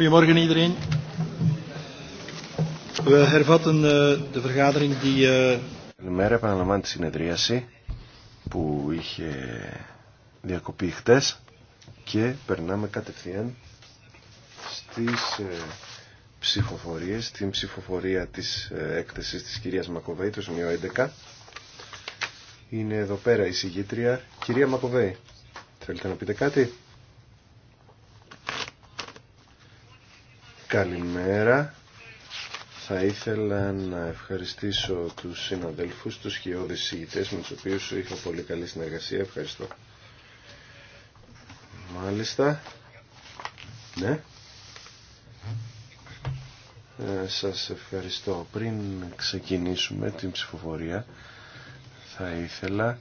Goedemorgen iedereen. We hervatten eh, de vergadering die... Eh, Καλημέρα, επαναλαμβάνω τη συνεδρίαση που είχε διακοπεί χτες και περνάμε κατευθείαν στις ε, ψηφοφορίες, στην ψηφοφορία της ε, έκθεσης της κυρίας Μακοβέη, το σημείο 11. Είναι εδώ πέρα η συγγήτρια. Κυρία Μακοβέη, θέλετε να πείτε κάτι. Καλημέρα. Θα ήθελα να ευχαριστήσω τους συναδέλφους, τους χειώδεις συγητές με τους οποίους είχα πολύ καλή συνεργασία. Ευχαριστώ. Μάλιστα. Ναι. Ε, σας ευχαριστώ. Πριν ξεκινήσουμε την ψηφοφορία θα ήθελα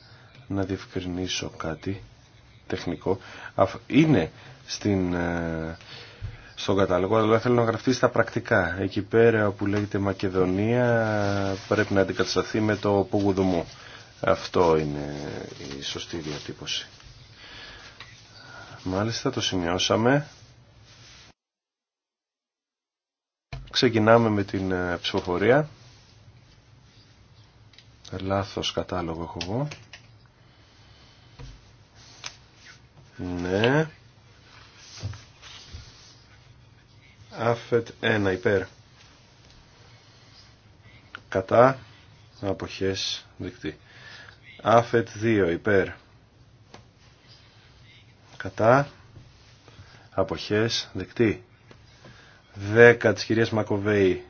να διευκρινίσω κάτι τεχνικό. Είναι στην ε, στον κατάλογο, αλλά θέλω να γραφτεί στα πρακτικά. Εκεί πέρα που λέγεται Μακεδονία πρέπει να αντικατασταθεί με το Πουγουδουμού. Αυτό είναι η σωστή διατύπωση. Μάλιστα το σημειώσαμε. Ξεκινάμε με την ε, ψηφοφορία. Λάθος κατάλογο έχω εγώ. Ναι. Άφετ 1 υπέρ. Κατά. Αποχές δεκτή. Άφετ 2 υπέρ. Κατά. Αποχές δεκτή. 10 της κυρίας Μακοβέη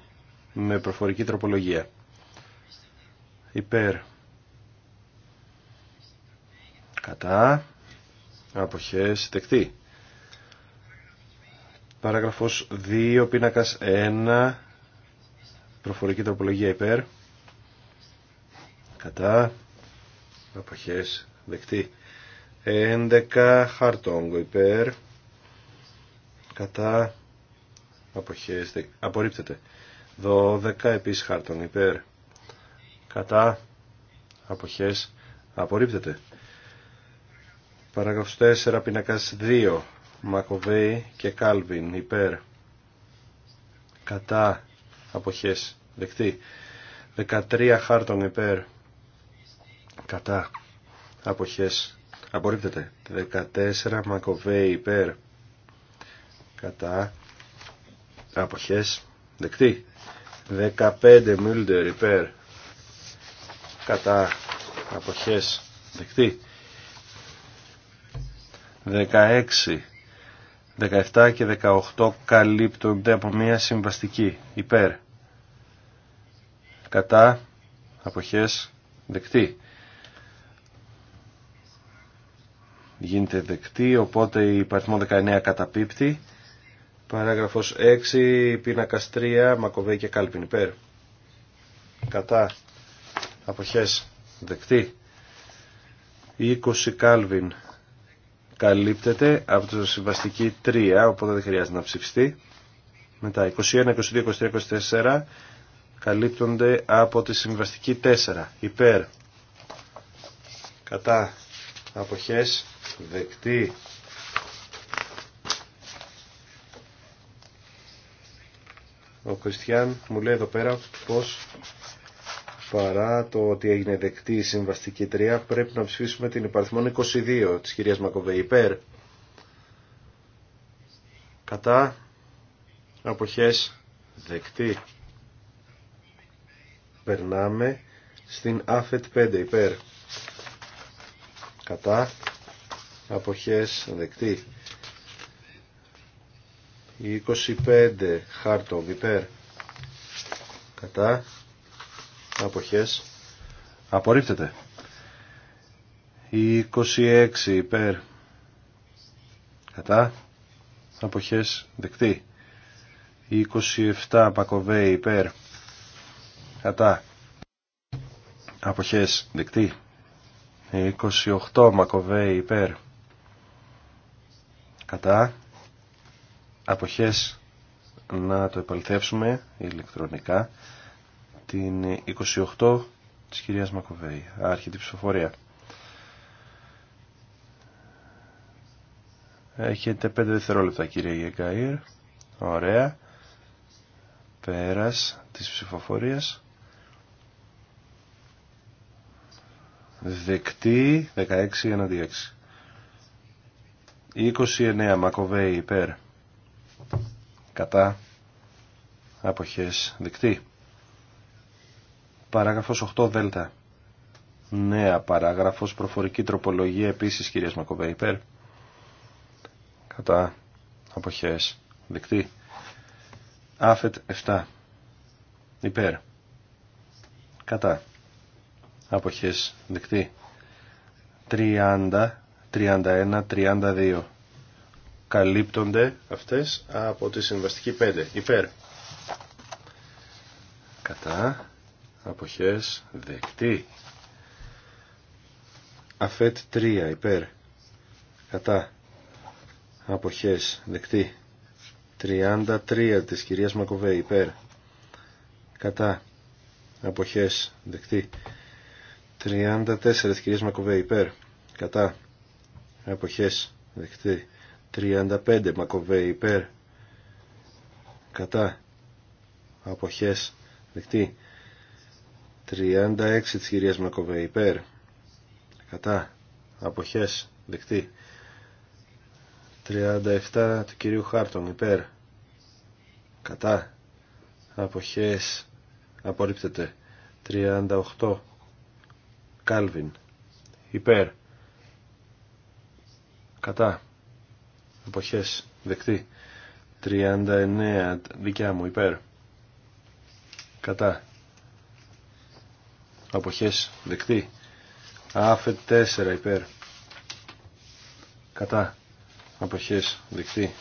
με προφορική τροπολογία. Υπέρ. Κατά. Αποχές δεκτή. Παράγραφος 2, πίνακας 1, προφορική τροπολογία υπέρ. Κατά. Αποχές. Δεκτή. 11 χαρτόγκο υπέρ. Κατά. Αποχές. δε, Απορρίπτεται. 12 επίσης χαρτόγκο υπέρ. Κατά. Αποχές. Απορρίπτεται. Παράγραφος 4 πίνακας 2 Μακοβέη και Κάλβιν υπέρ κατά αποχές δεκτή 13 χάρτον υπέρ κατά αποχές απορρίπτεται 14 Μακοβέη υπέρ κατά αποχές δεκτή 15 Μίλντερ υπέρ κατά αποχές δεκτή 16 17 και 18 καλύπτονται από μια συμβαστική υπέρ. Κατά αποχές δεκτή. Γίνεται δεκτή, οπότε η παριθμό 19 καταπίπτει. Παράγραφος 6, πίνακα 3, Μακοβέ και Κάλπιν υπέρ. Κατά αποχές δεκτή. 20 Κάλβιν καλύπτεται από το συμβαστική 3, οπότε δεν χρειάζεται να ψηφιστεί. Μετά 21, 22, 23, 24 καλύπτονται από τη συμβαστική 4. Υπέρ. Κατά. Αποχές. Δεκτή. Ο Κριστιαν μου λέει εδώ πέρα πως Παρά το ότι έγινε δεκτή η συμβαστική 3 πρέπει να ψηφίσουμε την υπαριθμόν 22 της κυρίας Μακοβέ υπέρ κατά αποχές δεκτή περνάμε στην ΑΦΕΤ 5 υπέρ κατά αποχές δεκτή 25 χάρτο υπέρ κατά αποχές απορρίπτεται. 26 υπέρ κατά αποχές δεκτή. Η 27 πακοβέει υπέρ κατά αποχές δεκτή. Η 28 μακοβέει υπέρ κατά αποχές να το επαληθεύσουμε ηλεκτρονικά την 28 της κυρίας Μακοβέη. άρχη ψηφοφορία. Έχετε 5 δευτερόλεπτα κύριε Γεκαΐρ. Ωραία. Πέρας της ψηφοφορίας. Δεκτή 16 εναντί 6. 29 Μακοβέη υπέρ. Κατά. Αποχές δεκτή. Παράγραφος 8 Δέλτα. Νέα παράγραφος, προφορική τροπολογία επίσης κυρίες Μακοβέ υπέρ. Κατά αποχές δεκτή. Άφετ 7 υπέρ. Κατά αποχές δεκτή. 30, 31, 32 καλύπτονται αυτές από τη συμβαστική 5 υπέρ. Κατά αποχές δεκτή αφέτ 3 υπέρ κατά αποχές δεκτή 33 της κυρίας Μακοβέ υπέρ κατά αποχές δεκτή 34 της κυρίας Μακοβέ υπέρ κατά αποχές δεκτή 35 Μακοβέ υπέρ κατά αποχές δεκτή 36 της κυρίας Μακοβέ υπέρ κατά αποχές δεκτή 37 του κυρίου Χάρτον υπέρ κατά αποχές απορρίπτεται 38 Κάλβιν υπέρ κατά αποχές δεκτή 39 δικιά μου υπέρ κατά αποχές δεκτή άφετ 4 υπέρ κατά αποχές δεκτή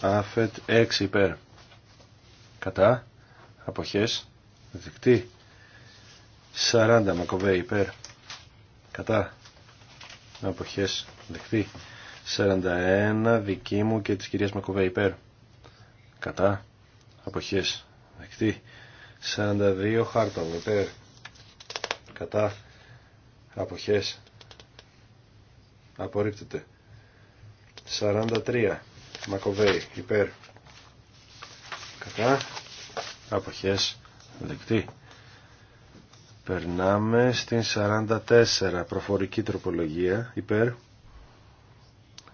άφετ 6 υπέρ κατά αποχές δεκτή 40 μακοβέ υπέρ κατά αποχές δεκτή 41 δική μου και της κυρίας Μακοβέ υπέρ κατά αποχές δεκτή 42 χάρτον υπέρ κατά αποχές απορρίπτεται 43 μακοβέι υπέρ κατά αποχές δεκτή περνάμε στην 44 προφορική τροπολογία υπέρ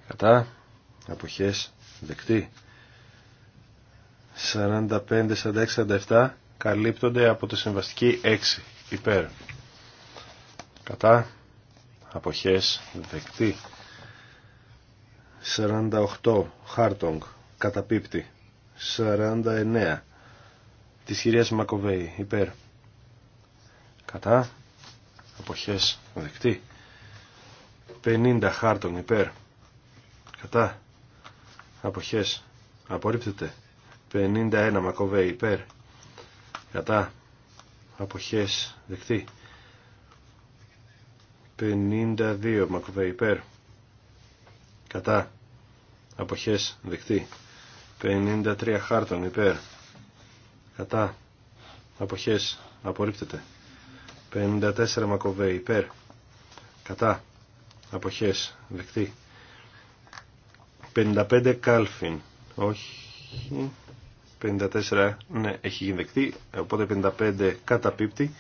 κατά αποχές δεκτή 45, 46, 47 καλύπτονται από τη συμβαστική 6 υπέρ κατά αποχές δεκτή 48 χάρτονγκ καταπίπτει 49 της κυρίας Μακοβέη υπέρ κατά αποχές δεκτή 50 χάρτονγκ υπέρ κατά αποχές απορρίπτεται 51 Μακοβέη υπέρ κατά αποχές δεκτή 52 Μακοβέ. υπέρ κατά αποχές δεκτή 53 χάρτον υπέρ κατά αποχές απορρίπτεται 54 μακοβέ υπέρ κατά αποχές δεκτή 55 κάλφιν όχι 54 ναι, έχει γίνει δεκτή, οπότε 55 καταπίπτει,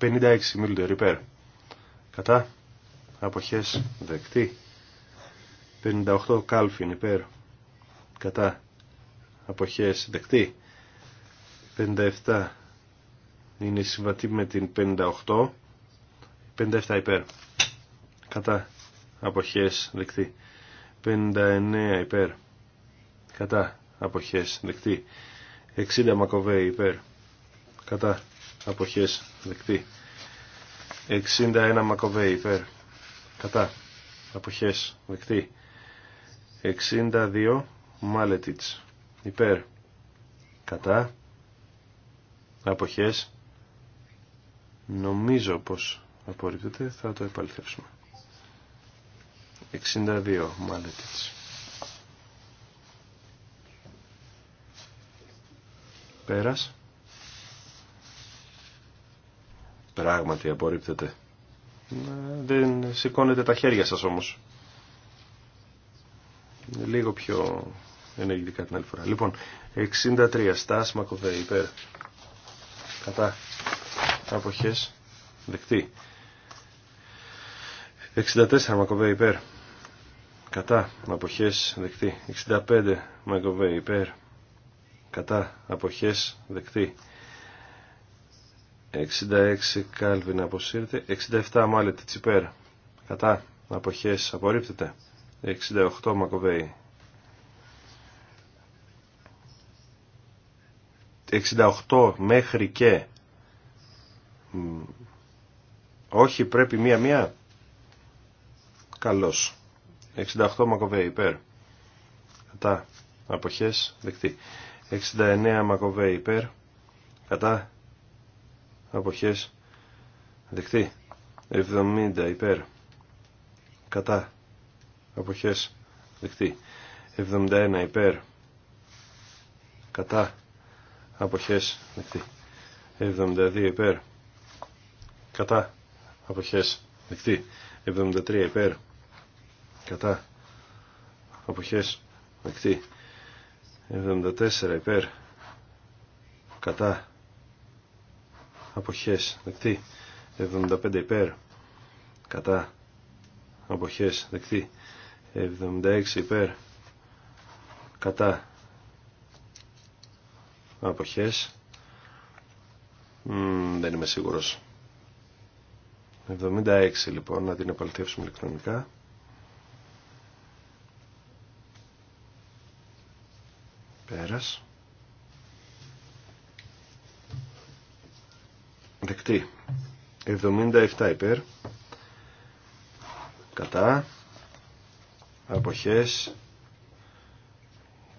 56 Μίλτερ υπέρ. Κατά, αποχές δεκτή, 58 Κάλφιν υπέρ. Κατά, αποχές δεκτή, 57 είναι συμβατή με την 58, 57 υπέρ. Κατά, αποχές δεκτή, 59 υπέρ. Κατά, αποχές δεκτή, 60 Μακοβέη υπέρ κατά αποχές δεκτή 61 Μακοβέη υπέρ κατά αποχές δεκτή 62 Μάλετιτς υπέρ κατά αποχές νομίζω πως απορρίπτεται θα το επαληθεύσουμε 62 Μάλετιτς Πέρας. Πράγματι απορρίπτεται. Ε, δεν σηκώνετε τα χέρια σας όμως. Λίγο πιο ενεργητικά την άλλη φορά. Λοιπόν, 63. στάσμα κοβέ υπέρ. Κατά. Αποχές. Δεκτή. 64. μακοβέ υπέρ. Κατά. Αποχές. Δεκτή. 65. μακοβέ υπέρ κατά αποχές δεκτή 66 Κάλβιν αποσύρεται 67 Μάλετη Τσιπέρ κατά αποχές απορρίπτεται 68 Μακοβέη 68 μέχρι και όχι πρέπει μία μία Καλώς. 68 Μακοβέη υπέρ κατά αποχές δεκτή 69 Μακοβέ υπέρ. Κατά. Αποχές. Δεκτή. 70 υπέρ. Κατά. Αποχές. Δεκτή. 71 υπέρ. Κατά. Αποχές. Δεκτή. 72 υπέρ. Κατά. Αποχές. Δεκτή. 73 υπέρ. Κατά. Αποχές. Δεκτή. 74 υπέρ κατά αποχές δεκτή 75 υπέρ κατά αποχές δεκτή 76 υπέρ κατά αποχές Μ, δεν είμαι σίγουρος 76 λοιπόν να την επαληθεύσουμε ηλεκτρονικά δεκτεί Δεκτή. 77 υπέρ. Κατά. Αποχές.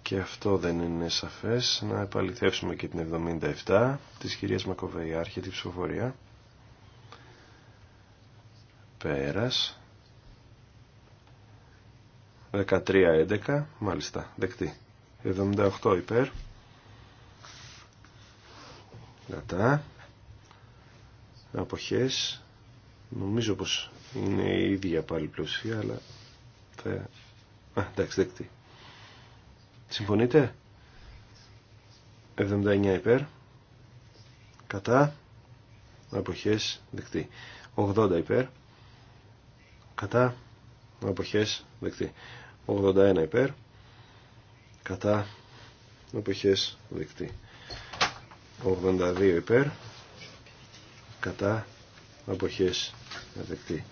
Και αυτό δεν είναι σαφές. Να επαληθεύσουμε και την 77 της κυρίας Μακοβέη. άρχιε την ψηφοφορία. Πέρας. 13-11. Μάλιστα. Δεκτή. 78 υπέρ. Κατά. Αποχές. Νομίζω πως είναι η ίδια πάλι πλειοψηφία, αλλά θα... Α, εντάξει, δεκτή. Συμφωνείτε? 79 υπέρ. Κατά. Αποχές δεκτή. 80 υπέρ. Κατά. Αποχές δεκτή. 81 υπέρ κατά εποχές δεκτή 82 υπέρ κατά αποχές δεκτή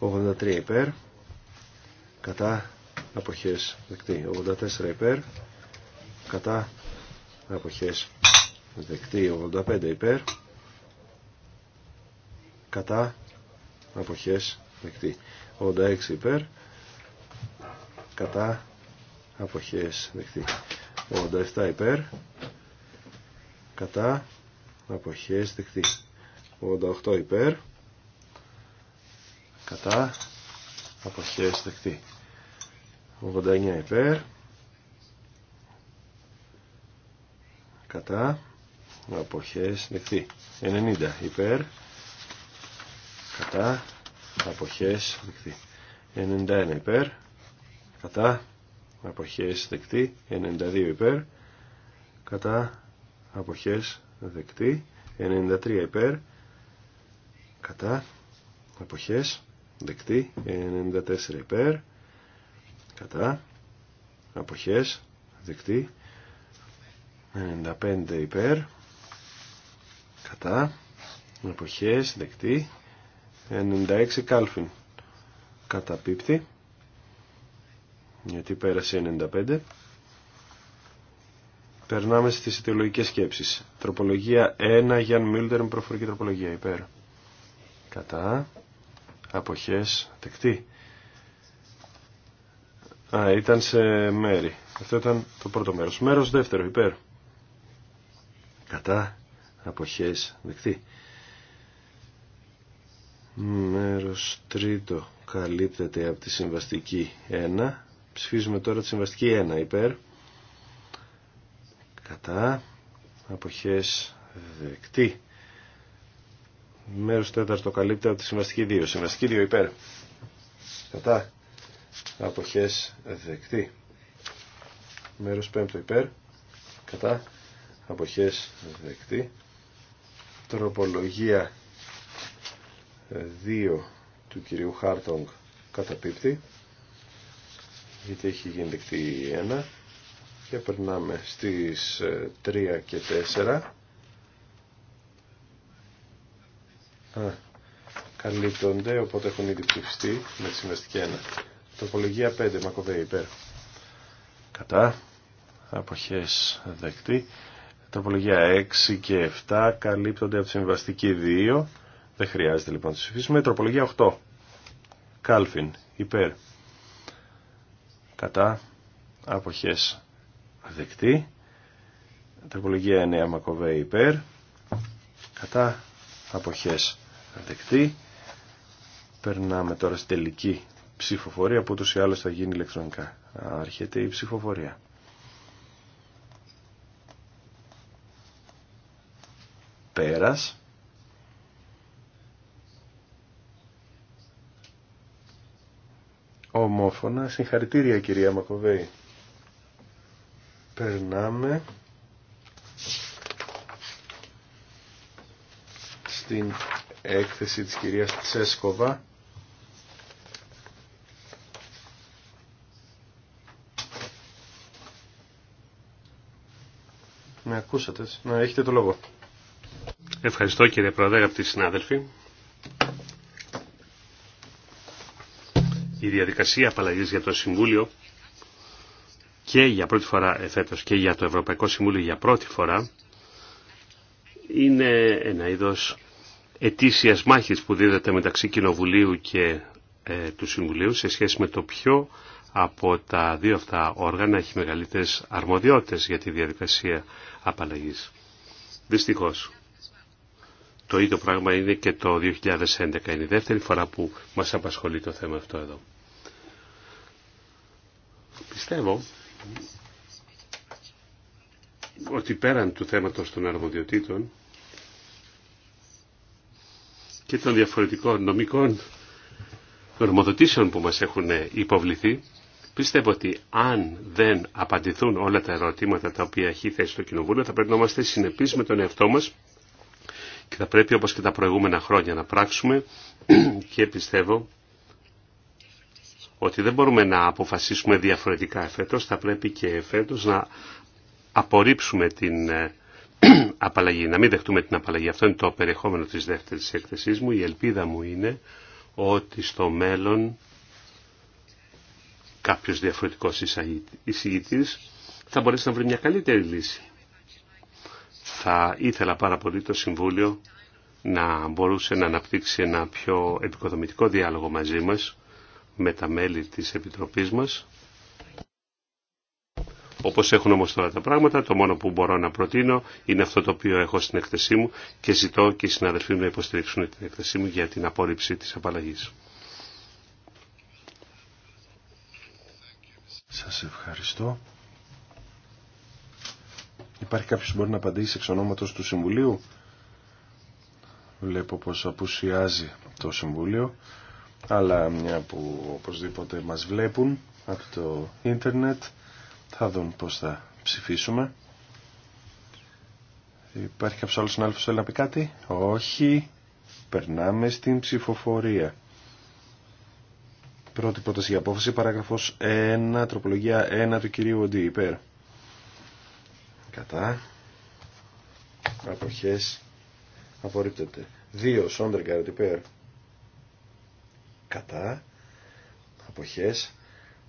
83 υπέρ κατά αποχές δεκτή 84 υπέρ κατά αποχές δεκτή 85 υπέρ κατά αποχές δεκτή 86 υπέρ κατά αποχές δεχτεί 87 υπέρ κατά αποχές δεχτεί 88 υπέρ κατά αποχές δεχτεί 89 υπέρ κατά αποχές δεχτεί 90 υπέρ κατά αποχές δεχτεί 91 υπέρ κατά αποχές δεκτή 92 υπέρ κατά αποχές δεκτή 93 υπέρ κατά αποχές δεκτή 94 υπέρ κατά αποχές δεκτή 95 υπέρ κατά αποχές δεκτή 96 κάλφιν πίπτη γιατί πέρασε 95. Περνάμε στις ιδεολογικές σκέψεις. Τροπολογία 1, Γιάν Μίλτερ, προφορική τροπολογία, υπέρ. Κατά, αποχές, δεκτή. Α, ήταν σε μέρη. Αυτό ήταν το πρώτο μέρος. Μέρος δεύτερο, υπέρ. Κατά, αποχές, δεκτή. Μέρος τρίτο καλύπτεται από τη συμβαστική 1 Ψηφίζουμε τώρα τη συμβαστική 1 υπέρ. Κατά. Αποχές δεκτή. Μέρος τέταρτο καλύπτει από τη συμβαστική 2. Συμβαστική 2 υπέρ. Κατά. Αποχές δεκτή. Μέρος 5 υπέρ. Κατά. Αποχές δεκτή. Τροπολογία 2 του κυρίου Χάρτονγκ καταπίπτει γιατί έχει γίνει δεκτή 1 και περνάμε στις 3 ε, και 4 Α, καλύπτονται οπότε έχουν ήδη ψηφιστεί με τη συμβαστική 1 τροπολογία 5 μακοβέη υπέρ κατά αποχές δεκτή τροπολογία 6 και 7 καλύπτονται από τη συμβαστική 2 δεν χρειάζεται λοιπόν να ψηφίσουμε τροπολογία 8 Κάλφιν υπέρ κατά αποχές δεκτή τροπολογία 9 Μακοβέη υπέρ κατά αποχές δεκτή περνάμε τώρα στην τελική ψηφοφορία που ούτως ή άλλως θα γίνει ηλεκτρονικά άρχεται η ψηφοφορία πέρας ομόφωνα. Συγχαρητήρια κυρία Μακοβέη. Περνάμε στην έκθεση της κυρίας Τσέσκοβα. Με ακούσατε. Να έχετε το λόγο. Ευχαριστώ κύριε Πρόεδρε, αγαπητοί συνάδελφοι. η διαδικασία απαλλαγή για το Συμβούλιο και για πρώτη φορά εφέτος και για το Ευρωπαϊκό Συμβούλιο για πρώτη φορά είναι ένα είδος ετήσιας μάχης που δίδεται μεταξύ Κοινοβουλίου και ε, του Συμβουλίου σε σχέση με το ποιο από τα δύο αυτά όργανα έχει μεγαλύτερες αρμοδιότητες για τη διαδικασία απαλλαγής. Δυστυχώς. Το ίδιο πράγμα είναι και το 2011. Είναι η δεύτερη φορά που μας απασχολεί το θέμα αυτό εδώ. Πιστεύω ότι πέραν του θέματος των αρμοδιοτήτων και των διαφορετικών νομικών νορμοδοτήσεων που μας έχουν υποβληθεί, πιστεύω ότι αν δεν απαντηθούν όλα τα ερωτήματα τα οποία έχει θέσει το Κοινοβούλιο, θα πρέπει να είμαστε συνεπείς με τον εαυτό μας και θα πρέπει όπως και τα προηγούμενα χρόνια να πράξουμε και πιστεύω ότι δεν μπορούμε να αποφασίσουμε διαφορετικά εφέτος, θα πρέπει και εφέτος να απορρίψουμε την ε, απαλλαγή, να μην δεχτούμε την απαλλαγή. Αυτό είναι το περιεχόμενο της δεύτερης έκθεσής μου. Η ελπίδα μου είναι ότι στο μέλλον κάποιος διαφορετικός εισηγητής θα μπορέσει να βρει μια καλύτερη λύση θα ήθελα πάρα πολύ το Συμβούλιο να μπορούσε να αναπτύξει ένα πιο επικοδομητικό διάλογο μαζί μας, με τα μέλη της Επιτροπής μας. Όπως έχουν όμως τώρα τα πράγματα, το μόνο που μπορώ να προτείνω είναι αυτό το οποίο έχω στην εκθεσή μου και ζητώ και οι συναδελφοί μου να υποστηρίξουν την εκθεσή μου για την απόρριψη της απαλλαγής. Σας ευχαριστώ. Υπάρχει κάποιος που μπορεί να απαντήσει εξ ονόματος του Συμβουλίου. Βλέπω πως απουσιάζει το Συμβούλιο, αλλά μια που οπωσδήποτε μας βλέπουν από το ίντερνετ, θα δουν πως θα ψηφίσουμε. Υπάρχει κάποιος άλλος να που θέλει να πει κάτι. Όχι. Περνάμε στην ψηφοφορία. Πρώτη πρόταση για απόφαση, παράγραφος 1, τροπολογία 1 του κυρίου Οντή, υπέρ κατά αποχές απορρίπτεται 2 σόντερ υπέρ κατά αποχές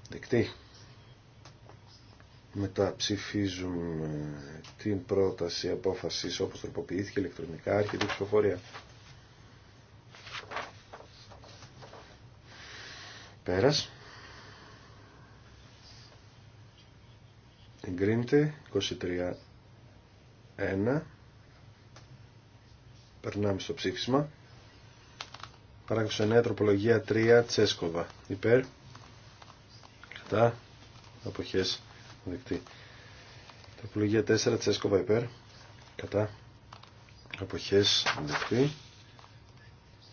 δεκτή μετά ψηφίζουμε την πρόταση απόφασης όπως τροποποιήθηκε ηλεκτρονικά και η ψηφοφορία πέρας εγκρίνεται 23-1. περνάμε στο ψήφισμα παράγραφος 9 τροπολογία 3 τσέσκοβα υπέρ κατά αποχές δεκτή τροπολογία 4 τσέσκοβα υπέρ κατά αποχές δεκτή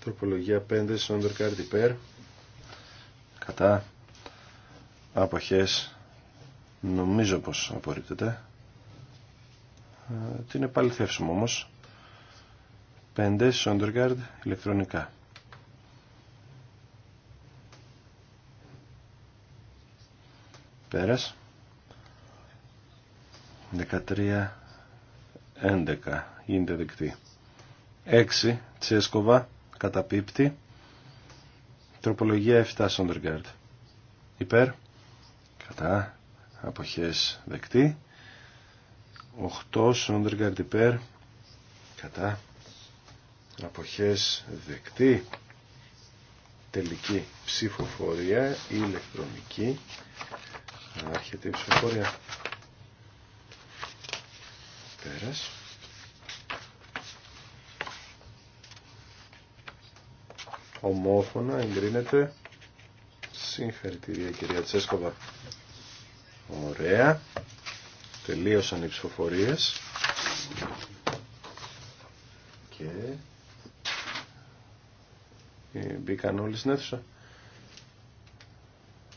τροπολογία 5 σόντερκάρτ υπέρ κατά αποχές Νομίζω πως απορρίπτεται. Ε, την επαληθεύσουμε όμως. 5 Sondergaard, ηλεκτρονικά. Πέρας. 13 11 γίνεται δεκτή. 6 Τσέσκοβα καταπίπτει. Τροπολογία 7 Sondergaard. Υπέρ. Κατά αποχές δεκτή 8 Σόντεργαρντ υπέρ κατά αποχές δεκτή τελική ψηφοφορία ηλεκτρονική άρχεται η ψηφοφορία πέρας ομόφωνα εγκρίνεται συγχαρητήρια κυρία Τσέσκοβα Ωραία. Τελείωσαν οι ψηφοφορίες. Και... Ε, μπήκαν όλοι στην αίθουσα.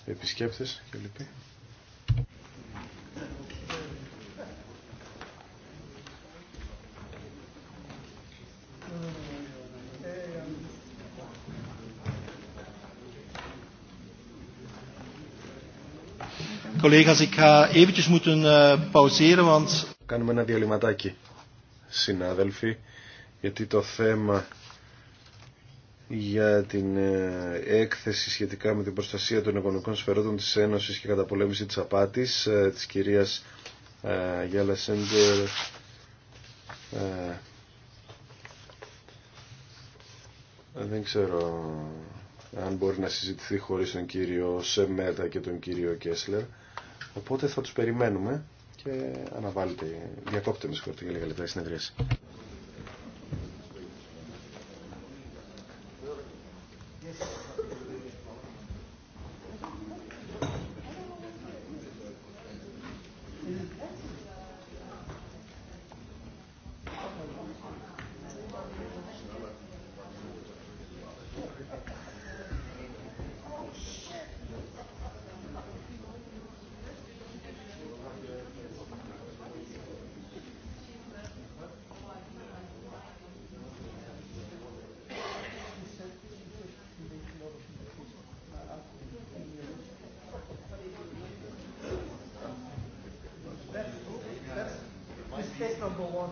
Επισκέπτες και collega's, ik ga eventjes moeten eh, pauzeren, want... Κάνουμε ένα διαλυματάκι, συνάδελφοι, γιατί το θέμα για την ε, έκθεση σχετικά με την προστασία των οικονομικών σφαιρότων της Ένωσης και καταπολέμηση της απάτης ε, της κυρίας ε, Γιάλα Σέντερ δεν ξέρω αν μπορεί να συζητηθεί χωρίς τον κύριο Σεμέτα και τον κύριο Κέσλερ Οπότε θα τους περιμένουμε και αναβάλλεται, διακόπτε με συγχωρείτε για λίγα λεπτά η συνεδρίαση. το από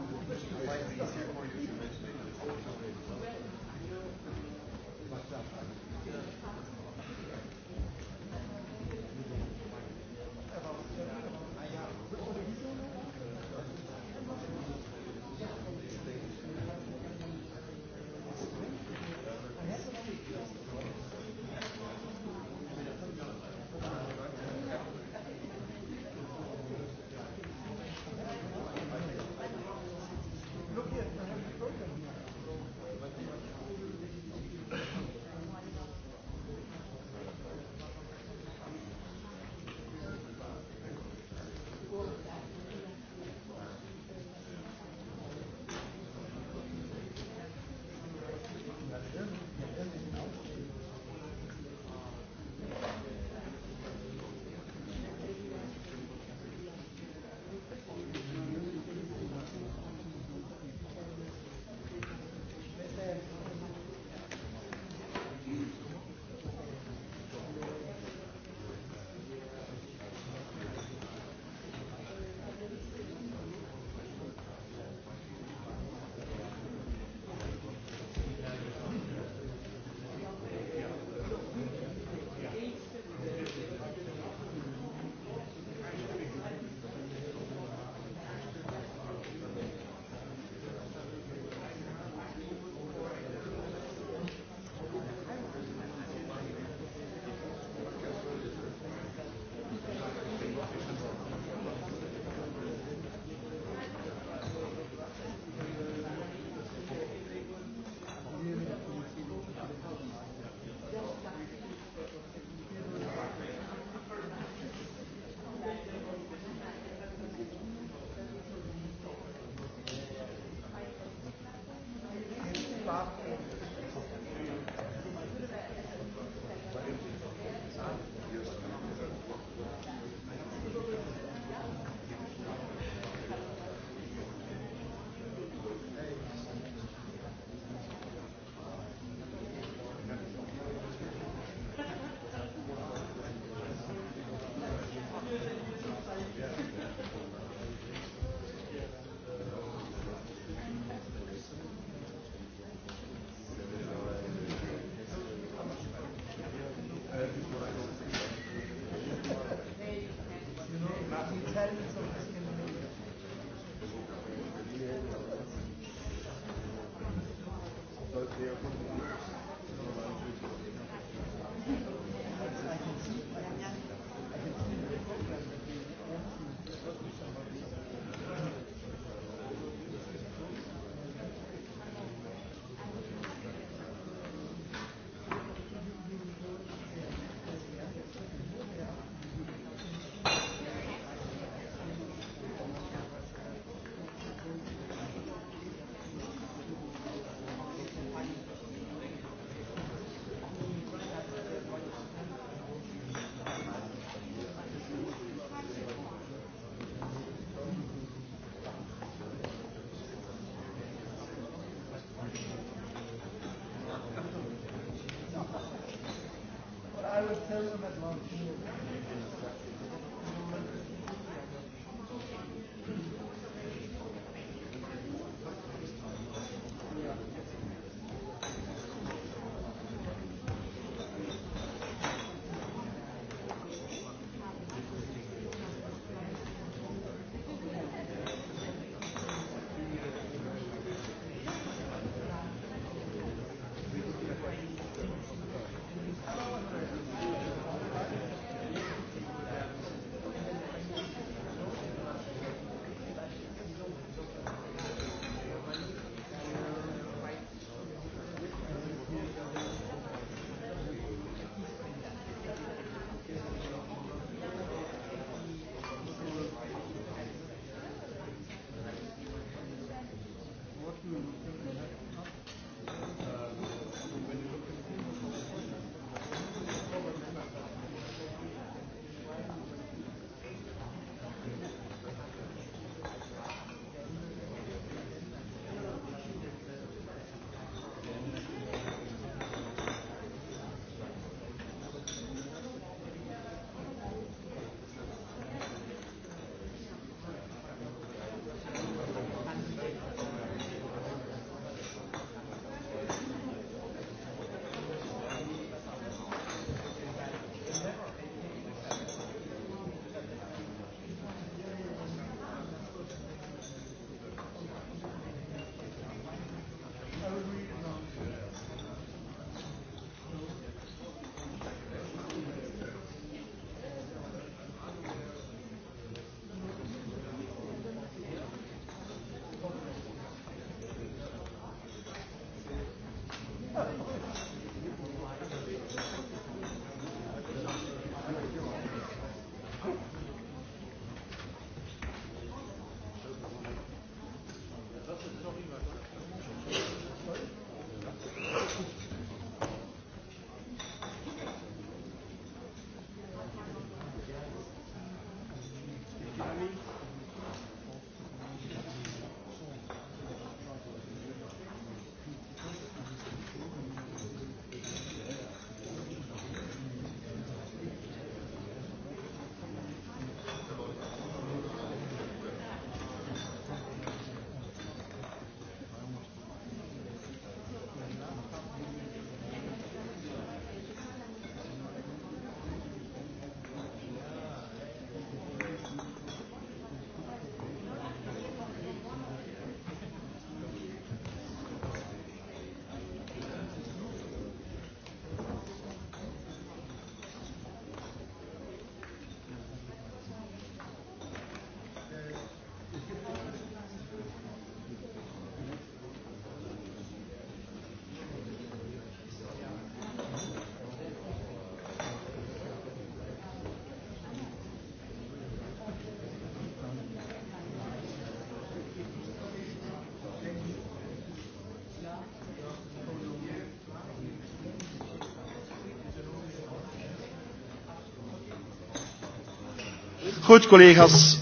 Goed, collega's.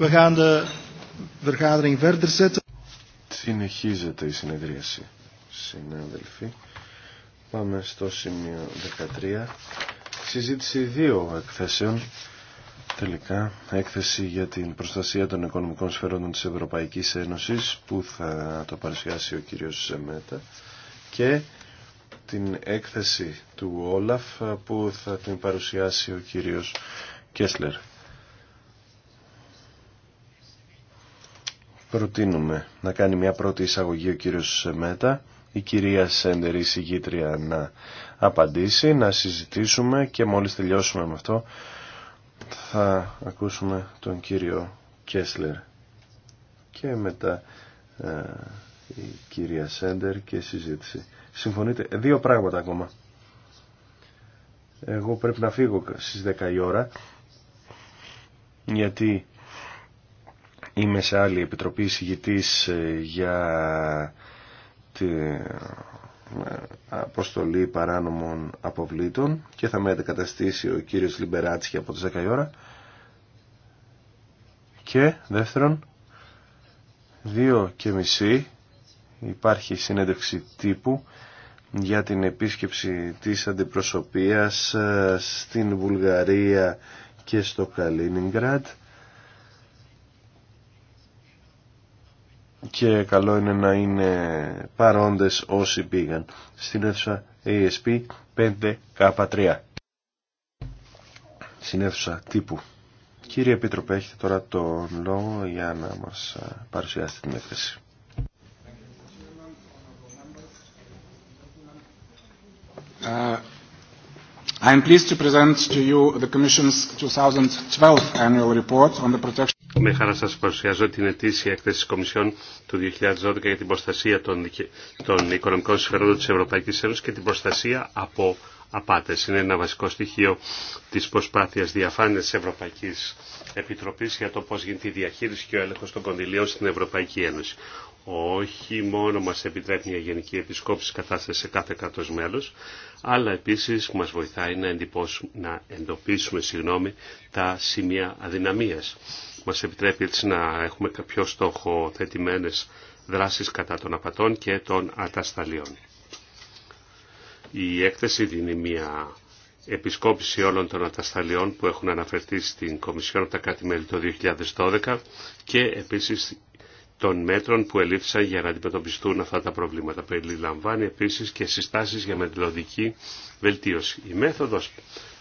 We gaan de Συνεχίζεται η συνεδρίαση, συνάδελφοι. Πάμε στο σημείο 13. Συζήτηση δύο εκθέσεων. Τελικά, έκθεση για την προστασία των οικονομικών σφαιρών της Ευρωπαϊκής Ένωσης που θα το παρουσιάσει ο κύριος Σεμέτα και την έκθεση του Όλαφ που θα την παρουσιάσει ο κύριος Κέσλερ. Προτείνουμε να κάνει μια πρώτη εισαγωγή ο κύριος Σεμέτα, η κυρία Σέντερ, η συγγήτρια, να απαντήσει, να συζητήσουμε και μόλις τελειώσουμε με αυτό θα ακούσουμε τον κύριο Κέσλερ και μετά ε, η κυρία Σέντερ και συζήτηση. Συμφωνείτε, δύο πράγματα ακόμα. Εγώ πρέπει να φύγω στις 10 η ώρα γιατί είμαι σε άλλη επιτροπή συγητής ε, για την ε, αποστολή παράνομων αποβλήτων και θα με αντικαταστήσει ο κύριος Λιμπεράτσικη από τις 10 ώρα και δεύτερον δύο και μισή υπάρχει συνέντευξη τύπου για την επίσκεψη της αντιπροσωπείας ε, στην Βουλγαρία και στο Καλίνιγκραντ και καλό είναι να είναι παρόντες όσοι πήγαν στην αίθουσα ASP 5K3 στην αίθουσα τύπου. Κύριε Επίτροπε, έχετε τώρα τον λόγο για να μας ε, παρουσιάσετε την έκθεση. I am pleased to present to you the Commission's 2012 annual report on the protection. Με χαρά σας παρουσιάζω την ετήσια έκθεση της Κομισιόν του 2012 για την προστασία των, των οικονομικών συμφερόντων της Ευρωπαϊκής Ένωσης και την προστασία από απάτες. Είναι ένα βασικό στοιχείο της προσπάθειας διαφάνειας της Ευρωπαϊκής Επιτροπής για το πώς γίνεται η διαχείριση και ο έλεγχος των κονδυλίων στην Ευρωπαϊκή Ένωση όχι μόνο μας επιτρέπει μια γενική επισκόπηση κατάσταση σε κάθε κράτος μέλος, αλλά επίσης μας βοηθάει να, να εντοπίσουμε συγγνώμη, τα σημεία αδυναμίας. Μας επιτρέπει έτσι να έχουμε κάποιο στόχο θετημένες δράσεις κατά των απατών και των ατασταλιών. Η έκθεση δίνει μια επισκόπηση όλων των ατασταλιών που έχουν αναφερθεί στην Κομισιόν από τα Κάτι μελη το 2012 και επίσης των μέτρων που ελήφθησαν για να αντιμετωπιστούν αυτά τα προβλήματα. Περιλαμβάνει επίσης και συστάσεις για μελλοντική βελτίωση. Η μέθοδος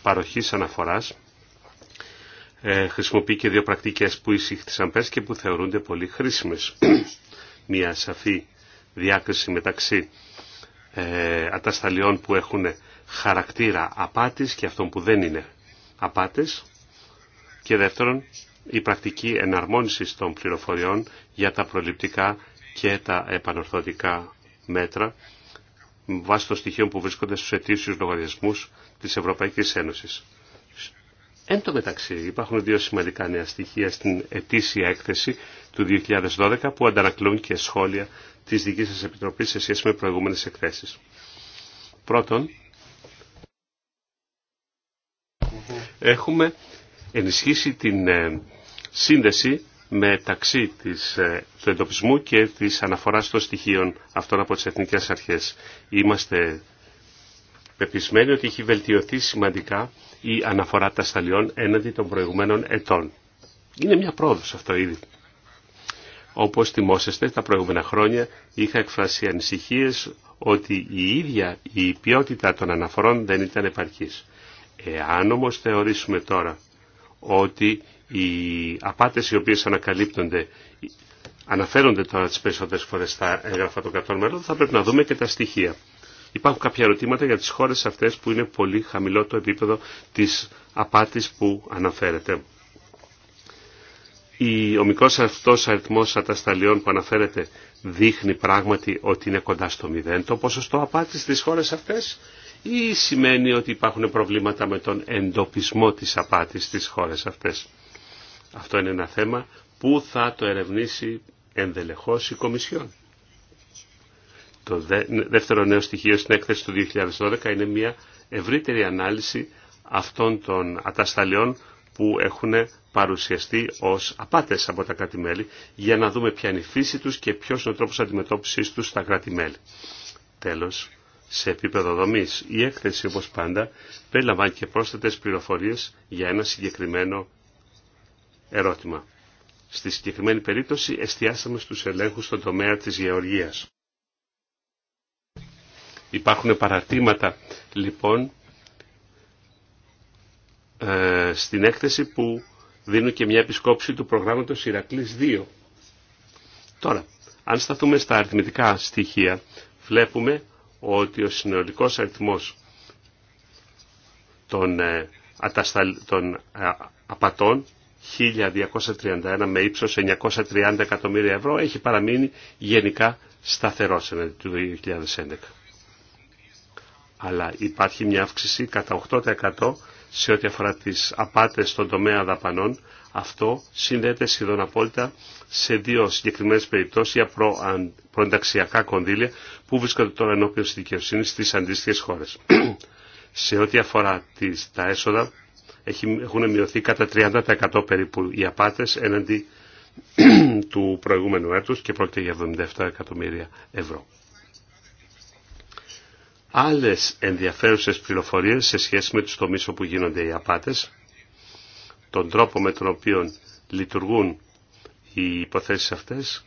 παροχής αναφοράς ε, χρησιμοποιεί και δύο πρακτικές που εισήχθησαν πες και που θεωρούνται πολύ χρήσιμες. Μια σαφή διάκριση μεταξύ ε, ατασταλιών που έχουν χαρακτήρα απάτης και αυτών που δεν είναι απάτης και δεύτερον η πρακτική εναρμόνιση των πληροφοριών για τα προληπτικά και τα επανορθωτικά μέτρα βάσει των στοιχείων που βρίσκονται στους ετήσιους λογαριασμούς της Ευρωπαϊκής Ένωσης. Εν τω μεταξύ υπάρχουν δύο σημαντικά νέα στοιχεία στην ετήσια έκθεση του 2012 που αντανακλούν και σχόλια της δικής σας Επιτροπής σε σχέση με προηγούμενες εκθέσεις. Πρώτον, έχουμε ενισχύσει την ε, σύνδεση μεταξύ της, ε, του εντοπισμού και της αναφοράς των στοιχείων αυτών από τις εθνικές αρχές. Είμαστε πεπισμένοι ότι έχει βελτιωθεί σημαντικά η αναφορά τασταλιών έναντι των προηγουμένων ετών. Είναι μια πρόοδος αυτό ήδη. Όπως θυμόσαστε, τα προηγούμενα χρόνια είχα εκφράσει ανησυχίες ότι η ίδια η ποιότητα των αναφορών δεν ήταν επαρκής. Εάν όμως θεωρήσουμε τώρα ότι οι απάτες οι οποίες ανακαλύπτονται αναφέρονται τώρα τις περισσότερες φορές στα έγγραφα των κατών μελών, θα πρέπει να δούμε και τα στοιχεία. Υπάρχουν κάποια ερωτήματα για τις χώρες αυτές που είναι πολύ χαμηλό το επίπεδο της απάτης που αναφέρεται. Ο μικρός αυτός αριθμός ατασταλιών που αναφέρεται δείχνει πράγματι ότι είναι κοντά στο μηδέν το ποσοστό απάτης στις χώρες αυτές ή σημαίνει ότι υπάρχουν προβλήματα με τον εντοπισμό της απάτης στις χώρες αυτές. Αυτό είναι ένα θέμα που θα το ερευνήσει ενδελεχώς η Κομισιόν. Το δεύτερο νέο στοιχείο στην έκθεση του 2012 είναι μια ευρύτερη ανάλυση αυτών των ατασταλιών που έχουν παρουσιαστεί ως απάτες από τα κράτη-μέλη για να δούμε ποια είναι η φύση τους και ποιος είναι ο τρόπος αντιμετώπισης τους στα κράτη-μέλη. Τέλος, σε επίπεδο δομής. Η έκθεση, όπως πάντα, περιλαμβάνει και πρόσθετες πληροφορίες για ένα συγκεκριμένο ερώτημα. Στη συγκεκριμένη περίπτωση εστιάσαμε στους ελέγχους στον τομέα της γεωργίας. Υπάρχουν παρατήματα, λοιπόν, ε, στην έκθεση που δίνουν και μια επισκόψη του προγράμματος Ηρακλής 2. Τώρα, αν σταθούμε στα αριθμητικά στοιχεία, βλέπουμε ότι ο συνολικός αριθμός των, ε, ε, απατών 1231 με ύψος 930 εκατομμύρια ευρώ έχει παραμείνει γενικά σταθερός εναντί του 2011. Αλλά υπάρχει μια αύξηση κατά 8% σε ό,τι αφορά τις απάτες στον τομέα δαπανών, αυτό συνδέεται σχεδόν απόλυτα σε δύο συγκεκριμένες περιπτώσεις για προενταξιακά κονδύλια που βρίσκονται τώρα ενώπιον στη δικαιοσύνη στις αντίστοιχες χώρες. σε ό,τι αφορά τις, τα έσοδα, έχουν μειωθεί κατά 30% περίπου οι απάτες έναντι του προηγούμενου έτους και πρόκειται για 77 εκατομμύρια ευρώ άλλες ενδιαφέρουσες πληροφορίες σε σχέση με τους τομείς όπου γίνονται οι απάτες, τον τρόπο με τον οποίο λειτουργούν οι υποθέσεις αυτές,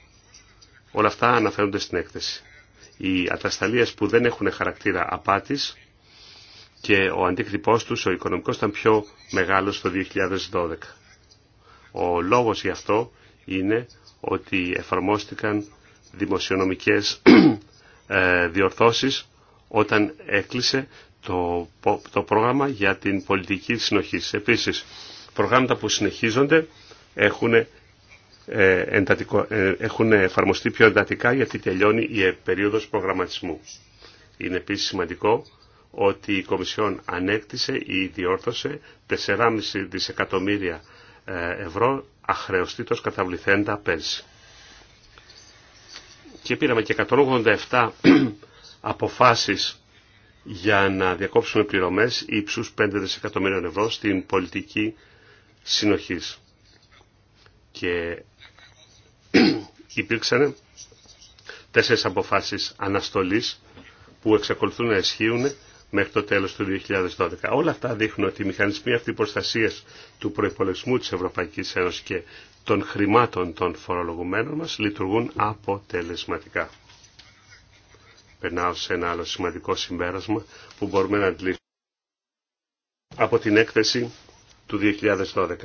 όλα αυτά αναφέρονται στην έκθεση. Οι ατασταλίες που δεν έχουν χαρακτήρα απάτης και ο αντίκτυπός τους, ο οικονομικός, ήταν πιο μεγάλος το 2012. Ο λόγος γι' αυτό είναι ότι εφαρμόστηκαν δημοσιονομικές ε, διορθώσεις όταν έκλεισε το, το πρόγραμμα για την πολιτική συνοχή. Επίσης, προγράμματα που συνεχίζονται έχουν, ε, εντατικό, ε, έχουν εφαρμοστεί πιο εντατικά γιατί τελειώνει η ε, περίοδος προγραμματισμού. Είναι επίσης σημαντικό ότι η Κομισιόν ανέκτησε ή διόρθωσε 4,5 δισεκατομμύρια ευρώ αχρεωστήτως καταβληθέντα πέρσι. Και πήραμε και 187 αποφάσεις για να διακόψουμε πληρωμές ύψους 5 δισεκατομμύριων ευρώ στην πολιτική συνοχής. Και υπήρξαν τέσσερις αποφάσεις αναστολής που εξακολουθούν να ισχύουν μέχρι το τέλος του 2012. Όλα αυτά δείχνουν ότι οι μηχανισμοί αυτή προστασίας του προϋπολογισμού της Ευρωπαϊκής Ένωσης και των χρημάτων των φορολογουμένων μας λειτουργούν αποτελεσματικά. Περνάω σε ένα άλλο σημαντικό συμπέρασμα που μπορούμε να αντιλήσουμε από την έκθεση του 2012.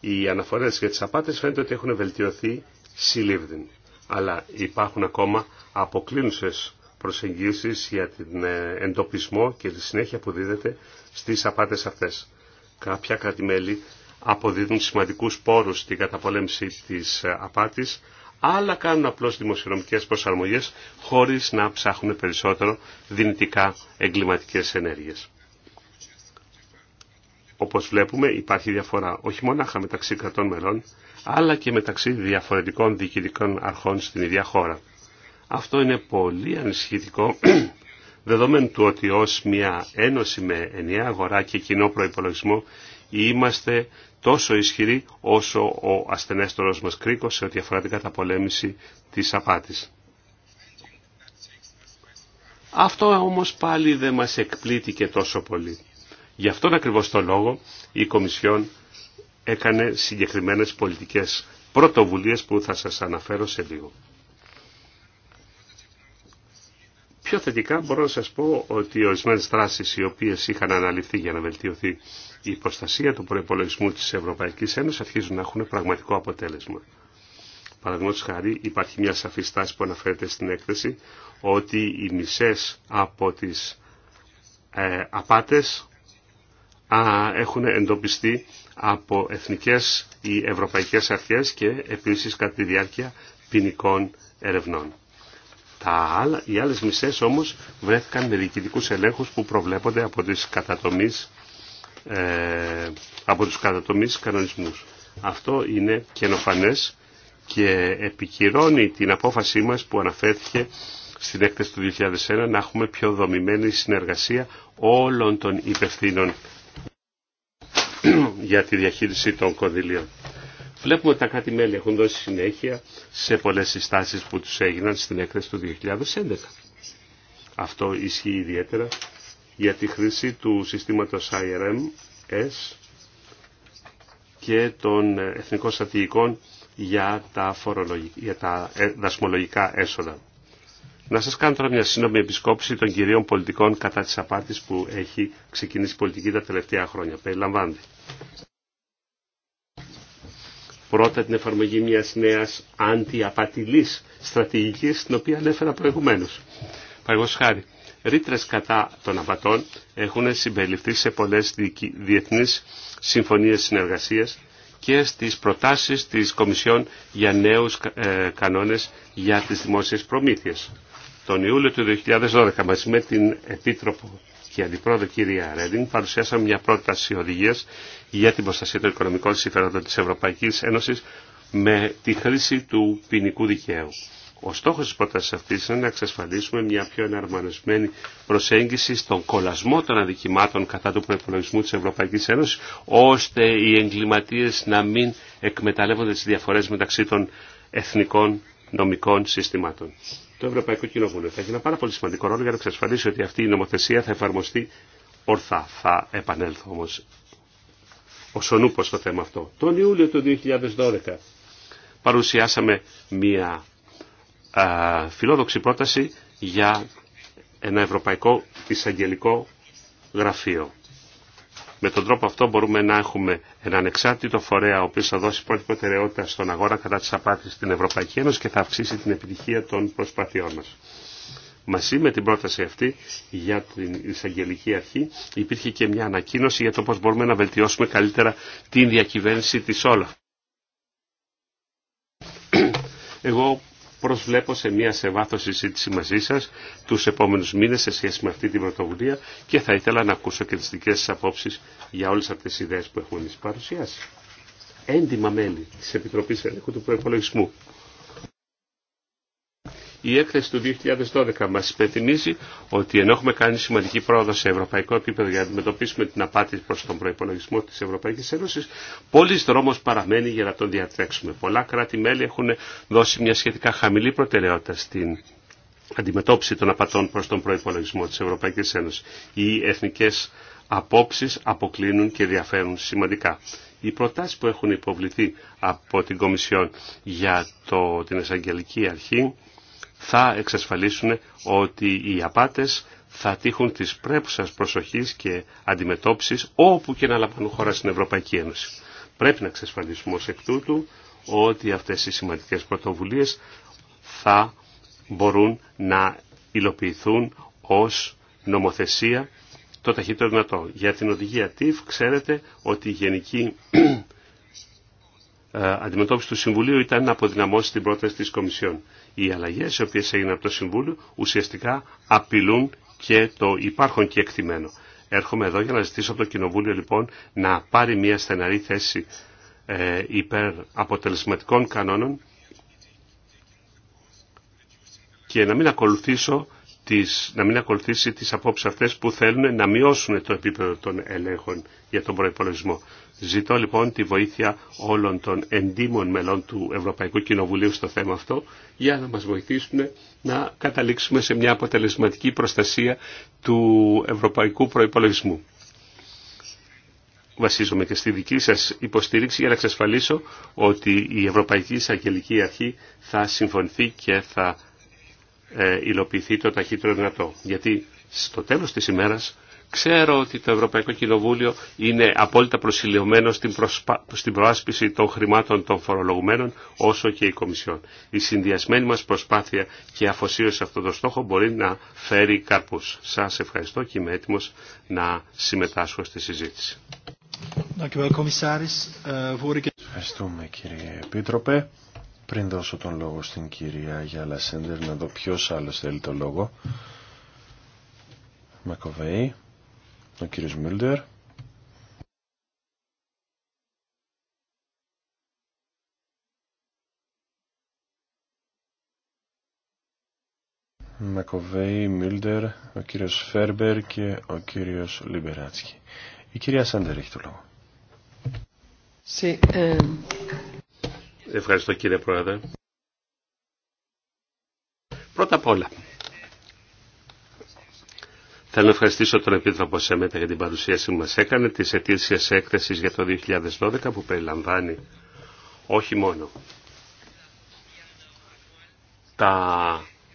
Οι αναφορές για τις απάτες φαίνεται ότι έχουν βελτιωθεί συλλήβδιν, αλλά υπάρχουν ακόμα αποκλίνουσες προσεγγίσεις για την ε, εντοπισμό και τη συνέχεια που δίδεται στις απάτες αυτές. Κάποια κρατημέλη αποδίδουν σημαντικούς πόρους στην καταπολέμηση της ε, απάτης, αλλά κάνουν απλώς δημοσιονομικές προσαρμογές χωρίς να ψάχνουν περισσότερο δυνητικά εγκληματικές ενέργειες. Όπως βλέπουμε υπάρχει διαφορά όχι μονάχα μεταξύ κρατών μελών, αλλά και μεταξύ διαφορετικών διοικητικών αρχών στην ίδια χώρα. Αυτό είναι πολύ ανησυχητικό, δεδομένου του ότι ως μια ένωση με ενιαία αγορά και κοινό προϋπολογισμό είμαστε τόσο ισχυρή όσο ο ασθενέστερος μας κρίκος σε ό,τι αφορά την καταπολέμηση της απάτης. Αυτό όμως πάλι δεν μας εκπλήτηκε τόσο πολύ. Γι' αυτόν ακριβώς το λόγο η Κομισιόν έκανε συγκεκριμένες πολιτικές πρωτοβουλίες που θα σας αναφέρω σε λίγο. Πιο θετικά μπορώ να σας πω ότι οι ορισμένε δράσεις οι οποίες είχαν αναλυθεί για να βελτιωθεί η προστασία του προπολογισμού της Ευρωπαϊκής Ένωσης αρχίζουν να έχουν πραγματικό αποτέλεσμα. Παραδείγματος χάρη υπάρχει μια σαφή στάση που αναφέρεται στην έκθεση ότι οι μισές από τις ε, απάτες α, έχουν εντοπιστεί από εθνικές ή ευρωπαϊκές αρχές και επίσης κατά τη διάρκεια ποινικών ερευνών. Τα οι άλλες μισές όμως βρέθηκαν με διοικητικούς ελέγχους που προβλέπονται από, τις κατατομή. ε, από τους κατατομής κανονισμούς. Αυτό είναι καινοφανές και επικυρώνει την απόφασή μας που αναφέρθηκε στην έκθεση του 2001 να έχουμε πιο δομημένη συνεργασία όλων των υπευθύνων για τη διαχείριση των κονδυλίων. Βλέπουμε ότι τα κάτι μελη έχουν δώσει συνέχεια σε πολλές συστάσεις που τους έγιναν στην έκθεση του 2011. Αυτό ισχύει ιδιαίτερα για τη χρήση του συστήματος IRMS και των εθνικών στρατηγικών για τα, για τα ε, δασμολογικά έσοδα. Να σας κάνω τώρα μια σύνομη επισκόπηση των κυρίων πολιτικών κατά της απάτης που έχει ξεκινήσει η πολιτική τα τελευταία χρόνια. Περιλαμβάνεται πρώτα την εφαρμογή μιας νέας αντιαπατηλής στρατηγικής, την οποία ανέφερα προηγουμένως. Παραγωγός χάρη, ρήτρες κατά των απατών έχουν συμπεριληφθεί σε πολλές διεθνείς συμφωνίες συνεργασίας και στις προτάσεις της Κομισιόν για νέους ε, κανόνες για τις δημόσιες προμήθειες. Τον Ιούλιο του 2012 μαζί με την Επίτροπο και αντιπρόεδρο κυρία Ρέντινγκ παρουσιάσαμε μια πρόταση οδηγία για την προστασία των οικονομικών συμφερόντων τη Ευρωπαϊκή Ένωση με τη χρήση του ποινικού δικαίου. Ο στόχο τη πρόταση αυτή είναι να εξασφαλίσουμε μια πιο εναρμονισμένη προσέγγιση στον κολασμό των αδικημάτων κατά του προπολογισμού τη Ευρωπαϊκή Ένωση, ώστε οι εγκληματίε να μην εκμεταλλεύονται τι διαφορέ μεταξύ των εθνικών νομικών συστημάτων το Ευρωπαϊκό Κοινοβούλιο. Θα έχει ένα πάρα πολύ σημαντικό ρόλο για να εξασφαλίσει ότι αυτή η νομοθεσία θα εφαρμοστεί ορθά. Θα επανέλθω όμω ως ο νούπος στο θέμα αυτό. Τον Ιούλιο του 2012 παρουσιάσαμε μια α, φιλόδοξη πρόταση για ένα ευρωπαϊκό εισαγγελικό γραφείο. Με τον τρόπο αυτό μπορούμε να έχουμε έναν εξάρτητο φορέα ο οποίος θα δώσει πρώτη προτεραιότητα στον αγώνα κατά της απάτης στην Ευρωπαϊκή Ένωση και θα αυξήσει την επιτυχία των προσπαθειών μας. Μαζί με την πρόταση αυτή για την εισαγγελική αρχή υπήρχε και μια ανακοίνωση για το πώς μπορούμε να βελτιώσουμε καλύτερα την διακυβέρνηση της όλα. Εγώ προσβλέπω σε μια σε βάθος συζήτηση μαζί σας τους επόμενους μήνες σε σχέση με αυτή την πρωτοβουλία και θα ήθελα να ακούσω και τις δικές σας απόψεις για όλες αυτές τις ιδέες που έχουμε εμείς παρουσιάσει. Έντιμα μέλη της Επιτροπής Ελέγχου του Προϋπολογισμού. Η έκθεση του 2012 μας υπενθυμίζει ότι ενώ έχουμε κάνει σημαντική πρόοδο σε ευρωπαϊκό επίπεδο για να αντιμετωπίσουμε την απάτη προς τον προϋπολογισμό της Ευρωπαϊκής Ένωσης, πολλής δρόμος παραμένει για να τον διατρέξουμε. Πολλά κράτη-μέλη έχουν δώσει μια σχετικά χαμηλή προτεραιότητα στην αντιμετώπιση των απατών προς τον προϋπολογισμό της Ευρωπαϊκής Ένωσης. Οι εθνικές απόψεις αποκλίνουν και διαφέρουν σημαντικά. Οι προτάσει που έχουν υποβληθεί από την Κομισιόν για το, την Εισαγγελική Αρχή θα εξασφαλίσουν ότι οι απάτες θα τύχουν της πρέπουσας προσοχής και αντιμετώπισης όπου και να λαμβάνουν χώρα στην Ευρωπαϊκή Ένωση. Πρέπει να εξασφαλίσουμε ως εκ τούτου ότι αυτές οι σημαντικές πρωτοβουλίες θα μπορούν να υλοποιηθούν ως νομοθεσία το ταχύτερο δυνατό. Για την οδηγία TIF ξέρετε ότι η γενική ε, αντιμετώπιση του Συμβουλίου ήταν να αποδυναμώσει την πρόταση της Κομισιόν οι αλλαγές οι οποίες έγιναν από το Συμβούλιο ουσιαστικά απειλούν και το υπάρχον και εκτιμένο. Έρχομαι εδώ για να ζητήσω από το Κοινοβούλιο λοιπόν να πάρει μια στεναρή θέση ε, υπέρ αποτελεσματικών κανόνων και να μην, ακολουθήσω τις, να μην ακολουθήσει τις απόψεις αυτές που θέλουν να μειώσουν το επίπεδο των ελέγχων για τον προϋπολογισμό. Ζητώ λοιπόν τη βοήθεια όλων των εντύμων μελών του Ευρωπαϊκού Κοινοβουλίου στο θέμα αυτό για να μας βοηθήσουν να καταλήξουμε σε μια αποτελεσματική προστασία του ευρωπαϊκού προϋπολογισμού. Βασίζομαι και στη δική σας υποστήριξη για να εξασφαλίσω ότι η Ευρωπαϊκή Εισαγγελική Αρχή θα συμφωνηθεί και θα ε, υλοποιηθεί το ταχύτερο δυνατό. Γιατί στο τέλος της ημέρας Ξέρω ότι το Ευρωπαϊκό Κοινοβούλιο είναι απόλυτα προσιλειωμένο στην, προσπα... στην προάσπιση των χρημάτων των φορολογουμένων όσο και η Κομισιόν. Η συνδυασμένη μας προσπάθεια και αφοσίωση σε αυτό το στόχο μπορεί να φέρει καρπούς. Σας ευχαριστώ και είμαι έτοιμος να συμμετάσχω στη συζήτηση. Ε, Ευχαριστούμε κύριε Επίτροπε. Πριν δώσω τον λόγο στην κυρία Γιάλα Σέντερ να δω ποιος άλλος θέλει το λόγο. Μακοβέη ο κύριος Μιλντερ. Μακοβέη, Μιλντερ, ο κύριος Φέρμπερ και ο κύριος Λιμπεράτσκι. Η κυρία Σάντερ έχει το λόγο. Ε, Ευχαριστώ κύριε Πρόεδρε. Πρώτα απ' όλα, Θέλω να ευχαριστήσω τον Επίτροπο Σεμέτα για την παρουσίαση που μας έκανε, τις ετήσιας έκθεσης για το 2012 που περιλαμβάνει όχι μόνο τα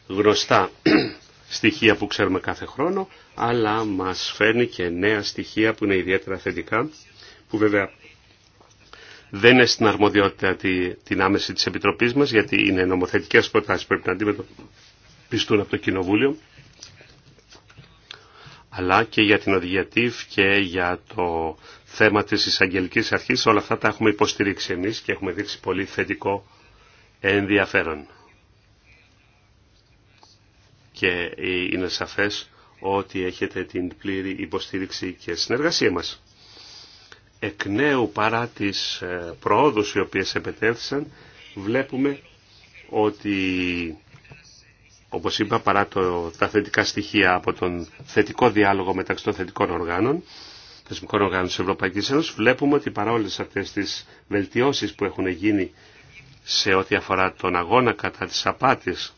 γνωστά στοιχεία που ξέρουμε κάθε χρόνο, αλλά μας φέρνει και νέα στοιχεία που είναι ιδιαίτερα θετικά, που βέβαια δεν είναι στην αρμοδιότητα την άμεση της Επιτροπής μας, γιατί είναι νομοθετικές προτάσεις που πρέπει να αντιμετωπιστούν από το Κοινοβούλιο αλλά και για την οδηγία και για το θέμα της εισαγγελικής αρχής. Όλα αυτά τα έχουμε υποστηρίξει εμείς και έχουμε δείξει πολύ θετικό ενδιαφέρον. Και είναι σαφές ότι έχετε την πλήρη υποστήριξη και συνεργασία μας. Εκ νέου παρά τις ε, προόδους οι οποίες επετέθησαν, βλέπουμε ότι όπως είπα, παρά το, τα θετικά στοιχεία από τον θετικό διάλογο μεταξύ των θετικών οργάνων, θεσμικών οργάνων της Ευρωπαϊκής Ένωσης, βλέπουμε ότι παρά όλες αυτές τις βελτιώσεις που έχουν γίνει σε ό,τι αφορά τον αγώνα κατά της απάτης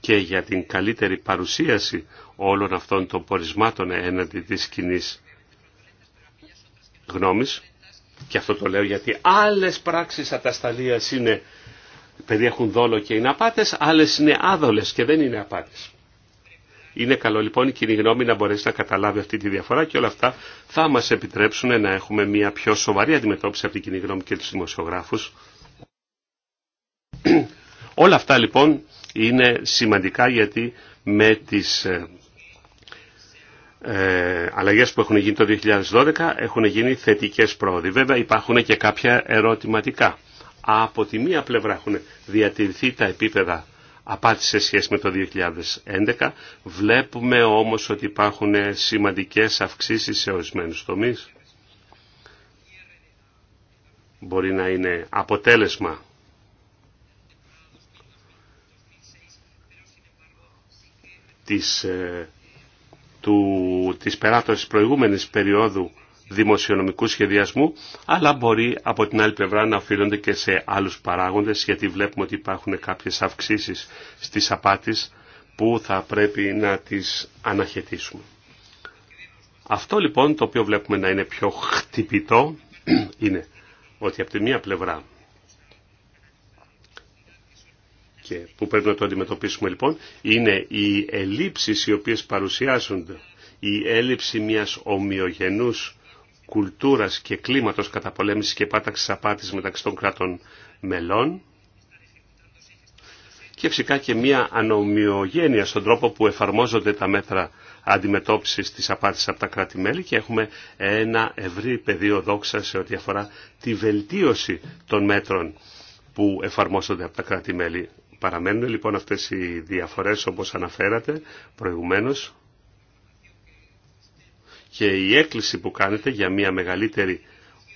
και για την καλύτερη παρουσίαση όλων αυτών των πορισμάτων έναντι της κοινή γνώμης, και αυτό το λέω γιατί άλλες πράξεις ατασταλίας είναι έχουν δόλο και είναι απάτες, άλλες είναι άδολες και δεν είναι απάτες. Είναι καλό λοιπόν η κοινή γνώμη να μπορέσει να καταλάβει αυτή τη διαφορά και όλα αυτά θα μας επιτρέψουν να έχουμε μια πιο σοβαρή αντιμετώπιση από την κοινή γνώμη και τους δημοσιογράφους. όλα αυτά λοιπόν είναι σημαντικά γιατί με τις ε, ε αλλαγές που έχουν γίνει το 2012 έχουν γίνει θετικές πρόοδοι. Βέβαια υπάρχουν και κάποια ερωτηματικά από τη μία πλευρά έχουν διατηρηθεί τα επίπεδα απάτη σε σχέση με το 2011. Βλέπουμε όμως ότι υπάρχουν σημαντικές αυξήσεις σε ορισμένους τομείς. Μπορεί να είναι αποτέλεσμα της, ε, του, της περάτωσης προηγούμενης περίοδου δημοσιονομικού σχεδιασμού, αλλά μπορεί από την άλλη πλευρά να οφείλονται και σε άλλους παράγοντες, γιατί βλέπουμε ότι υπάρχουν κάποιες αυξήσεις στις απάτης που θα πρέπει να τις αναχαιτήσουμε. Αυτό λοιπόν το οποίο βλέπουμε να είναι πιο χτυπητό είναι ότι από τη μία πλευρά και που πρέπει να το αντιμετωπίσουμε λοιπόν είναι οι ελλείψεις οι οποίες παρουσιάζονται η έλλειψη μιας ομοιογενούς Κουλτούρα και κλίματος πολέμηση και πάταξη απάτης μεταξύ των κράτων μελών και φυσικά και μια ανομοιογένεια στον τρόπο που εφαρμόζονται τα μέτρα αντιμετώπισης της απάτης από τα κράτη-μέλη και έχουμε ένα ευρύ πεδίο δόξα σε ό,τι αφορά τη βελτίωση των μέτρων που εφαρμόζονται από τα κράτη-μέλη. Παραμένουν λοιπόν αυτές οι διαφορές όπως αναφέρατε προηγουμένως και η έκκληση που κάνετε για μια μεγαλύτερη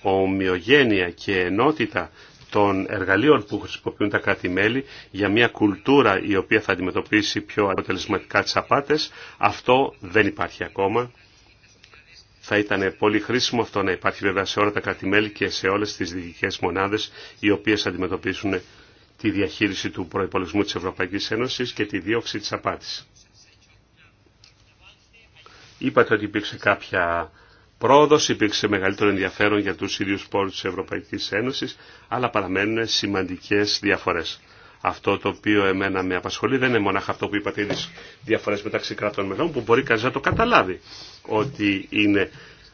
ομοιογένεια και ενότητα των εργαλείων που χρησιμοποιούν τα κράτη-μέλη για μια κουλτούρα η οποία θα αντιμετωπίσει πιο αποτελεσματικά τις απάτες, αυτό δεν υπάρχει ακόμα. Θα ήταν πολύ χρήσιμο αυτό να υπάρχει βέβαια σε όλα τα κράτη-μέλη και σε όλες τις διοικητικές μονάδες οι οποίες αντιμετωπίσουν τη διαχείριση του προϋπολογισμού της Ευρωπαϊκής Ένωσης και τη δίωξη της απάτης. Είπατε ότι υπήρξε κάποια πρόοδος, υπήρξε μεγαλύτερο ενδιαφέρον για τους ίδιους πόρους της Ευρωπαϊκής Ένωσης, αλλά παραμένουν σημαντικές διαφορές. Αυτό το οποίο εμένα με απασχολεί δεν είναι μονάχα αυτό που είπατε, οι διαφορές μεταξύ κρατών μελών, που μπορεί κανείς να το καταλάβει ότι είναι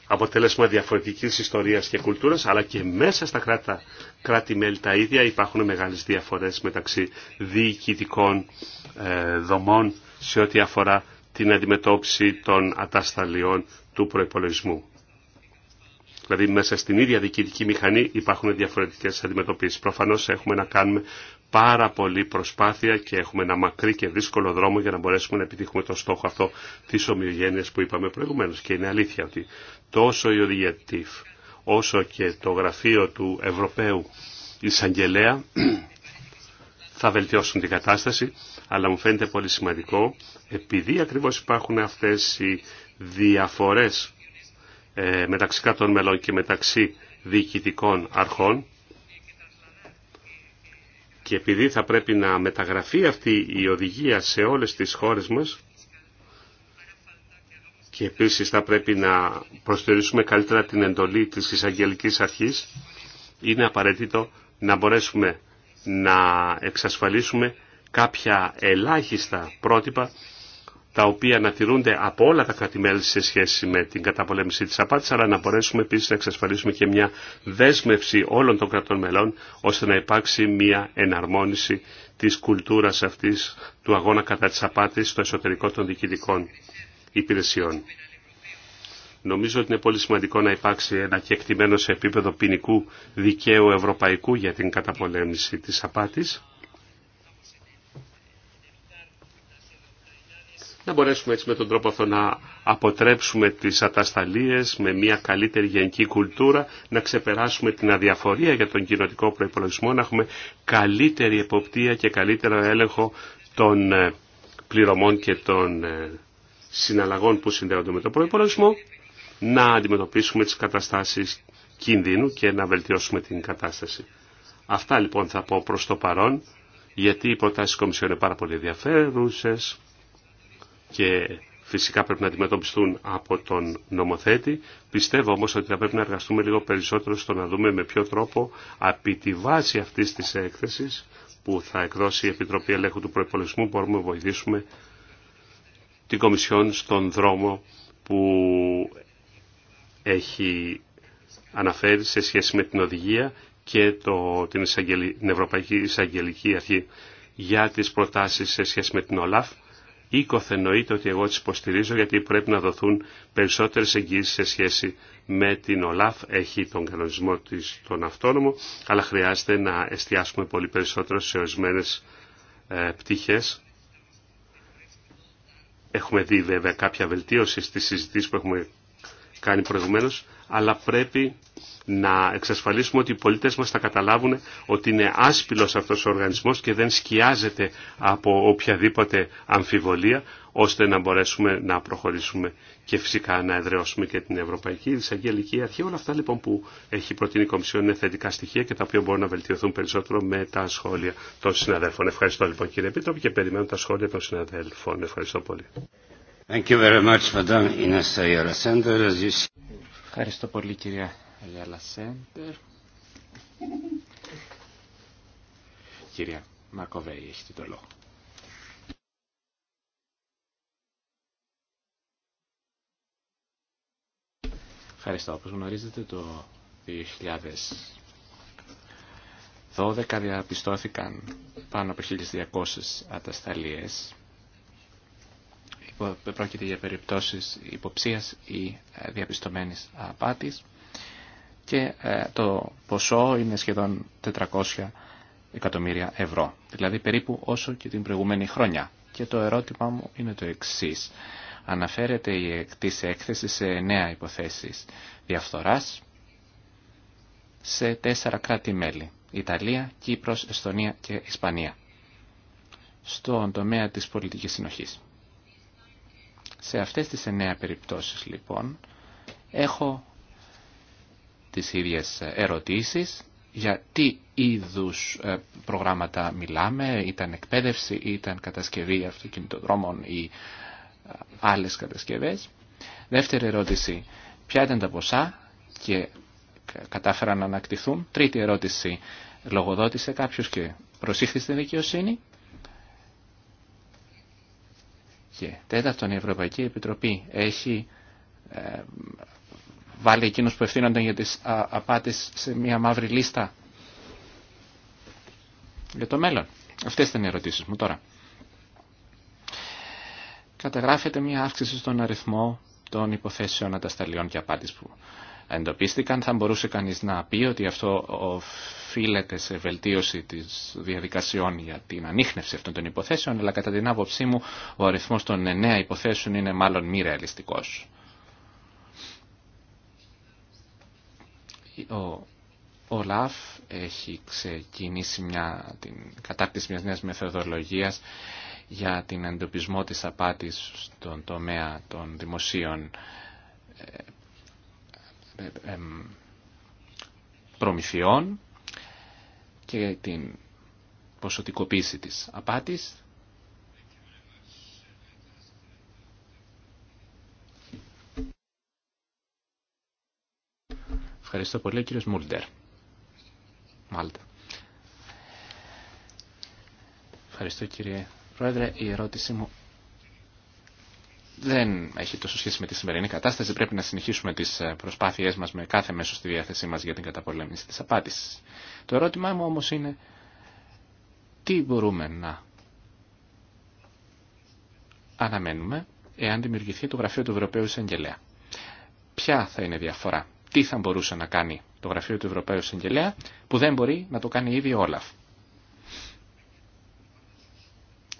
αποτέλεσμα διαφορετικής ιστορίας και κουλτούρας, αλλά και μέσα στα κρατη κράτη-μέλη τα ίδια υπάρχουν μεγάλες διαφορές μεταξύ διοικητικών ε, δομών σε ό,τι αφορά την αντιμετώπιση των ατασταλιών του προϋπολογισμού. Δηλαδή μέσα στην ίδια διοικητική μηχανή υπάρχουν διαφορετικές αντιμετωπίσεις. Προφανώς έχουμε να κάνουμε πάρα πολλή προσπάθεια και έχουμε ένα μακρύ και δύσκολο δρόμο για να μπορέσουμε να επιτύχουμε το στόχο αυτό της ομοιογένειας που είπαμε προηγουμένως. Και είναι αλήθεια ότι τόσο η οδηγία όσο και το γραφείο του Ευρωπαίου Εισαγγελέα θα βελτιώσουν την κατάσταση, αλλά μου φαίνεται πολύ σημαντικό, επειδή ακριβώς υπάρχουν αυτές οι διαφορές ε, μεταξύ κρατών μελών και μεταξύ διοικητικών αρχών, και επειδή θα πρέπει να μεταγραφεί αυτή η οδηγία σε όλες τις χώρες μας και επίσης θα πρέπει να προστηρίσουμε καλύτερα την εντολή της εισαγγελικής αρχής, είναι απαραίτητο να μπορέσουμε να εξασφαλίσουμε κάποια ελάχιστα πρότυπα τα οποία να τηρούνται από όλα τα κρατημέλη σε σχέση με την καταπολέμηση της απάτης, αλλά να μπορέσουμε επίσης να εξασφαλίσουμε και μια δέσμευση όλων των κρατών μελών, ώστε να υπάρξει μια εναρμόνιση της κουλτούρας αυτής του αγώνα κατά της απάτης στο εσωτερικό των διοικητικών υπηρεσιών. Νομίζω ότι είναι πολύ σημαντικό να υπάρξει ένα κεκτημένο σε επίπεδο ποινικού δικαίου ευρωπαϊκού για την καταπολέμηση της απάτης. Να μπορέσουμε έτσι με τον τρόπο αυτό να αποτρέψουμε τις ατασταλίες με μια καλύτερη γενική κουλτούρα, να ξεπεράσουμε την αδιαφορία για τον κοινωτικό προϋπολογισμό, να έχουμε καλύτερη εποπτεία και καλύτερο έλεγχο των ε, πληρωμών και των ε, συναλλαγών που συνδέονται με τον προϋπολογισμό να αντιμετωπίσουμε τις καταστάσεις κινδύνου και να βελτιώσουμε την κατάσταση. Αυτά λοιπόν θα πω προς το παρόν, γιατί οι προτάσεις Κομισιόν είναι πάρα πολύ ενδιαφέρουσες και φυσικά πρέπει να αντιμετωπιστούν από τον νομοθέτη. Πιστεύω όμως ότι θα πρέπει να εργαστούμε λίγο περισσότερο στο να δούμε με ποιο τρόπο από τη βάση αυτής της έκθεσης που θα εκδώσει η Επιτροπή Ελέγχου του Προϋπολογισμού μπορούμε να βοηθήσουμε την Κομισιόν στον δρόμο που έχει αναφέρει σε σχέση με την οδηγία και το, την, Ευρωπαϊκή Εισαγγελική Αρχή για τις προτάσεις σε σχέση με την ΟΛΑΦ. Ήκοθ εννοείται ότι εγώ τις υποστηρίζω γιατί πρέπει να δοθούν περισσότερες εγγύησεις σε σχέση με την ΟΛΑΦ. Έχει τον κανονισμό της τον αυτόνομο, αλλά χρειάζεται να εστιάσουμε πολύ περισσότερο σε ορισμένε ε, πτυχές. Έχουμε δει βέβαια κάποια βελτίωση στις συζητήσεις που έχουμε κάνει προηγουμένω, αλλά πρέπει να εξασφαλίσουμε ότι οι πολιτέ μα θα καταλάβουν ότι είναι άσπυλο αυτό ο οργανισμό και δεν σκιάζεται από οποιαδήποτε αμφιβολία, ώστε να μπορέσουμε να προχωρήσουμε και φυσικά να εδραιώσουμε και την Ευρωπαϊκή Δυσαγγελική Αρχή. Όλα αυτά λοιπόν που έχει προτείνει η Κομισιόν είναι θετικά στοιχεία και τα οποία μπορούν να βελτιωθούν περισσότερο με τα σχόλια των συναδέλφων. Ευχαριστώ λοιπόν κύριε Επίτροπη και περιμένω τα σχόλια των συναδέλφων. Ευχαριστώ πολύ. Ευχαριστώ πολύ κυρία Αγιάλα Σέντερ. Κυρία Μακοβέη, έχετε το λόγο. Ευχαριστώ. Όπως γνωρίζετε το 2012 διαπιστώθηκαν πάνω από 1200 ατασταλίες πρόκειται για περιπτώσεις υποψίας ή ε, διαπιστωμένης απάτης και ε, το ποσό είναι σχεδόν 400 εκατομμύρια ευρώ, δηλαδή περίπου όσο και την προηγούμενη χρονιά. Και το ερώτημά μου είναι το εξής. Αναφέρεται η εκτής έκθεση σε 9 υποθέσεις διαφθοράς σε τεσσερα κράτη-μέλη, Ιταλία, Κύπρος, Εστονία και Ισπανία, στον τομέα της πολιτικής συνοχής. Σε αυτές τις εννέα περιπτώσεις λοιπόν έχω τις ίδιες ερωτήσεις για τι είδους ε, προγράμματα μιλάμε, ήταν εκπαίδευση, ήταν κατασκευή αυτοκινητοδρόμων ή ε, άλλες κατασκευές. Δεύτερη ερώτηση, ποια ήταν τα ποσά και κατάφεραν να ανακτηθούν. Τρίτη ερώτηση, λογοδότησε κάποιος και προσήχθη δικαιοσύνη. Και τέταρτον, η Ευρωπαϊκή Επιτροπή έχει ε, βάλει εκείνου που ευθύνονται για τι απάτη σε μια μαύρη λίστα για το μέλλον. Αυτές ήταν οι ερωτήσει μου τώρα. Καταγράφεται μια αύξηση στον αριθμό των υποθέσεων ατασταλιών και απάτης που εντοπίστηκαν. Θα μπορούσε κανείς να πει ότι αυτό οφείλεται σε βελτίωση της διαδικασιών για την ανείχνευση αυτών των υποθέσεων, αλλά κατά την άποψή μου ο αριθμός των εννέα υποθέσεων είναι μάλλον μη ρεαλιστικός. Ο ο ΛΑΦ έχει ξεκινήσει μια, την κατάρτιση μιας νέας μεθοδολογίας για την εντοπισμό της απάτης στον τομέα των δημοσίων ε, ε, ε, προμηθειών και την ποσοτικοποίηση της απάτης. Ευχαριστώ πολύ, κύριο Μουλτέρ. Μάλτα. Ευχαριστώ, κύριε Πρόεδρε. Η ερώτησή μου δεν έχει τόσο σχέση με τη σημερινή κατάσταση. Πρέπει να συνεχίσουμε τι ε, προσπάθειε μα με κάθε μέσο στη διάθεσή μα για την καταπολέμηση τη απάτηση. Το ερώτημά μου όμω είναι τι μπορούμε να αναμένουμε εάν δημιουργηθεί το γραφείο του Ευρωπαίου Εισαγγελέα. Ποια θα είναι η διαφορά, τι θα μπορούσε να κάνει το γραφείο του Ευρωπαίου Εισαγγελέα που δεν μπορεί να το κάνει ήδη ο Όλαφ.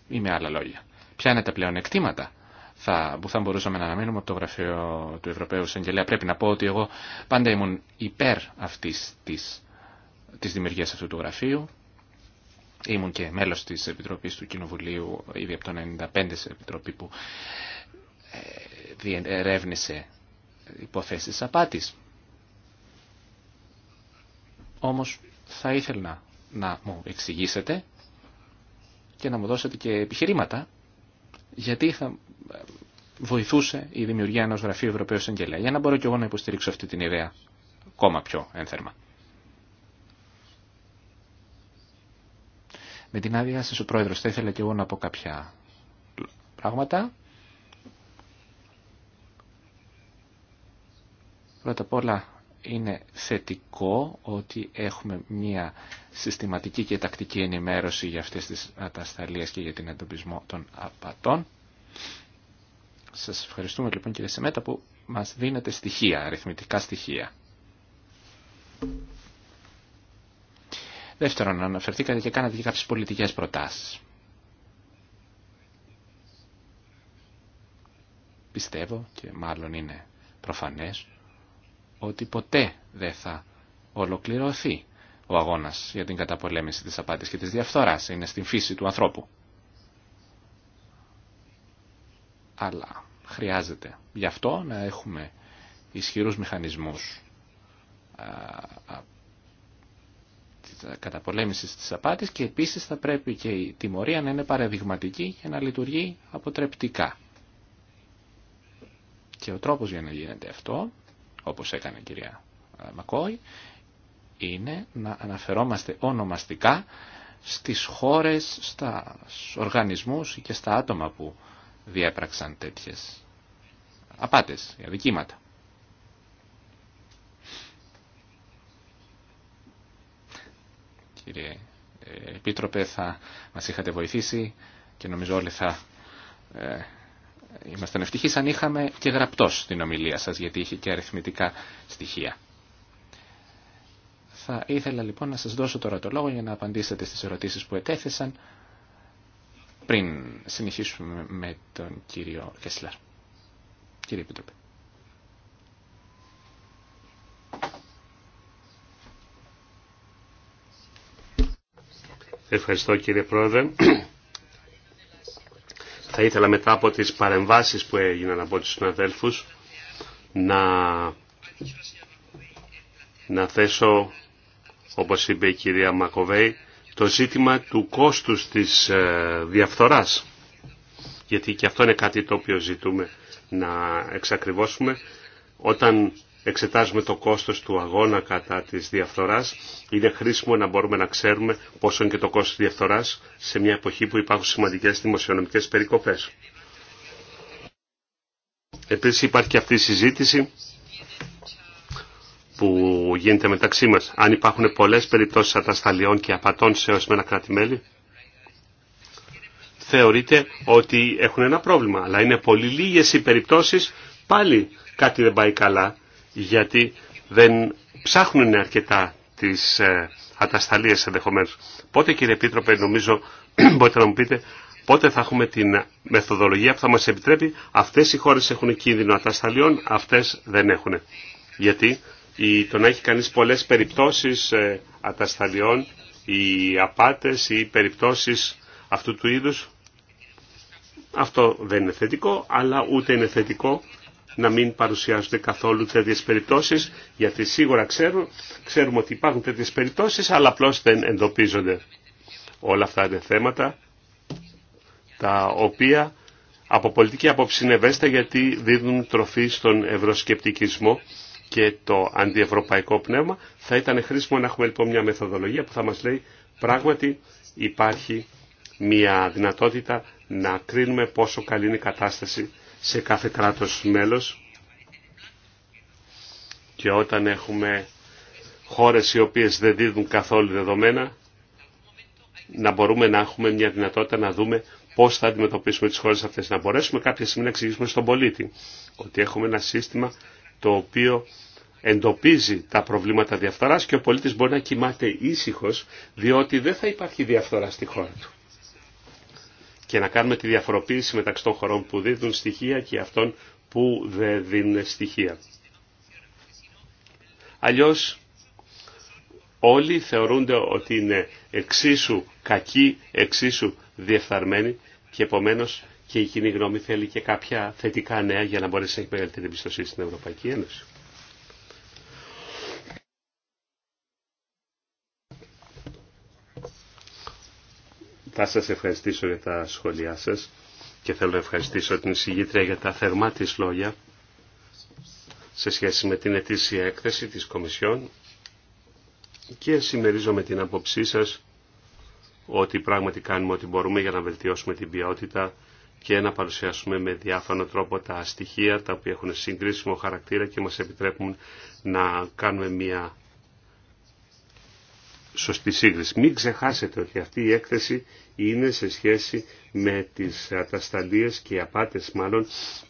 Ή με άλλα λόγια. Ποια είναι τα πλεονεκτήματα θα, που θα μπορούσαμε να αναμείνουμε από το γραφείο του Ευρωπαίου Εισαγγελέα. Πρέπει να πω ότι εγώ πάντα ήμουν υπέρ αυτής της, της δημιουργίας αυτού του γραφείου. Ήμουν και μέλος της Επιτροπής του Κοινοβουλίου ήδη από το 1995 σε Επιτροπή που ε, διερεύνησε υποθέσεις απάτης. Όμως θα ήθελα να μου εξηγήσετε και να μου δώσετε και επιχειρήματα γιατί θα ε, βοηθούσε η δημιουργία ενός γραφείου Ευρωπαίου Εισαγγελέα. Για να μπορώ και εγώ να υποστηρίξω αυτή την ιδέα ακόμα πιο ένθερμα. Με την άδειά σας ο Πρόεδρος θα ήθελα και εγώ να πω κάποια πράγματα. Πρώτα απ' όλα είναι θετικό ότι έχουμε μία συστηματική και τακτική ενημέρωση για αυτές τις ατασταλίες και για την εντοπισμό των απατών. Σας ευχαριστούμε λοιπόν κύριε Σεμέτα που μας δίνετε στοιχεία, αριθμητικά στοιχεία. Δεύτερον, αναφερθήκατε και κάνατε και κάποιες πολιτικές προτάσεις. Πιστεύω και μάλλον είναι προφανές ότι ποτέ δεν θα ολοκληρωθεί ο αγώνας για την καταπολέμηση της απάτης και της διαφθοράς. Είναι στην φύση του ανθρώπου. αλλά χρειάζεται γι' αυτό να έχουμε ισχυρούς μηχανισμούς καταπολέμησης της απάτης και επίσης θα πρέπει και η τιμωρία να είναι παραδειγματική και να λειτουργεί αποτρεπτικά. Και ο τρόπος για να γίνεται αυτό, όπως έκανε η κυρία Μακόη, είναι να αναφερόμαστε ονομαστικά στις χώρες, στα οργανισμούς και στα άτομα που διέπραξαν τέτοιες απάτες, αδικήματα. Κύριε ε, Επίτροπε, θα μας είχατε βοηθήσει και νομίζω όλοι θα ε, ήμασταν ευτυχείς αν είχαμε και γραπτός την ομιλία σας, γιατί είχε και αριθμητικά στοιχεία. Θα ήθελα λοιπόν να σας δώσω τώρα το λόγο για να απαντήσετε στις ερωτήσεις που ετέθεσαν πριν συνεχίσουμε με τον κύριο Κεσλάρ. Κύριε Επιτροπή. Ευχαριστώ κύριε Πρόεδρε. Θα ήθελα μετά από τις παρεμβάσεις που έγιναν από τους συναδέλφους να, να θέσω, όπως είπε η κυρία Μακοβέη, το ζήτημα του κόστους της ε, διαφθοράς. Γιατί και αυτό είναι κάτι το οποίο ζητούμε να εξακριβώσουμε. Όταν εξετάζουμε το κόστος του αγώνα κατά της διαφθοράς, είναι χρήσιμο να μπορούμε να ξέρουμε πόσο είναι και το κόστος της διαφθοράς σε μια εποχή που υπάρχουν σημαντικές δημοσιονομικές περικοπές. Επίσης υπάρχει και αυτή η συζήτηση που γίνεται μεταξύ μας. Αν υπάρχουν πολλές περιπτώσεις ατασταλιών και απατών σε ορισμένα κράτη-μέλη, θεωρείται ότι έχουν ένα πρόβλημα. Αλλά είναι πολύ λίγες οι περιπτώσεις, πάλι κάτι δεν πάει καλά, γιατί δεν ψάχνουν αρκετά τις ε, ατασταλίες ενδεχομένω. Πότε κύριε Επίτροπε, νομίζω μπορείτε να μου πείτε, πότε θα έχουμε την μεθοδολογία που θα μας επιτρέπει, αυτές οι χώρες έχουν κίνδυνο ατασταλιών, αυτές δεν έχουν. Γιατί ή το να έχει κανείς πολλές περιπτώσεις ε, ατασταλιών ή απάτες ή περιπτώσεις αυτού του είδους. Αυτό δεν είναι θετικό, αλλά ούτε είναι θετικό να μην παρουσιάζονται καθόλου τέτοιες περιπτώσεις, γιατί σίγουρα ξέρω ξέρουμε ότι υπάρχουν τέτοιες περιπτώσεις, αλλά απλώ δεν εντοπίζονται. Όλα αυτά τα θέματα τα οποία από πολιτική άποψη είναι ευαίσθητα γιατί δίνουν τροφή στον ευρωσκεπτικισμό και το αντιευρωπαϊκό πνεύμα. Θα ήταν χρήσιμο να έχουμε λοιπόν μια μεθοδολογία που θα μας λέει πράγματι υπάρχει μια δυνατότητα να κρίνουμε πόσο καλή είναι η κατάσταση σε κάθε κράτος μέλος και όταν έχουμε χώρες οι οποίες δεν δίδουν καθόλου δεδομένα να μπορούμε να έχουμε μια δυνατότητα να δούμε πώς θα αντιμετωπίσουμε τις χώρες αυτές. Να μπορέσουμε κάποια στιγμή να εξηγήσουμε στον πολίτη ότι έχουμε ένα σύστημα το οποίο εντοπίζει τα προβλήματα διαφθοράς και ο πολίτης μπορεί να κοιμάται ήσυχο διότι δεν θα υπάρχει διαφθορά στη χώρα του. Και να κάνουμε τη διαφοροποίηση μεταξύ των χωρών που δίνουν στοιχεία και αυτών που δεν δίνουν στοιχεία. Αλλιώς όλοι θεωρούνται ότι είναι εξίσου κακοί, εξίσου διεφθαρμένοι και επομένως και η κοινή γνώμη θέλει και κάποια θετικά νέα για να μπορέσει να έχει μεγαλύτερη εμπιστοσύνη στην Ευρωπαϊκή Ένωση. Θα σας ευχαριστήσω για τα σχόλιά σας και θέλω να ευχαριστήσω την συγγήτρια για τα θερμά της λόγια σε σχέση με την ετήσια έκθεση της Κομισιόν και με την άποψή σας ότι πράγματι κάνουμε ό,τι μπορούμε για να βελτιώσουμε την ποιότητα και να παρουσιάσουμε με διάφανο τρόπο τα στοιχεία τα οποία έχουν συγκρίσιμο χαρακτήρα και μας επιτρέπουν να κάνουμε μια σωστή σύγκριση. Μην ξεχάσετε ότι αυτή η έκθεση είναι σε σχέση με τις ατασταλίες και απάτες μάλλον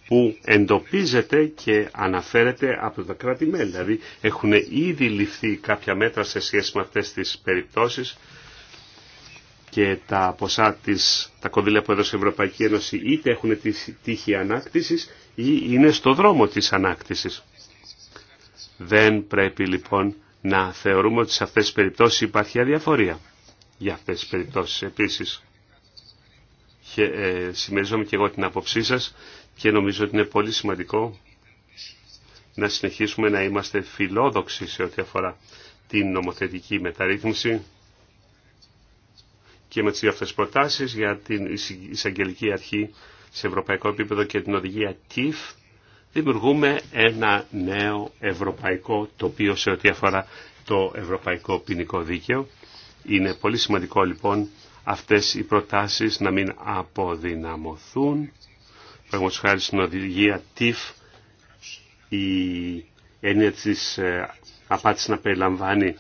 που εντοπίζεται και αναφέρεται από τα κράτη-μέλη. Δηλαδή έχουν ήδη ληφθεί κάποια μέτρα σε σχέση με αυτές τις περιπτώσεις και τα ποσά της, τα κονδύλια που έδωσε η Ευρωπαϊκή Ένωση είτε έχουν τύχη ανάκτησης ή είναι στο δρόμο της ανάκτησης. Δεν πρέπει λοιπόν να θεωρούμε ότι σε αυτές τις περιπτώσεις υπάρχει αδιαφορία για αυτές τις περιπτώσεις. Επίσης, ε, συμμερίζομαι και εγώ την άποψή σας και νομίζω ότι είναι πολύ σημαντικό να συνεχίσουμε να είμαστε φιλόδοξοι σε ό,τι αφορά την νομοθετική μεταρρύθμιση και με τις δύο αυτές προτάσεις για την εισαγγελική αρχή σε ευρωπαϊκό επίπεδο και την οδηγία TIF δημιουργούμε ένα νέο ευρωπαϊκό τοπίο σε ό,τι αφορά το ευρωπαϊκό ποινικό δίκαιο είναι πολύ σημαντικό λοιπόν αυτές οι προτάσεις να μην αποδυναμωθούν. Πραγματικά χάρη στην οδηγία TIF η έννοια της ε, απάτης να περιλαμβάνει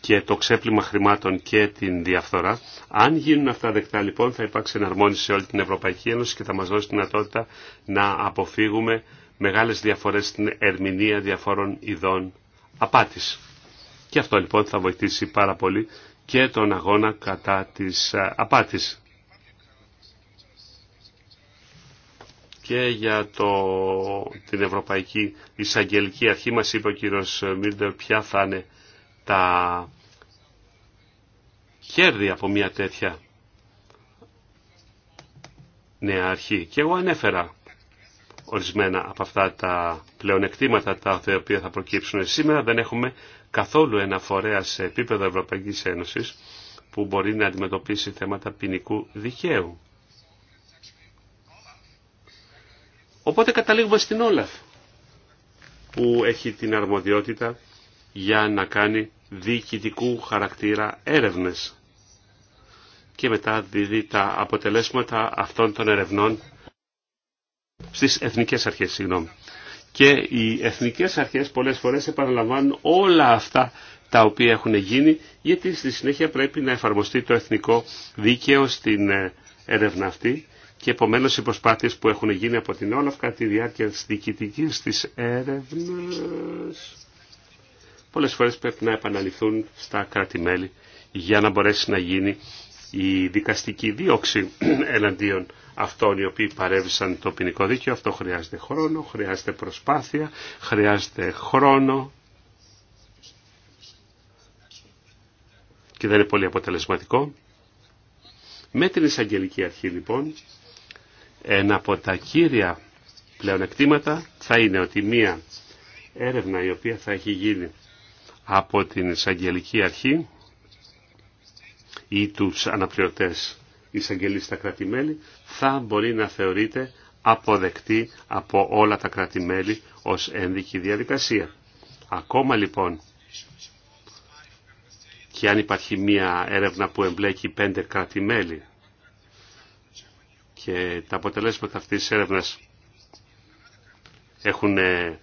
και το ξέπλυμα χρημάτων και την διαφθορά. Αν γίνουν αυτά δεκτά λοιπόν θα υπάρξει εναρμόνιση σε όλη την Ευρωπαϊκή Ένωση και θα μας δώσει τη δυνατότητα να αποφύγουμε μεγάλες διαφορές στην ερμηνεία διαφόρων ειδών απάτης. Και αυτό λοιπόν θα βοηθήσει πάρα πολύ και τον αγώνα κατά της ε, απάτης. Και για το, την Ευρωπαϊκή Εισαγγελική Αρχή μας είπε ο κύριος Μίλντερ ποια θα είναι τα κέρδη από μια τέτοια νέα αρχή. Και εγώ ανέφερα ορισμένα από αυτά τα πλεονεκτήματα τα οποία θα προκύψουν σήμερα. Δεν έχουμε καθόλου ένα φορέα σε επίπεδο Ευρωπαϊκής Ένωσης που μπορεί να αντιμετωπίσει θέματα ποινικού δικαίου. Οπότε καταλήγουμε στην Όλαφ που έχει την αρμοδιότητα για να κάνει διοικητικού χαρακτήρα έρευνες και μετά δίδει τα αποτελέσματα αυτών των ερευνών στις εθνικές αρχές, συγγνώμη και οι εθνικές αρχές πολλές φορές επαναλαμβάνουν όλα αυτά τα οποία έχουν γίνει, γιατί στη συνέχεια πρέπει να εφαρμοστεί το εθνικό δίκαιο στην ε, έρευνα αυτή και επομένως οι προσπάθειες που έχουν γίνει από την Όλαφ κατά τη διάρκεια της διοικητικής της έρευνας πολλές φορές πρέπει να επαναληφθούν στα κράτη-μέλη για να μπορέσει να γίνει η δικαστική δίωξη εναντίον αυτών οι οποίοι παρέβησαν το ποινικό δίκαιο. Αυτό χρειάζεται χρόνο, χρειάζεται προσπάθεια, χρειάζεται χρόνο και δεν είναι πολύ αποτελεσματικό. Με την εισαγγελική αρχή λοιπόν, ένα από τα κύρια πλεονεκτήματα θα είναι ότι μία έρευνα η οποία θα έχει γίνει από την εισαγγελική αρχή ή τους αναπληρωτές εισαγγελεί στα μελη θα μπορεί να θεωρείται αποδεκτή από όλα τα κρατημέλη ως ένδικη διαδικασία. Ακόμα λοιπόν και αν υπάρχει μία έρευνα που εμπλέκει πέντε κρατημέλη και τα αποτελέσματα αυτής της έρευνας έχουν ε,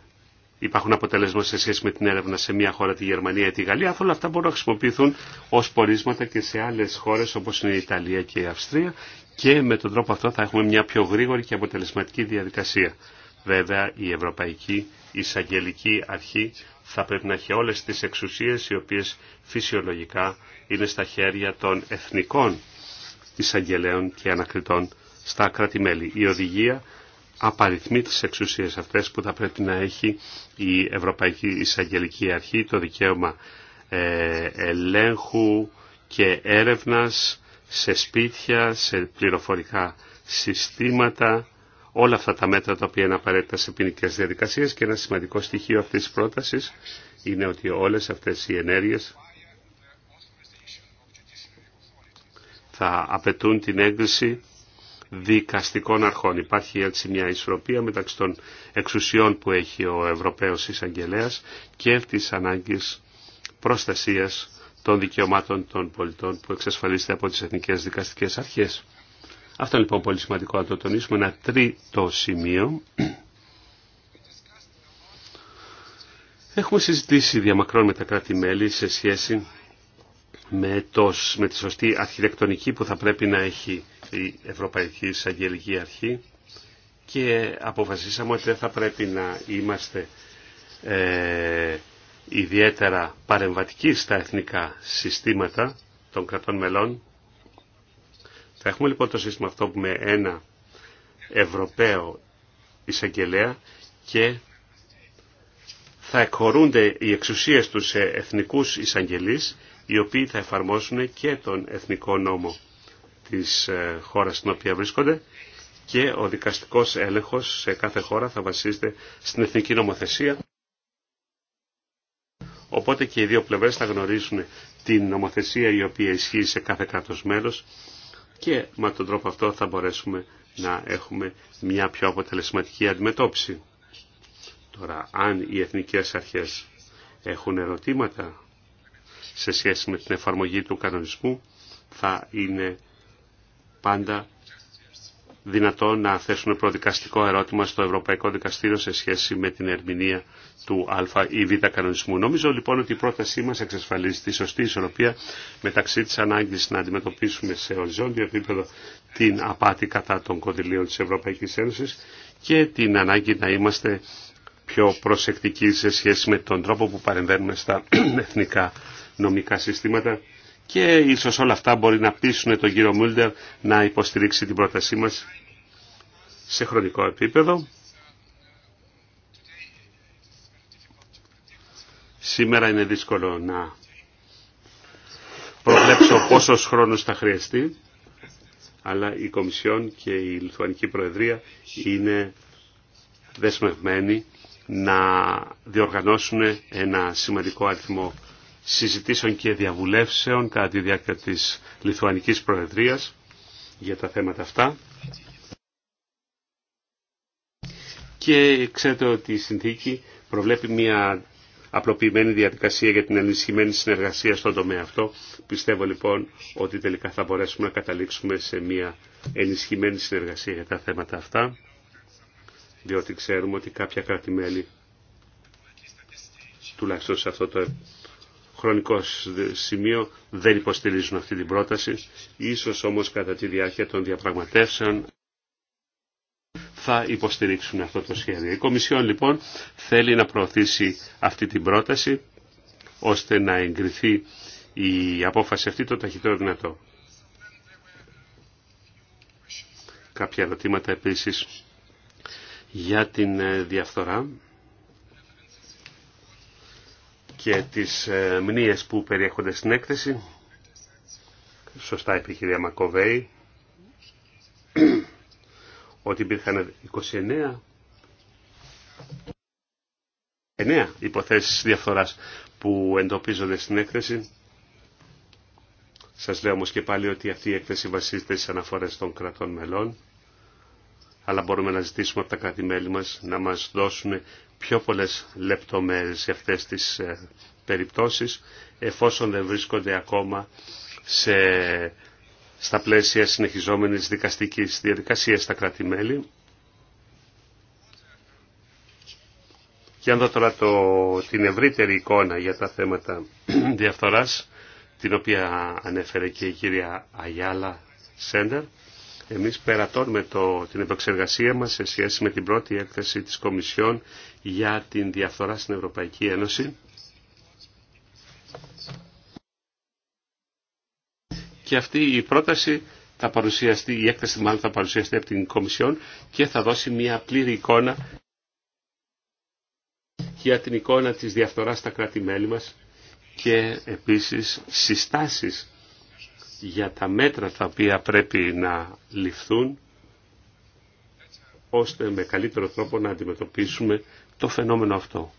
υπάρχουν αποτελέσματα σε σχέση με την έρευνα σε μια χώρα, τη Γερμανία ή τη Γαλλία. Όλα αυτά μπορούν να χρησιμοποιηθούν ω πορίσματα και σε άλλε χώρε όπω είναι η Ιταλία και η Αυστρία και με τον τρόπο αυτό θα έχουμε μια πιο γρήγορη και αποτελεσματική διαδικασία. Βέβαια, η Ευρωπαϊκή Εισαγγελική Αρχή θα πρέπει να έχει όλες τις εξουσίες οι οποίες φυσιολογικά είναι στα χέρια των εθνικών εισαγγελέων και ανακριτών στα κράτη-μέλη. Η οδηγία απαριθμεί τις εξουσίες αυτές που θα πρέπει να έχει η Ευρωπαϊκή Εισαγγελική Αρχή, το δικαίωμα ε, ελέγχου και έρευνας σε σπίτια, σε πληροφορικά συστήματα, όλα αυτά τα μέτρα τα οποία είναι απαραίτητα σε ποινικέ διαδικασίε και ένα σημαντικό στοιχείο αυτής της πρότασης είναι ότι όλες αυτές οι ενέργειες θα απαιτούν την έγκριση δικαστικών αρχών. Υπάρχει έτσι μια ισορροπία μεταξύ των εξουσιών που έχει ο Ευρωπαίος εισαγγελέα και της ανάγκης προστασίας των δικαιωμάτων των πολιτών που εξασφαλίζεται από τις εθνικές δικαστικές αρχές. Αυτό είναι λοιπόν πολύ σημαντικό να το τονίσουμε. Ένα τρίτο σημείο. Έχουμε συζητήσει διαμακρών με τα κράτη-μέλη σε σχέση με, με τη σωστή αρχιτεκτονική που θα πρέπει να έχει η Ευρωπαϊκή Εισαγγελική Αρχή και αποφασίσαμε ότι δεν θα πρέπει να είμαστε ε, ιδιαίτερα παρεμβατικοί στα εθνικά συστήματα των κρατών μελών. Θα έχουμε λοιπόν το σύστημα αυτό που με ένα Ευρωπαίο εισαγγελέα και θα εκχωρούνται οι εξουσίες τους σε εθνικούς εισαγγελείς οι οποίοι θα εφαρμόσουν και τον εθνικό νόμο της ε, χώρας στην οποία βρίσκονται και ο δικαστικός έλεγχος σε κάθε χώρα θα βασίζεται στην εθνική νομοθεσία. Οπότε και οι δύο πλευρές θα γνωρίζουν την νομοθεσία η οποία ισχύει σε κάθε κράτος μέλος και με τον τρόπο αυτό θα μπορέσουμε να έχουμε μια πιο αποτελεσματική αντιμετώπιση. Τώρα, αν οι εθνικές αρχές έχουν ερωτήματα σε σχέση με την εφαρμογή του κανονισμού, θα είναι πάντα δυνατό να θέσουν προδικαστικό ερώτημα στο Ευρωπαϊκό Δικαστήριο σε σχέση με την ερμηνεία του Α ή Β κανονισμού. Νομίζω λοιπόν ότι η πρότασή μας εξασφαλίζει τη σωστή ισορροπία μεταξύ της ανάγκης να αντιμετωπίσουμε σε οριζόντιο επίπεδο την απάτη κατά των κονδυλίων της Ευρωπαϊκής Ένωσης και την ανάγκη να είμαστε πιο προσεκτικοί σε σχέση με τον τρόπο που παρεμβαίνουμε στα εθνικά νομικά συστήματα και ίσως όλα αυτά μπορεί να πείσουν τον κύριο Μούλντερ να υποστηρίξει την πρότασή μας σε χρονικό επίπεδο. Σήμερα είναι δύσκολο να προβλέψω πόσος χρόνος θα χρειαστεί, αλλά η Κομισιόν και η Λιθουανική Προεδρία είναι δεσμευμένοι να διοργανώσουν ένα σημαντικό αριθμό συζητήσεων και διαβουλεύσεων κατά τη διάρκεια της Λιθουανικής Προεδρίας για τα θέματα αυτά. Και ξέρετε ότι η συνθήκη προβλέπει μια απλοποιημένη διαδικασία για την ενισχυμένη συνεργασία στον τομέα αυτό. Πιστεύω λοιπόν ότι τελικά θα μπορέσουμε να καταλήξουμε σε μια ενισχυμένη συνεργασία για τα θέματα αυτά, διότι ξέρουμε ότι κάποια κράτη-μέλη, τουλάχιστον σε αυτό το χρονικό σημείο δεν υποστηρίζουν αυτή την πρόταση. Ίσως όμως κατά τη διάρκεια των διαπραγματεύσεων θα υποστηρίξουν αυτό το σχέδιο. Η Κομισιόν λοιπόν θέλει να προωθήσει αυτή την πρόταση ώστε να εγκριθεί η απόφαση αυτή το ταχύτερο δυνατό. Κάποια ερωτήματα επίσης για την ε, διαφθορά και τις ε, μνήες που περιέχονται στην έκθεση. Σωστά είπε η κυρία Μακοβέη ότι υπήρχαν 29 9 υποθέσεις διαφθοράς που εντοπίζονται στην έκθεση. Σας λέω όμως και πάλι ότι αυτή η έκθεση βασίζεται στις αναφορές των κρατών μελών αλλά μπορούμε να ζητήσουμε από τα κρατη μας να μας δώσουν πιο πολλές λεπτομέρειες για αυτές τις ε, περιπτώσεις, εφόσον δεν βρίσκονται ακόμα σε, στα πλαίσια συνεχιζόμενης δικαστικής διαδικασίας στα κρατη Και αν δω τώρα το, την ευρύτερη εικόνα για τα θέματα διαφθοράς, την οποία ανέφερε και η κυρία Αγιάλα Σέντερ, εμείς περατώνουμε το, την επεξεργασία μας σε σχέση με την πρώτη έκθεση της Κομισιόν για την διαφθορά στην Ευρωπαϊκή Ένωση. Και αυτή η πρόταση θα παρουσιαστεί, η έκθεση μάλλον θα παρουσιαστεί από την Κομισιόν και θα δώσει μια πλήρη εικόνα για την εικόνα της διαφθοράς στα κράτη-μέλη μας και επίσης συστάσεις για τα μέτρα τα οποία πρέπει να ληφθούν ώστε με καλύτερο τρόπο να αντιμετωπίσουμε το φαινόμενο αυτό.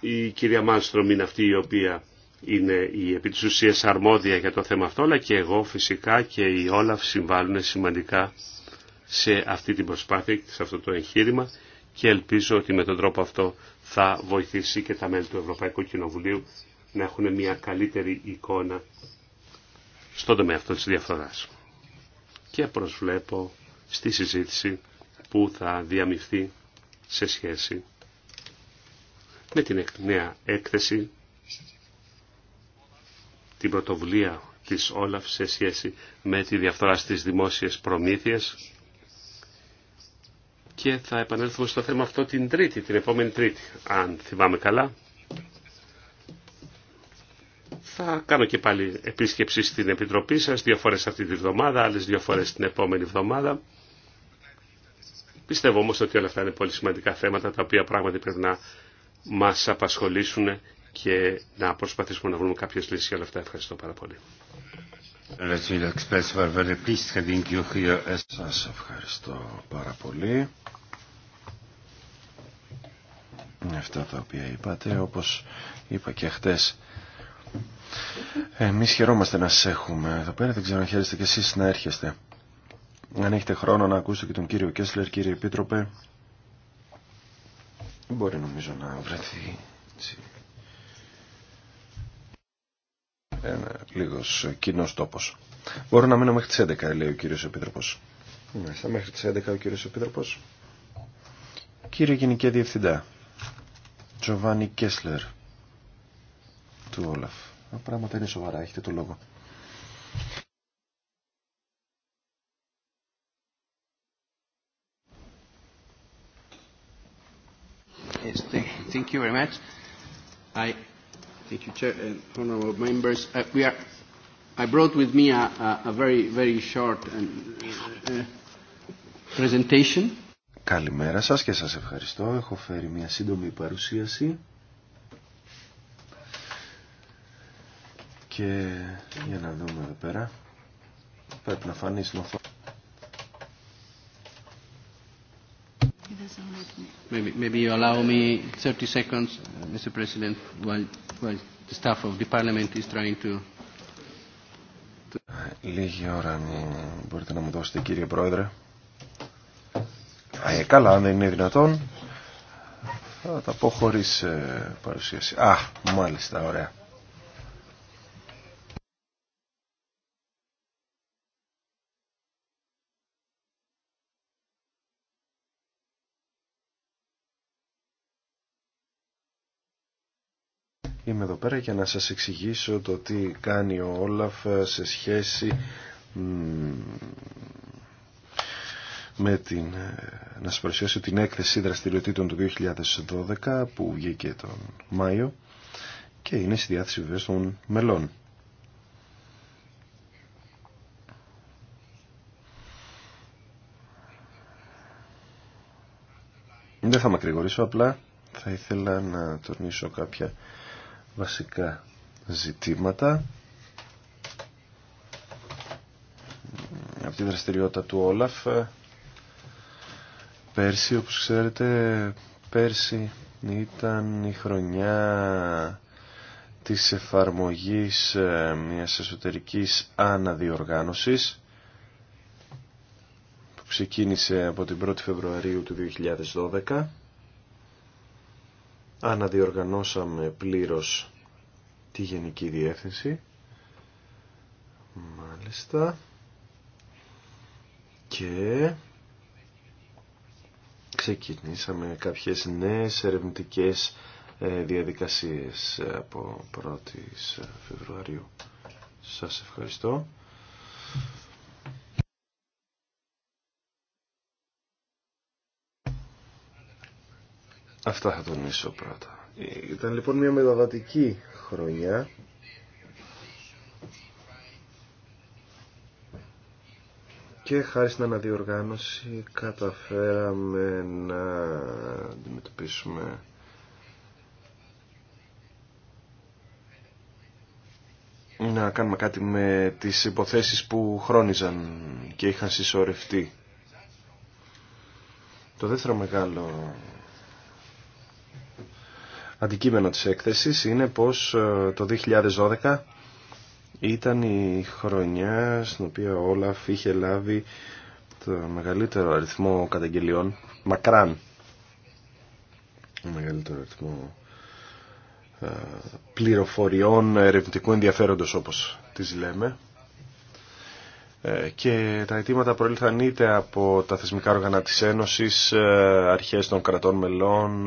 Η κυρία Μάνστρομ είναι αυτή η οποία είναι η επί της ουσίας αρμόδια για το θέμα αυτό, αλλά και εγώ φυσικά και οι Όλαφ συμβάλλουν σημαντικά σε αυτή την προσπάθεια, σε αυτό το εγχείρημα και ελπίζω ότι με τον τρόπο αυτό θα βοηθήσει και τα μέλη του Ευρωπαϊκού Κοινοβουλίου να έχουν μια καλύτερη εικόνα στον τομέα αυτό της διαφθοράς. Και προσβλέπω στη συζήτηση που θα διαμειφθεί σε σχέση με την νέα έκθεση, την πρωτοβουλία της Όλαφ σε σχέση με τη διαφθορά στις δημόσιες προμήθειες και θα επανέλθουμε στο θέμα αυτό την Τρίτη, την επόμενη Τρίτη, αν θυμάμαι καλά. Θα κάνω και πάλι επίσκεψη στην Επιτροπή σας, δύο φορές αυτή τη βδομάδα, άλλες δύο φορές την επόμενη βδομάδα. Πιστεύω όμως ότι όλα αυτά είναι πολύ σημαντικά θέματα, τα οποία πράγματι πρέπει να μας απασχολήσουν και να προσπαθήσουμε να βρούμε κάποιες λύσεις για όλα αυτά. Ευχαριστώ πάρα πολύ. Σας ευχαριστώ πάρα πολύ αυτά τα οποία είπατε όπως είπα και χτες εμείς χαιρόμαστε να σας έχουμε εδώ πέρα, δεν ξέρω αν χαίρεστε και εσείς να έρχεστε. Αν έχετε χρόνο να ακούσετε και τον κύριο Κέσλερ, κύριε Επίτροπε, μπορεί νομίζω να βρεθεί έτσι, ένα λίγος κοινός τόπος. Μπορώ να μείνω μέχρι τις 11, λέει ο κύριος Επίτροπος. Μέσα μέχρι τις 11 ο κύριος Επίτροπος. Κύριε Γενική Διευθυντά, Τζοβάνι Κέσλερ, του Όλαφ. Τα πράγματα είναι σοβαρά, έχετε το λόγο. Yes, thank you very much. I thank you, Chair and honourable members. Uh, we are. I brought with me a, a, a very, very short and, uh, presentation. Καλημέρα σας και σας ευχαριστώ. Έχω φέρει μια σύντομη παρουσίαση. Και για να δούμε εδώ πέρα. Πρέπει να φανεί στην Maybe, maybe you allow me 30 seconds, uh, Mr. President, while, while the staff of the Parliament is trying to. Λίγη ώρα, αν μπορείτε να μου δώσετε, κύριε Πρόεδρε. Ε, καλά, αν δεν είναι δυνατόν, θα τα πω χωρίς ε, παρουσίαση. Α, μάλιστα, ωραία. Είμαι εδώ πέρα για να σας εξηγήσω το τι κάνει ο Όλαφ ε, σε σχέση με την, ε, να σας παρουσιάσω την έκθεση δραστηριοτήτων του 2012 που βγήκε τον Μάιο και είναι στη διάθεση βεβαίως των μελών. Δεν θα μακρηγορήσω, απλά θα ήθελα να τονίσω κάποια βασικά ζητήματα από τη δραστηριότητα του Όλαφ πέρσι όπως ξέρετε πέρσι ήταν η χρονιά της εφαρμογής ε, μιας εσωτερικής αναδιοργάνωσης που ξεκίνησε από την 1η Φεβρουαρίου του 2012 αναδιοργανώσαμε πλήρως τη Γενική Διεύθυνση. Μάλιστα. Και ξεκινήσαμε κάποιες νέες ερευνητικές ε, διαδικασίες από 1η Φεβρουαρίου. Σας ευχαριστώ. Αυτά θα τονίσω πρώτα. Ήταν λοιπόν μια μεταβατική χρονιά. Και χάρη στην αναδιοργάνωση καταφέραμε να αντιμετωπίσουμε να κάνουμε κάτι με τις υποθέσεις που χρόνιζαν και είχαν συσσωρευτεί. Το δεύτερο μεγάλο Αντικείμενο της έκθεσης είναι πως ε, το 2012 ήταν η χρονιά στην οποία ο Όλαφ είχε λάβει το μεγαλύτερο αριθμό καταγγελιών, μακράν το μεγαλύτερο αριθμό ε, πληροφοριών ερευνητικού ενδιαφέροντος όπως τις λέμε ε, και τα αιτήματα προήλθαν από τα θεσμικά όργανα της Ένωσης, ε, αρχές των κρατών μελών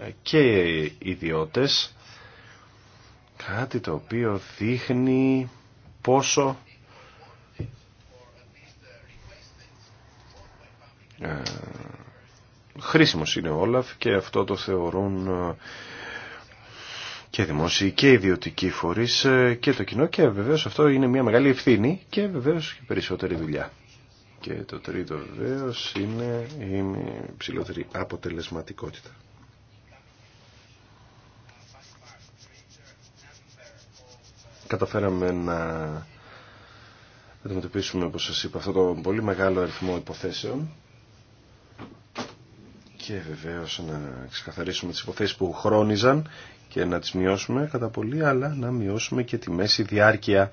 ε, και ιδιώτες. Κάτι το οποίο δείχνει πόσο χρήσιμος είναι ο Όλαφ και αυτό το θεωρούν και δημόσιοι και ιδιωτικοί φορείς ε, και το κοινό και βεβαίως αυτό είναι μια μεγάλη ευθύνη και βεβαίως και περισσότερη δουλειά. Και το τρίτο βεβαίω είναι η ψηλότερη αποτελεσματικότητα. Καταφέραμε να αντιμετωπίσουμε, όπως σας είπα, αυτό το πολύ μεγάλο αριθμό υποθέσεων και βεβαίως να ξεκαθαρίσουμε τις υποθέσεις που χρόνιζαν και να τις μειώσουμε κατά πολύ, αλλά να μειώσουμε και τη μέση διάρκεια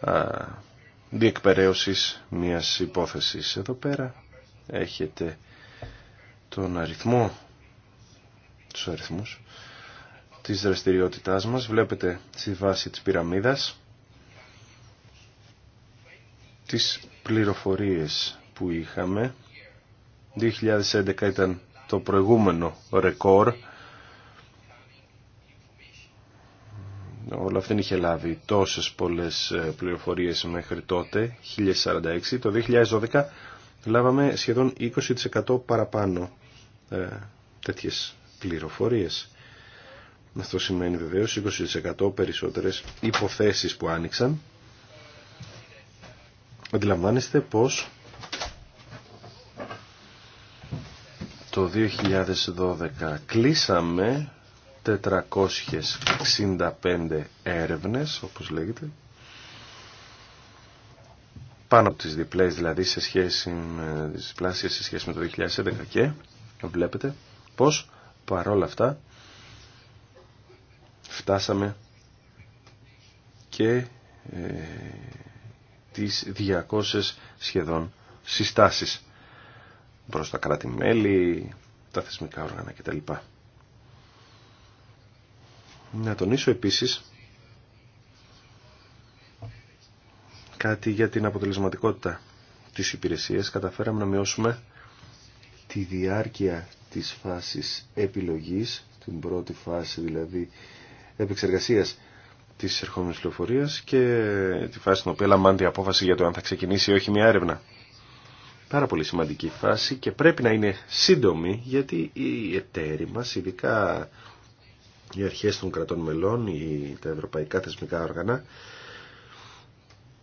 α, διεκπαιρέωσης μιας υπόθεσης. Εδώ πέρα έχετε τον αριθμό, τους αριθμούς της δραστηριότητάς μας. Βλέπετε στη βάση της πυραμίδας τις πληροφορίες που είχαμε. 2011 ήταν το προηγούμενο ρεκόρ Όλα δεν είχε λάβει τόσες πολλές ε, πληροφορίες μέχρι τότε, 1046. Το 2012 λάβαμε σχεδόν 20% παραπάνω ε, τέτοιες πληροφορίες. Αυτό σημαίνει βεβαίως 20% περισσότερες υποθέσεις που άνοιξαν. Αντιλαμβάνεστε πως το 2012 κλείσαμε 465 έρευνες, όπως λέγεται, πάνω από τις διπλές δηλαδή σε σχέση με τις πλάσεις, σε σχέση με το 2011 και βλέπετε πως παρόλα αυτά φτάσαμε και ε, τις 200 σχεδόν συστάσεις προς τα κράτη-μέλη, τα θεσμικά όργανα κτλ. Να τονίσω επίσης κάτι για την αποτελεσματικότητα της υπηρεσίας. Καταφέραμε να μειώσουμε τη διάρκεια της φάσης επιλογής, την πρώτη φάση δηλαδή επεξεργασίας της ερχόμενης πληροφορίας και τη φάση στην οποία λαμβάνεται η απόφαση για το αν θα ξεκινήσει ή όχι μια έρευνα. Πάρα πολύ σημαντική φάση και πρέπει να είναι σύντομη γιατί οι εταίροι μας, ειδικά οι αρχές των κρατών μελών ή τα ευρωπαϊκά θεσμικά όργανα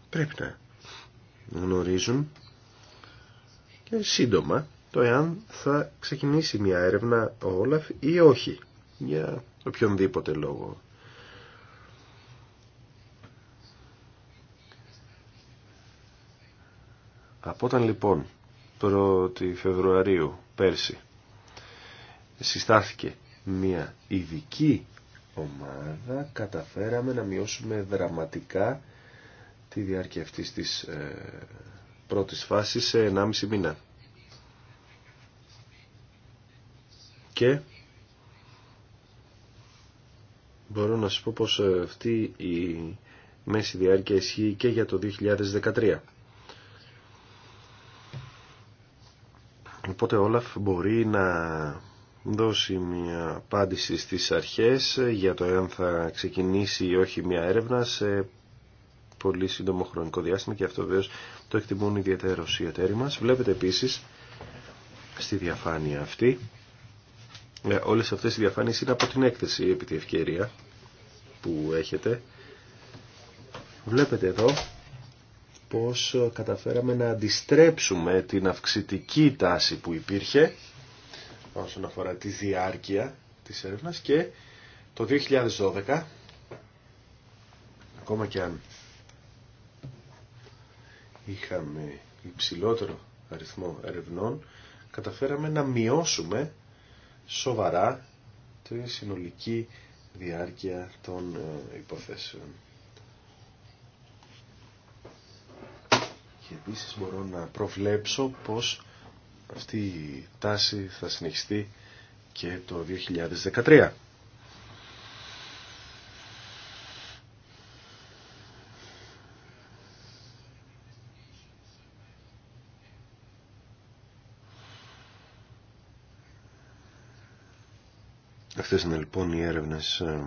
πρέπει να γνωρίζουν και σύντομα το εάν θα ξεκινήσει μια έρευνα ο Όλαφ ή όχι για οποιονδήποτε λόγο. Από όταν λοιπόν 1η Φεβρουαρίου πέρσι συστάθηκε μια ειδική ομάδα καταφέραμε να μειώσουμε δραματικά τη διάρκεια αυτής της ε, πρώτης φάσης σε 1,5 μήνα. Και μπορώ να σας πω πως ε, αυτή η μέση διάρκεια ισχύει και για το 2013. Οπότε Όλαφ μπορεί να δώσει μια απάντηση στις αρχές για το εάν θα ξεκινήσει ή όχι μια έρευνα σε πολύ σύντομο χρονικό διάστημα και αυτό βέβαια το εκτιμούν ιδιαίτερα οι εταίροι μας. Βλέπετε επίσης στη διαφάνεια αυτή, ε, όλες αυτές οι διαφάνειες είναι από την έκθεση επί τη ευκαιρία που έχετε. Βλέπετε εδώ πώς καταφέραμε να αντιστρέψουμε την αυξητική τάση που υπήρχε όσον αφορά τη διάρκεια της έρευνας και το 2012 ακόμα και αν είχαμε υψηλότερο αριθμό ερευνών καταφέραμε να μειώσουμε σοβαρά τη συνολική διάρκεια των ε, υποθέσεων. Και επίσης μπορώ να προβλέψω πως αυτή η τάση θα συνεχιστεί και το 2013. Αυτές είναι λοιπόν οι έρευνες ε,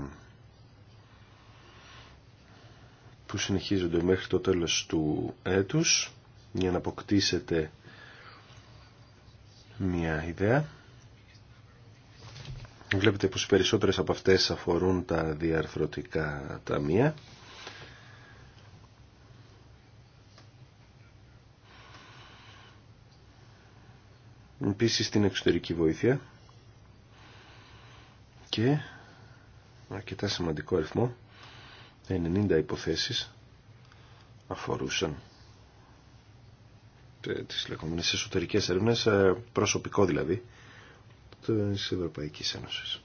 που συνεχίζονται μέχρι το τέλος του έτους για να αποκτήσετε μια ιδέα. Βλέπετε πως οι περισσότερες από αυτές αφορούν τα διαρθρωτικά ταμεία. Επίσης την εξωτερική βοήθεια και αρκετά σημαντικό αριθμό 90 υποθέσεις αφορούσαν τις λεγόμενες εσωτερικές έρευνες, ε, προσωπικό δηλαδή, της Ευρωπαϊκής Ένωσης.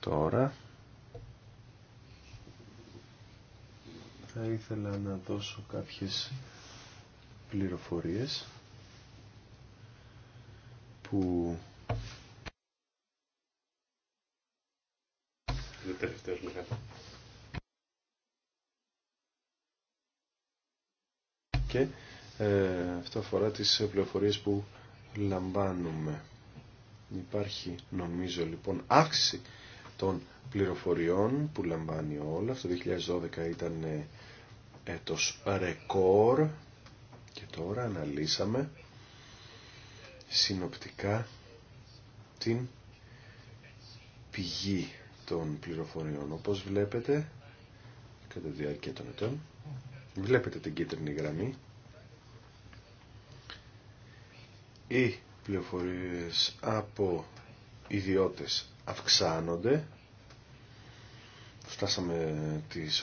Τώρα θα ήθελα να δώσω κάποιες πληροφορίες που και ε, αυτό αφορά τις πληροφορίες που λαμβάνουμε. Υπάρχει νομίζω λοιπόν αύξηση των πληροφοριών που λαμβάνει όλα. Το 2012 ήταν ε, έτος ρεκόρ και τώρα αναλύσαμε συνοπτικά την πηγή των πληροφοριών. Όπως βλέπετε, κατά τη διάρκεια των ετών, βλέπετε την κίτρινη γραμμή οι πληροφορίες από ιδιώτες αυξάνονται. Φτάσαμε τις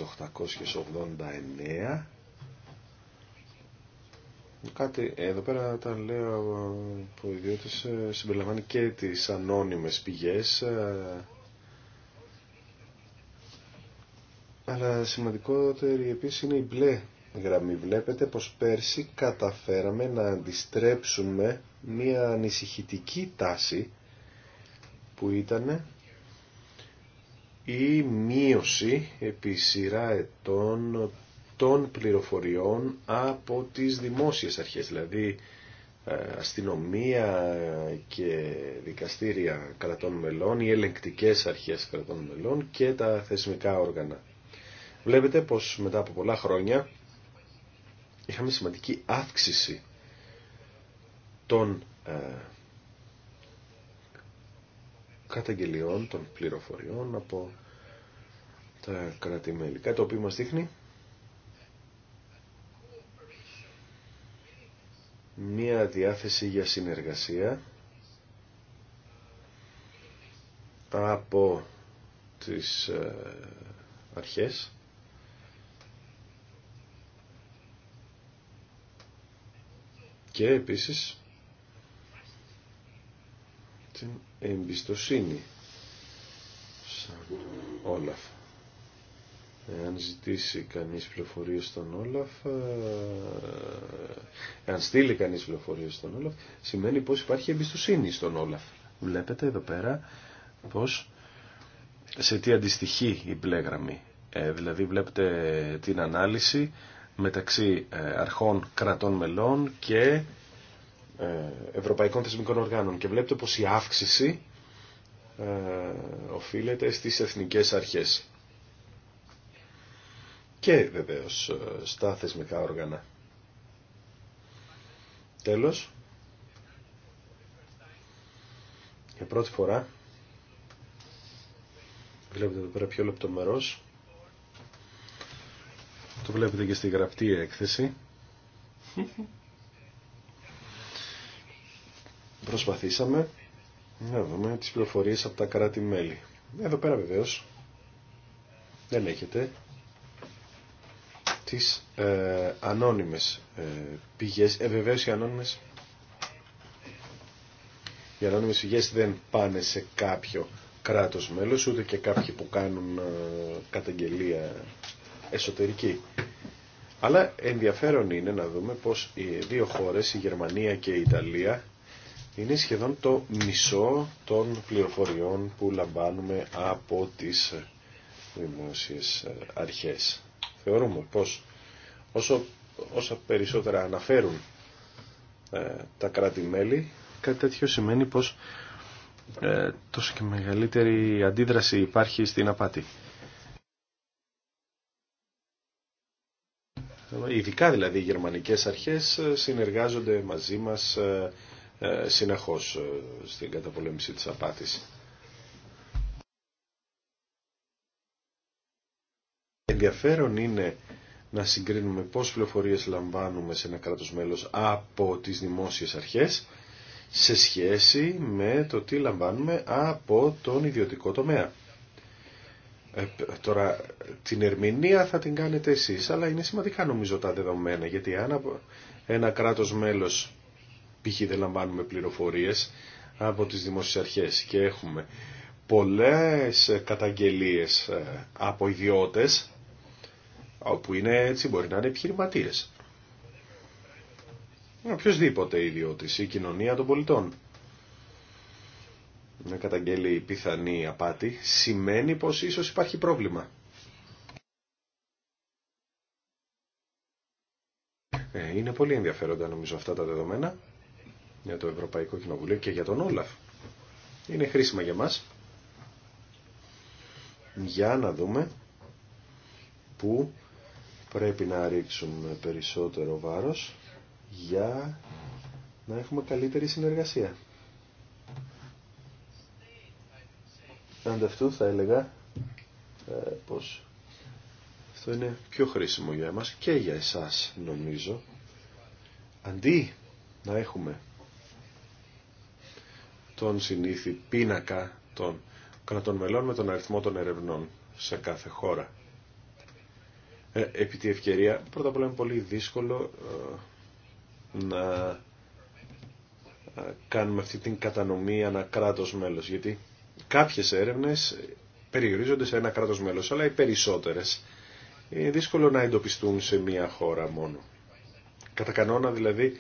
889. Κάτι εδώ πέρα τα λέω από ιδιώτες ε, συμπεριλαμβάνει και τις ανώνυμες πηγές. Ε, αλλά σημαντικότερη επίσης είναι η μπλε γραμμή βλέπετε πως πέρσι καταφέραμε να αντιστρέψουμε μία ανησυχητική τάση που ήταν η μείωση επί σειρά ετών των πληροφοριών από τις δημόσιες αρχές, δηλαδή ε, αστυνομία και δικαστήρια κρατών μελών, οι ελεγκτικές αρχές κρατών μελών και τα θεσμικά όργανα. Βλέπετε πως μετά από πολλά χρόνια είχαμε σημαντική αύξηση των ε, καταγγελιών, των πληροφοριών από τα κρατη Κάτι το οποίο μας δείχνει μία διάθεση για συνεργασία από τις ε, αρχές και επίσης την εμπιστοσύνη σαν Όλαφ. Εάν ζητήσει κανείς πληροφορίες στον Όλαφ, ε, εάν στείλει κανείς πληροφορίες στον Όλαφ, σημαίνει πως υπάρχει εμπιστοσύνη στον Όλαφ. Βλέπετε εδώ πέρα πως σε τι αντιστοιχεί η μπλε Ε, δηλαδή βλέπετε την ανάλυση μεταξύ ε, αρχών κρατών μελών και ε, ευρωπαϊκών θεσμικών οργάνων. Και βλέπετε πως η αύξηση ε, οφείλεται στις εθνικές αρχές. Και βεβαίως στα θεσμικά όργανα. Τέλος. Για πρώτη φορά βλέπετε εδώ πέρα πιο λεπτομερός, το βλέπετε και στη γραπτή έκθεση. Προσπαθήσαμε να δούμε τις πληροφορίες από τα κράτη-μέλη. Εδώ πέρα βεβαίως δεν έχετε τις ε, ανώνυμες ε, πηγές. Ε, βεβαίως οι ανώνυμες, οι ανώνυμες πηγές δεν πάνε σε κάποιο κράτος μέλος, ούτε και κάποιοι που κάνουν ε, καταγγελία εσωτερική. Αλλά ενδιαφέρον είναι να δούμε πως οι δύο χώρες, η Γερμανία και η Ιταλία, είναι σχεδόν το μισό των πληροφοριών που λαμβάνουμε από τις δημόσιες ε, αρχές. Θεωρούμε πως όσο, όσα περισσότερα αναφέρουν ε, τα κράτη-μέλη, κάτι τέτοιο σημαίνει πως ε, τόσο και μεγαλύτερη αντίδραση υπάρχει στην απάτη. Ειδικά δηλαδή οι γερμανικές αρχές ε, συνεργάζονται μαζί μας ε, ε, συνεχώς στην καταπολέμηση της απάτης. Ενδιαφέρον είναι να συγκρίνουμε πώς πληροφορίες λαμβάνουμε σε ένα κράτος μέλος από τις δημόσιες αρχές σε σχέση με το τι λαμβάνουμε από τον ιδιωτικό τομέα. Ε, τώρα την ερμηνεία θα την κάνετε εσείς, αλλά είναι σημαντικά νομίζω τα δεδομένα, γιατί αν ένα κράτος μέλος π.χ. δεν λαμβάνουμε πληροφορίες από τις δημόσιες αρχές και έχουμε πολλές ε, καταγγελίες ε, από ιδιώτες, όπου είναι έτσι μπορεί να είναι επιχειρηματίες. Οποιοςδήποτε ιδιώτης, η κοινωνία των πολιτών να καταγγέλει πιθανή απάτη, σημαίνει πως ίσως υπάρχει πρόβλημα. Ε, είναι πολύ ενδιαφέροντα νομίζω αυτά τα δεδομένα για το Ευρωπαϊκό Κοινοβουλίο και για τον Όλαφ. Είναι χρήσιμα για μας για να δούμε που πρέπει να ρίξουμε περισσότερο βάρος για να έχουμε καλύτερη συνεργασία. ανταυτού θα έλεγα ε, πως αυτό είναι πιο χρήσιμο για εμάς και για εσάς νομίζω αντί να έχουμε τον συνήθι πίνακα των κρατών μελών με τον αριθμό των ερευνών σε κάθε χώρα. Ε, επί τη ευκαιρία, πρώτα απ' όλα είναι πολύ δύσκολο ε, να ε, κάνουμε αυτή την κατανομή ανά κράτος μέλος, γιατί Κάποιες έρευνες περιορίζονται σε ένα κράτος μέλος, αλλά οι περισσότερες είναι δύσκολο να εντοπιστούν σε μία χώρα μόνο. Κατά κανόνα δηλαδή,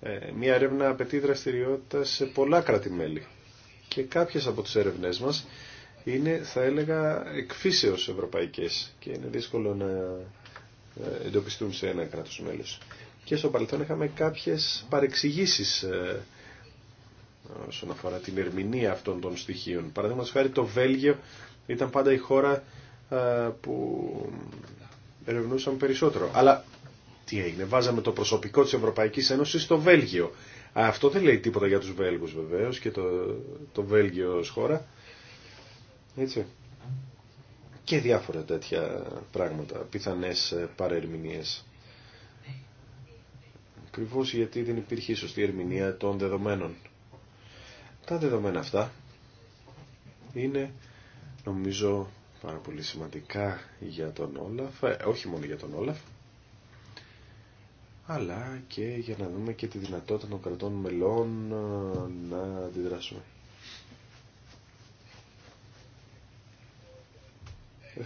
ε, μία έρευνα απαιτεί δραστηριότητα σε πολλά κράτη-μέλη. Και κάποιες από τις έρευνές μας είναι, θα έλεγα, εκφύσεως ευρωπαϊκές και είναι δύσκολο να ε, εντοπιστούν σε ένα κράτος μέλος. Και στο παρελθόν είχαμε κάποιες παρεξηγήσεις ε, όσον αφορά την ερμηνεία αυτών των στοιχείων. Παραδείγματος χάρη το Βέλγιο ήταν πάντα η χώρα που ερευνούσαν περισσότερο. Αλλά τι έγινε, βάζαμε το προσωπικό της Ευρωπαϊκής Ένωσης στο Βέλγιο. Αυτό δεν λέει τίποτα για τους Βέλγους βεβαίως και το, το Βέλγιο ως χώρα. Έτσι. Και διάφορα τέτοια πράγματα, πιθανές παρερμηνίες. Ακριβώ γιατί δεν υπήρχε η σωστή ερμηνεία των δεδομένων. Τα δεδομένα αυτά είναι νομίζω πάρα πολύ σημαντικά για τον Όλαφ, ε, όχι μόνο για τον Όλαφ, αλλά και για να δούμε και τη δυνατότητα των κρατών μελών ε, να αντιδράσουμε.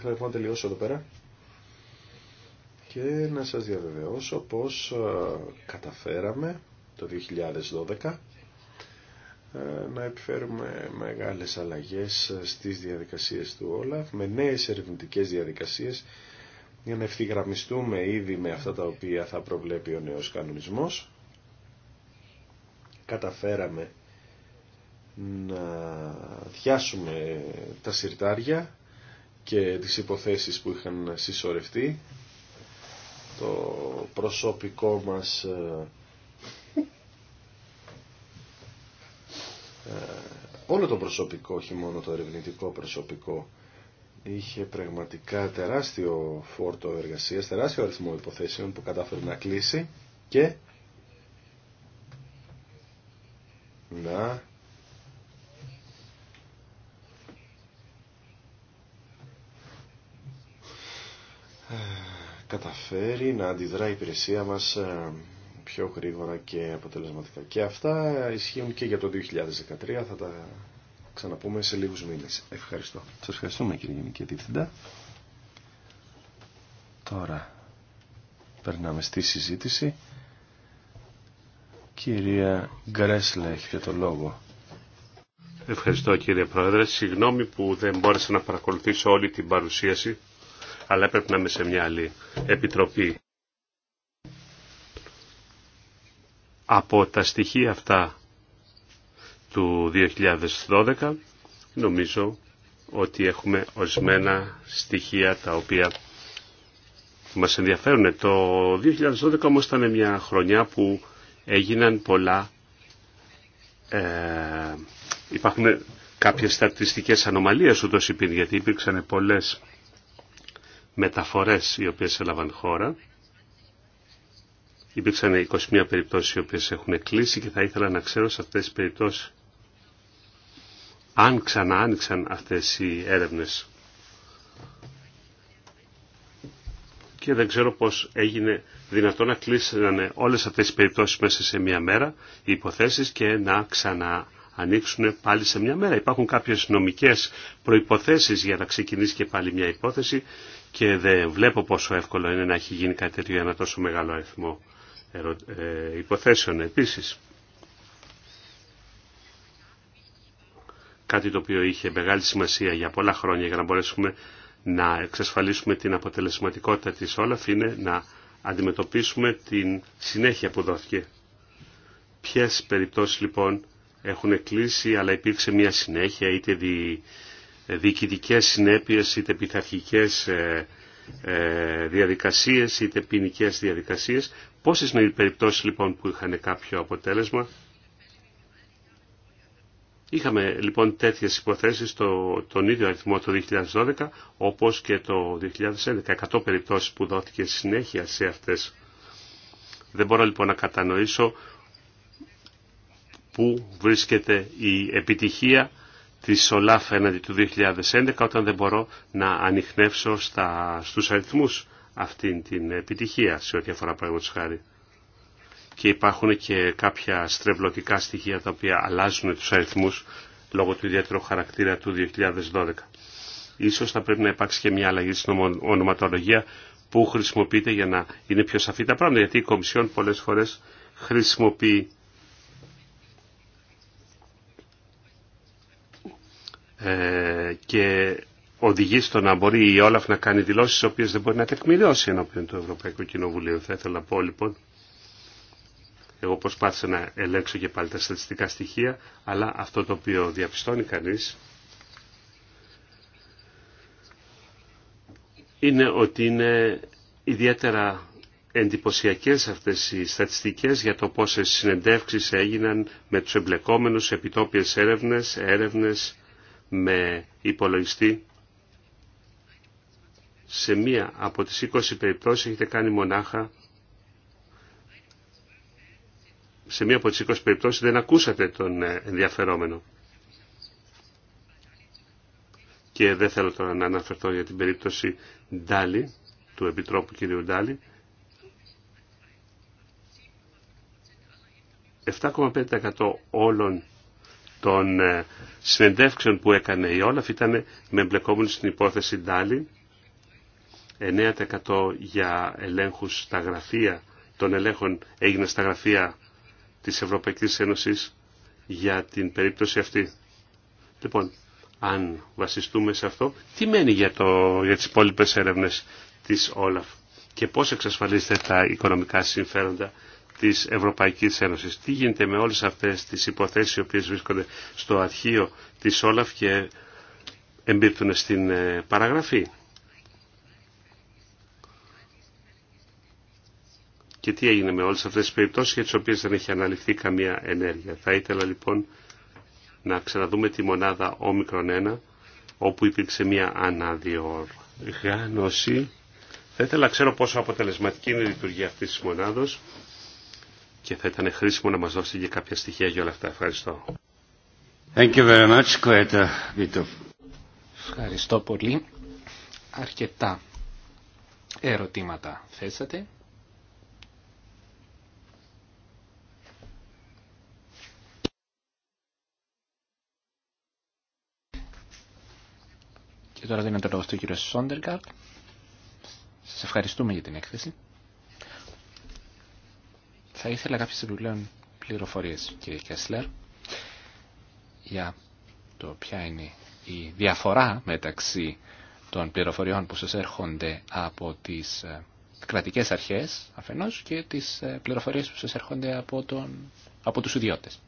Θα λοιπόν να τελειώσω εδώ πέρα και να σας διαβεβαιώσω πως ε, καταφέραμε το 2012 ε, να επιφέρουμε μεγάλες αλλαγές στις διαδικασίες του Όλαφ με νέες ερευνητικές διαδικασίες για να ευθυγραμμιστούμε ήδη με αυτά τα οποία θα προβλέπει ο νέος κανονισμός. Καταφέραμε να διάσουμε τα συρτάρια και τις υποθέσεις που είχαν συσσωρευτεί. Το προσωπικό μας ε, Ε, όλο το προσωπικό, όχι μόνο το ερευνητικό προσωπικό, είχε πραγματικά τεράστιο φόρτο εργασίας, τεράστιο αριθμό υποθέσεων που κατάφερε να κλείσει και να καταφέρει να αντιδρά η υπηρεσία μας ε, πιο γρήγορα και αποτελεσματικά. Και αυτά ισχύουν και για το 2013, θα τα ξαναπούμε σε λίγους μήνες. Ευχαριστώ. Σας ευχαριστούμε κύριε Γενική Διευθυντά. Τώρα περνάμε στη συζήτηση. Κυρία Γκρέσλε, έχετε το λόγο. Ευχαριστώ κύριε Πρόεδρε. Συγγνώμη που δεν μπόρεσα να παρακολουθήσω όλη την παρουσίαση, αλλά έπρεπε να είμαι σε μια άλλη επιτροπή. από τα στοιχεία αυτά του 2012 νομίζω ότι έχουμε ορισμένα στοιχεία τα οποία μας ενδιαφέρουν. Το 2012 όμως ήταν μια χρονιά που έγιναν πολλά, ε, υπάρχουν κάποιες στατιστικές ανομαλίες ούτως είπε γιατί υπήρξαν πολλές μεταφορές οι οποίες έλαβαν χώρα Υπήρξαν 21 περιπτώσεις οι οποίες έχουν κλείσει και θα ήθελα να ξέρω σε αυτές τις περιπτώσεις αν ξανά άνοιξαν αυτές οι έρευνες. Και δεν ξέρω πώς έγινε δυνατόν να κλείσαν όλες αυτές τις περιπτώσεις μέσα σε μία μέρα οι υποθέσεις και να ξανά ανοίξουν πάλι σε μια μέρα. Υπάρχουν κάποιες νομικές προϋποθέσεις για να ξεκινήσει και πάλι μια υπόθεση και δεν βλέπω πόσο εύκολο είναι να έχει γίνει κάτι τέτοιο για ένα τόσο μεγάλο αριθμό ε, υποθέσεων επίσης. Κάτι το οποίο είχε μεγάλη σημασία για πολλά χρόνια για να μπορέσουμε να εξασφαλίσουμε την αποτελεσματικότητα της Όλαφ είναι να αντιμετωπίσουμε την συνέχεια που δόθηκε. Ποιες περιπτώσεις λοιπόν έχουν κλείσει αλλά υπήρξε μια συνέχεια είτε δι... διοικητικές συνέπειες είτε πειθαρχικές ε, ε, διαδικασίες είτε ποινικέ διαδικασίες. Πόσες είναι οι περιπτώσεις λοιπόν που είχαν κάποιο αποτέλεσμα. Είχαμε λοιπόν τέτοιες υποθέσεις το, τον ίδιο αριθμό το 2012 όπως και το 2011. 100 περιπτώσεις που δόθηκε συνέχεια σε αυτές. Δεν μπορώ λοιπόν να κατανοήσω πού βρίσκεται η επιτυχία τη ΣΟΛΑΦ έναντι του 2011 όταν δεν μπορώ να ανοιχνεύσω στα, στους αριθμούς αυτήν την επιτυχία σε ό,τι αφορά πράγματος χάρη. Και υπάρχουν και κάποια στρεβλωτικά στοιχεία τα οποία αλλάζουν τους αριθμούς λόγω του ιδιαίτερου χαρακτήρα του 2012. Ίσως θα πρέπει να υπάρξει και μια αλλαγή στην ονοματολογία που χρησιμοποιείται για να είναι πιο σαφή τα πράγματα, γιατί η Κομισιόν πολλές φορές χρησιμοποιεί Ε, και οδηγεί στο να μπορεί η Όλαφ να κάνει δηλώσει τις οποίες δεν μπορεί να τεκμηριώσει ενώπιον του Ευρωπαϊκού Κοινοβουλίου. Θα ήθελα να πω λοιπόν, εγώ προσπάθησα να ελέγξω και πάλι τα στατιστικά στοιχεία, αλλά αυτό το οποίο διαπιστώνει κανείς είναι ότι είναι ιδιαίτερα εντυπωσιακές αυτές οι στατιστικές για το πόσες συνεντεύξεις έγιναν με τους εμπλεκόμενους επιτόπιες έρευνες, έρευνες με υπολογιστή. Σε μία από τις 20 περιπτώσεις έχετε κάνει μονάχα σε μία από τις 20 περιπτώσεις δεν ακούσατε τον ε, ενδιαφερόμενο. Και δεν θέλω τώρα να αναφερθώ για την περίπτωση Ντάλι, του Επιτρόπου κ. Ντάλι. 7,5% όλων των ε, συνεντεύξεων που έκανε η Όλαφ ήταν με εμπλεκόμενη στην υπόθεση Ντάλι, 9% για ελέγχους στα γραφεία, των ελέγχων έγινε στα γραφεία της Ευρωπαϊκής Ένωσης για την περίπτωση αυτή. Λοιπόν, αν βασιστούμε σε αυτό, τι μένει για, το, για τις υπόλοιπε έρευνες της Όλαφ και πώς εξασφαλίζεται τα οικονομικά συμφέροντα της Ευρωπαϊκής Ένωσης. Τι γίνεται με όλες αυτές τις υποθέσεις οι οποίες βρίσκονται στο αρχείο της Όλαφ και εμπίπτουν στην ε, παραγραφή. Και τι έγινε με όλες αυτές τις περιπτώσεις για τις οποίες δεν έχει αναλυθεί καμία ενέργεια. Θα ήθελα λοιπόν να ξαναδούμε τη μονάδα όμικρον 1 όπου υπήρξε μια αναδιοργάνωση. Θα ήθελα να ξέρω πόσο αποτελεσματική είναι η λειτουργία αυτής της μονάδος και θα ήταν χρήσιμο να μας δώσετε και κάποια στοιχεία για όλα αυτά. Ευχαριστώ. Thank you very much, Ευχαριστώ πολύ. Αρκετά ερωτήματα θέσατε. Και τώρα δίνω το λόγο στον κύριο Σόντεργαρτ. Σας ευχαριστούμε για την έκθεση. Θα ήθελα κάποιες επιπλέον πληροφορίες, κύριε Κέσλερ, για το ποια είναι η διαφορά μεταξύ των πληροφοριών που σας έρχονται από τις ε, κρατικές αρχές αφενός και τις ε, πληροφορίες που σας έρχονται από, από τους ιδιώτες.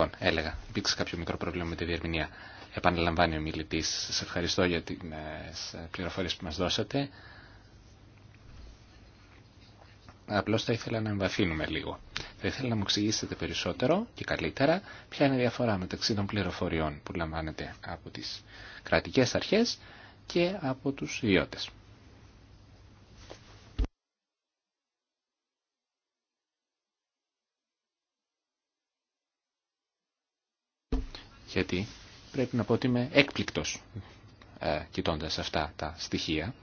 Λοιπόν, έλεγα, υπήρξε κάποιο μικρό πρόβλημα με τη διερμηνία. Επαναλαμβάνει ο μιλητή. Σα ευχαριστώ για τι ε, πληροφορίε που μα δώσατε. Απλώ θα ήθελα να εμβαθύνουμε λίγο. Θα ήθελα να μου εξηγήσετε περισσότερο και καλύτερα ποια είναι η διαφορά μεταξύ των πληροφοριών που λαμβάνετε από τι κρατικέ αρχέ και από του ιδιώτε. γιατί πρέπει να πω ότι είμαι έκπληκτος ε, κοιτώντας αυτά τα στοιχεία.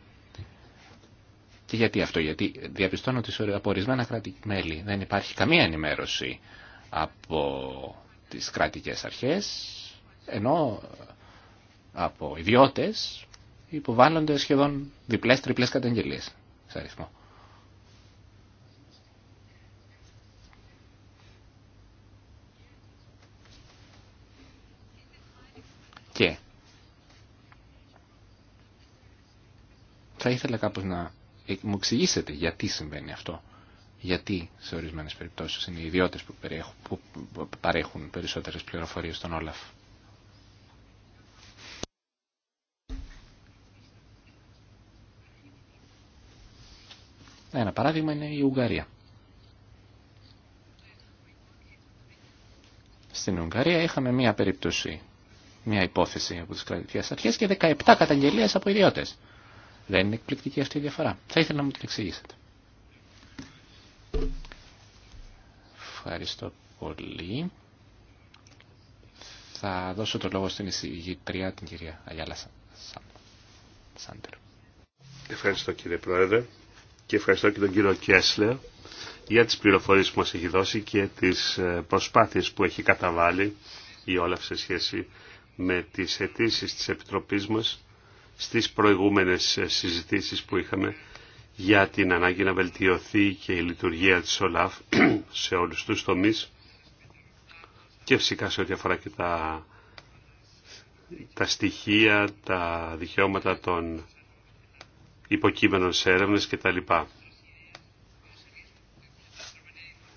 Και γιατί αυτό, γιατί διαπιστώνω ότι από ορισμένα κράτη-μέλη δεν υπάρχει καμία ενημέρωση από τις κρατικές αρχές, ενώ από ιδιώτες υποβάλλονται σχεδόν διπλές-τριπλές καταγγελίες σε αριθμό. Θα ήθελα κάπως να ε, μου εξηγήσετε γιατί συμβαίνει αυτό. Γιατί σε ορισμένε περιπτώσει είναι οι ιδιώτε που, παρέχουν περισσότερε πληροφορίε στον Όλαφ. Ένα παράδειγμα είναι η Ουγγαρία. Στην Ουγγαρία είχαμε μία περίπτωση, μία υπόθεση από τι κρατικέ αρχέ και 17 καταγγελίες από ιδιώτε. Δεν είναι εκπληκτική αυτή η διαφορά. Θα ήθελα να μου την εξηγήσετε. Ευχαριστώ πολύ. Θα δώσω το λόγο στην εισηγητριά, την κυρία Αγιάλα Σάντερ. Ευχαριστώ κύριε Πρόεδρε και ευχαριστώ και τον κύριο Κέσλερ για τις πληροφορίες που μας έχει δώσει και τις ε, προσπάθειες που έχει καταβάλει η όλα σε σχέση με τις αιτήσει της Επιτροπής μας στις προηγούμενες ε, συζητήσεις που είχαμε για την ανάγκη να βελτιωθεί και η λειτουργία της ΟΛΑΦ σε όλους τους τομείς και φυσικά σε ό,τι αφορά και τα, τα στοιχεία, τα δικαιώματα των υποκείμενων σε έρευνες κτλ.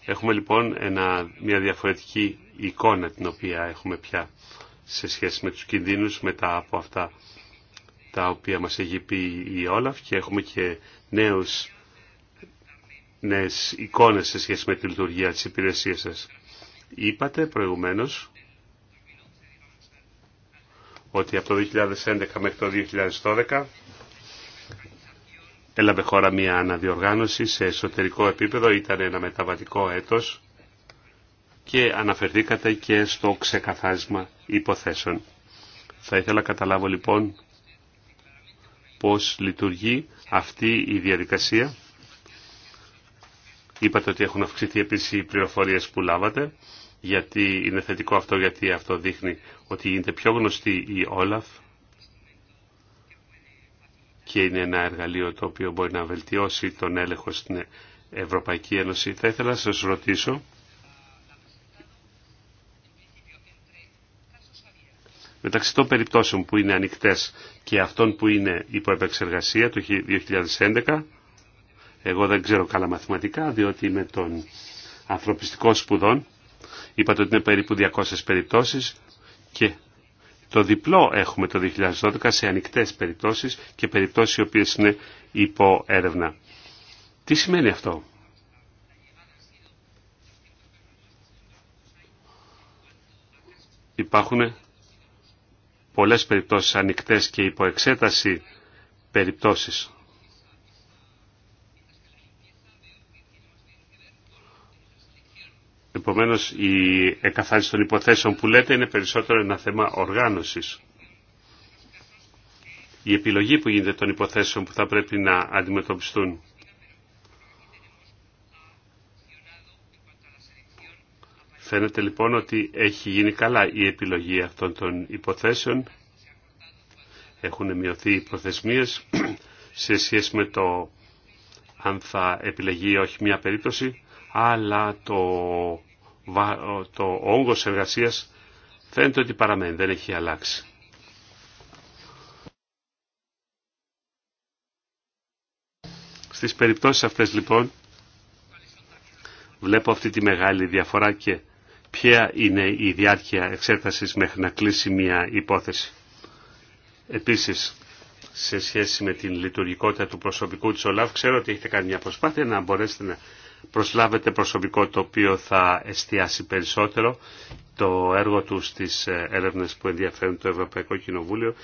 Έχουμε λοιπόν ένα, μια διαφορετική εικόνα την οποία έχουμε πια σε σχέση με τους κινδύνους μετά από αυτά τα οποία μας έχει πει η Όλαφ και έχουμε και νέους, νέες εικόνες σε σχέση με τη λειτουργία της υπηρεσίας σας. Είπατε προηγουμένως ότι από το 2011 μέχρι το 2012 έλαβε χώρα μια αναδιοργάνωση σε εσωτερικό επίπεδο, ήταν ένα μεταβατικό έτος και αναφερθήκατε και στο ξεκαθάρισμα υποθέσεων. Θα ήθελα να καταλάβω λοιπόν πώς λειτουργεί αυτή η διαδικασία. Είπατε ότι έχουν αυξηθεί επίσης οι πληροφορίες που λάβατε, γιατί είναι θετικό αυτό, γιατί αυτό δείχνει ότι γίνεται πιο γνωστή η Όλαφ και είναι ένα εργαλείο το οποίο μπορεί να βελτιώσει τον έλεγχο στην Ευρωπαϊκή Ένωση. Θα ήθελα να σας ρωτήσω μεταξύ των περιπτώσεων που είναι ανοιχτέ και αυτών που είναι υπό επεξεργασία το 2011, εγώ δεν ξέρω καλά μαθηματικά διότι με τον Ανθρωπιστικό σπουδών, είπατε ότι είναι περίπου 200 περιπτώσεις και το διπλό έχουμε το 2012 σε ανοιχτέ περιπτώσεις και περιπτώσεις οι οποίες είναι υπό έρευνα. Τι σημαίνει αυτό. Υπάρχουν πολλές περιπτώσεις ανοιχτές και υποεξέταση εξέταση περιπτώσεις. Επομένως, η εκαθάριση των υποθέσεων που λέτε είναι περισσότερο ένα θέμα οργάνωσης. Η επιλογή που γίνεται των υποθέσεων που θα πρέπει να αντιμετωπιστούν. Φαίνεται λοιπόν ότι έχει γίνει καλά η επιλογή αυτών των υποθέσεων. Έχουν μειωθεί οι σε σχέση με το αν θα επιλεγεί ή όχι μια περίπτωση, αλλά το, το όγκος εργασίας φαίνεται ότι παραμένει, δεν έχει αλλάξει. Στις περιπτώσεις αυτές λοιπόν βλέπω αυτή τη μεγάλη διαφορά και ποια είναι η διάρκεια εξέτασης μέχρι να κλείσει μια υπόθεση. Επίσης, σε σχέση με την λειτουργικότητα του προσωπικού της ΟΛΑΒ, ξέρω ότι έχετε κάνει μια προσπάθεια να μπορέσετε να προσλάβετε προσωπικό το οποίο θα εστιάσει περισσότερο το έργο του στις έρευνες που ενδιαφέρουν το Ευρωπαϊκό Κοινοβούλιο.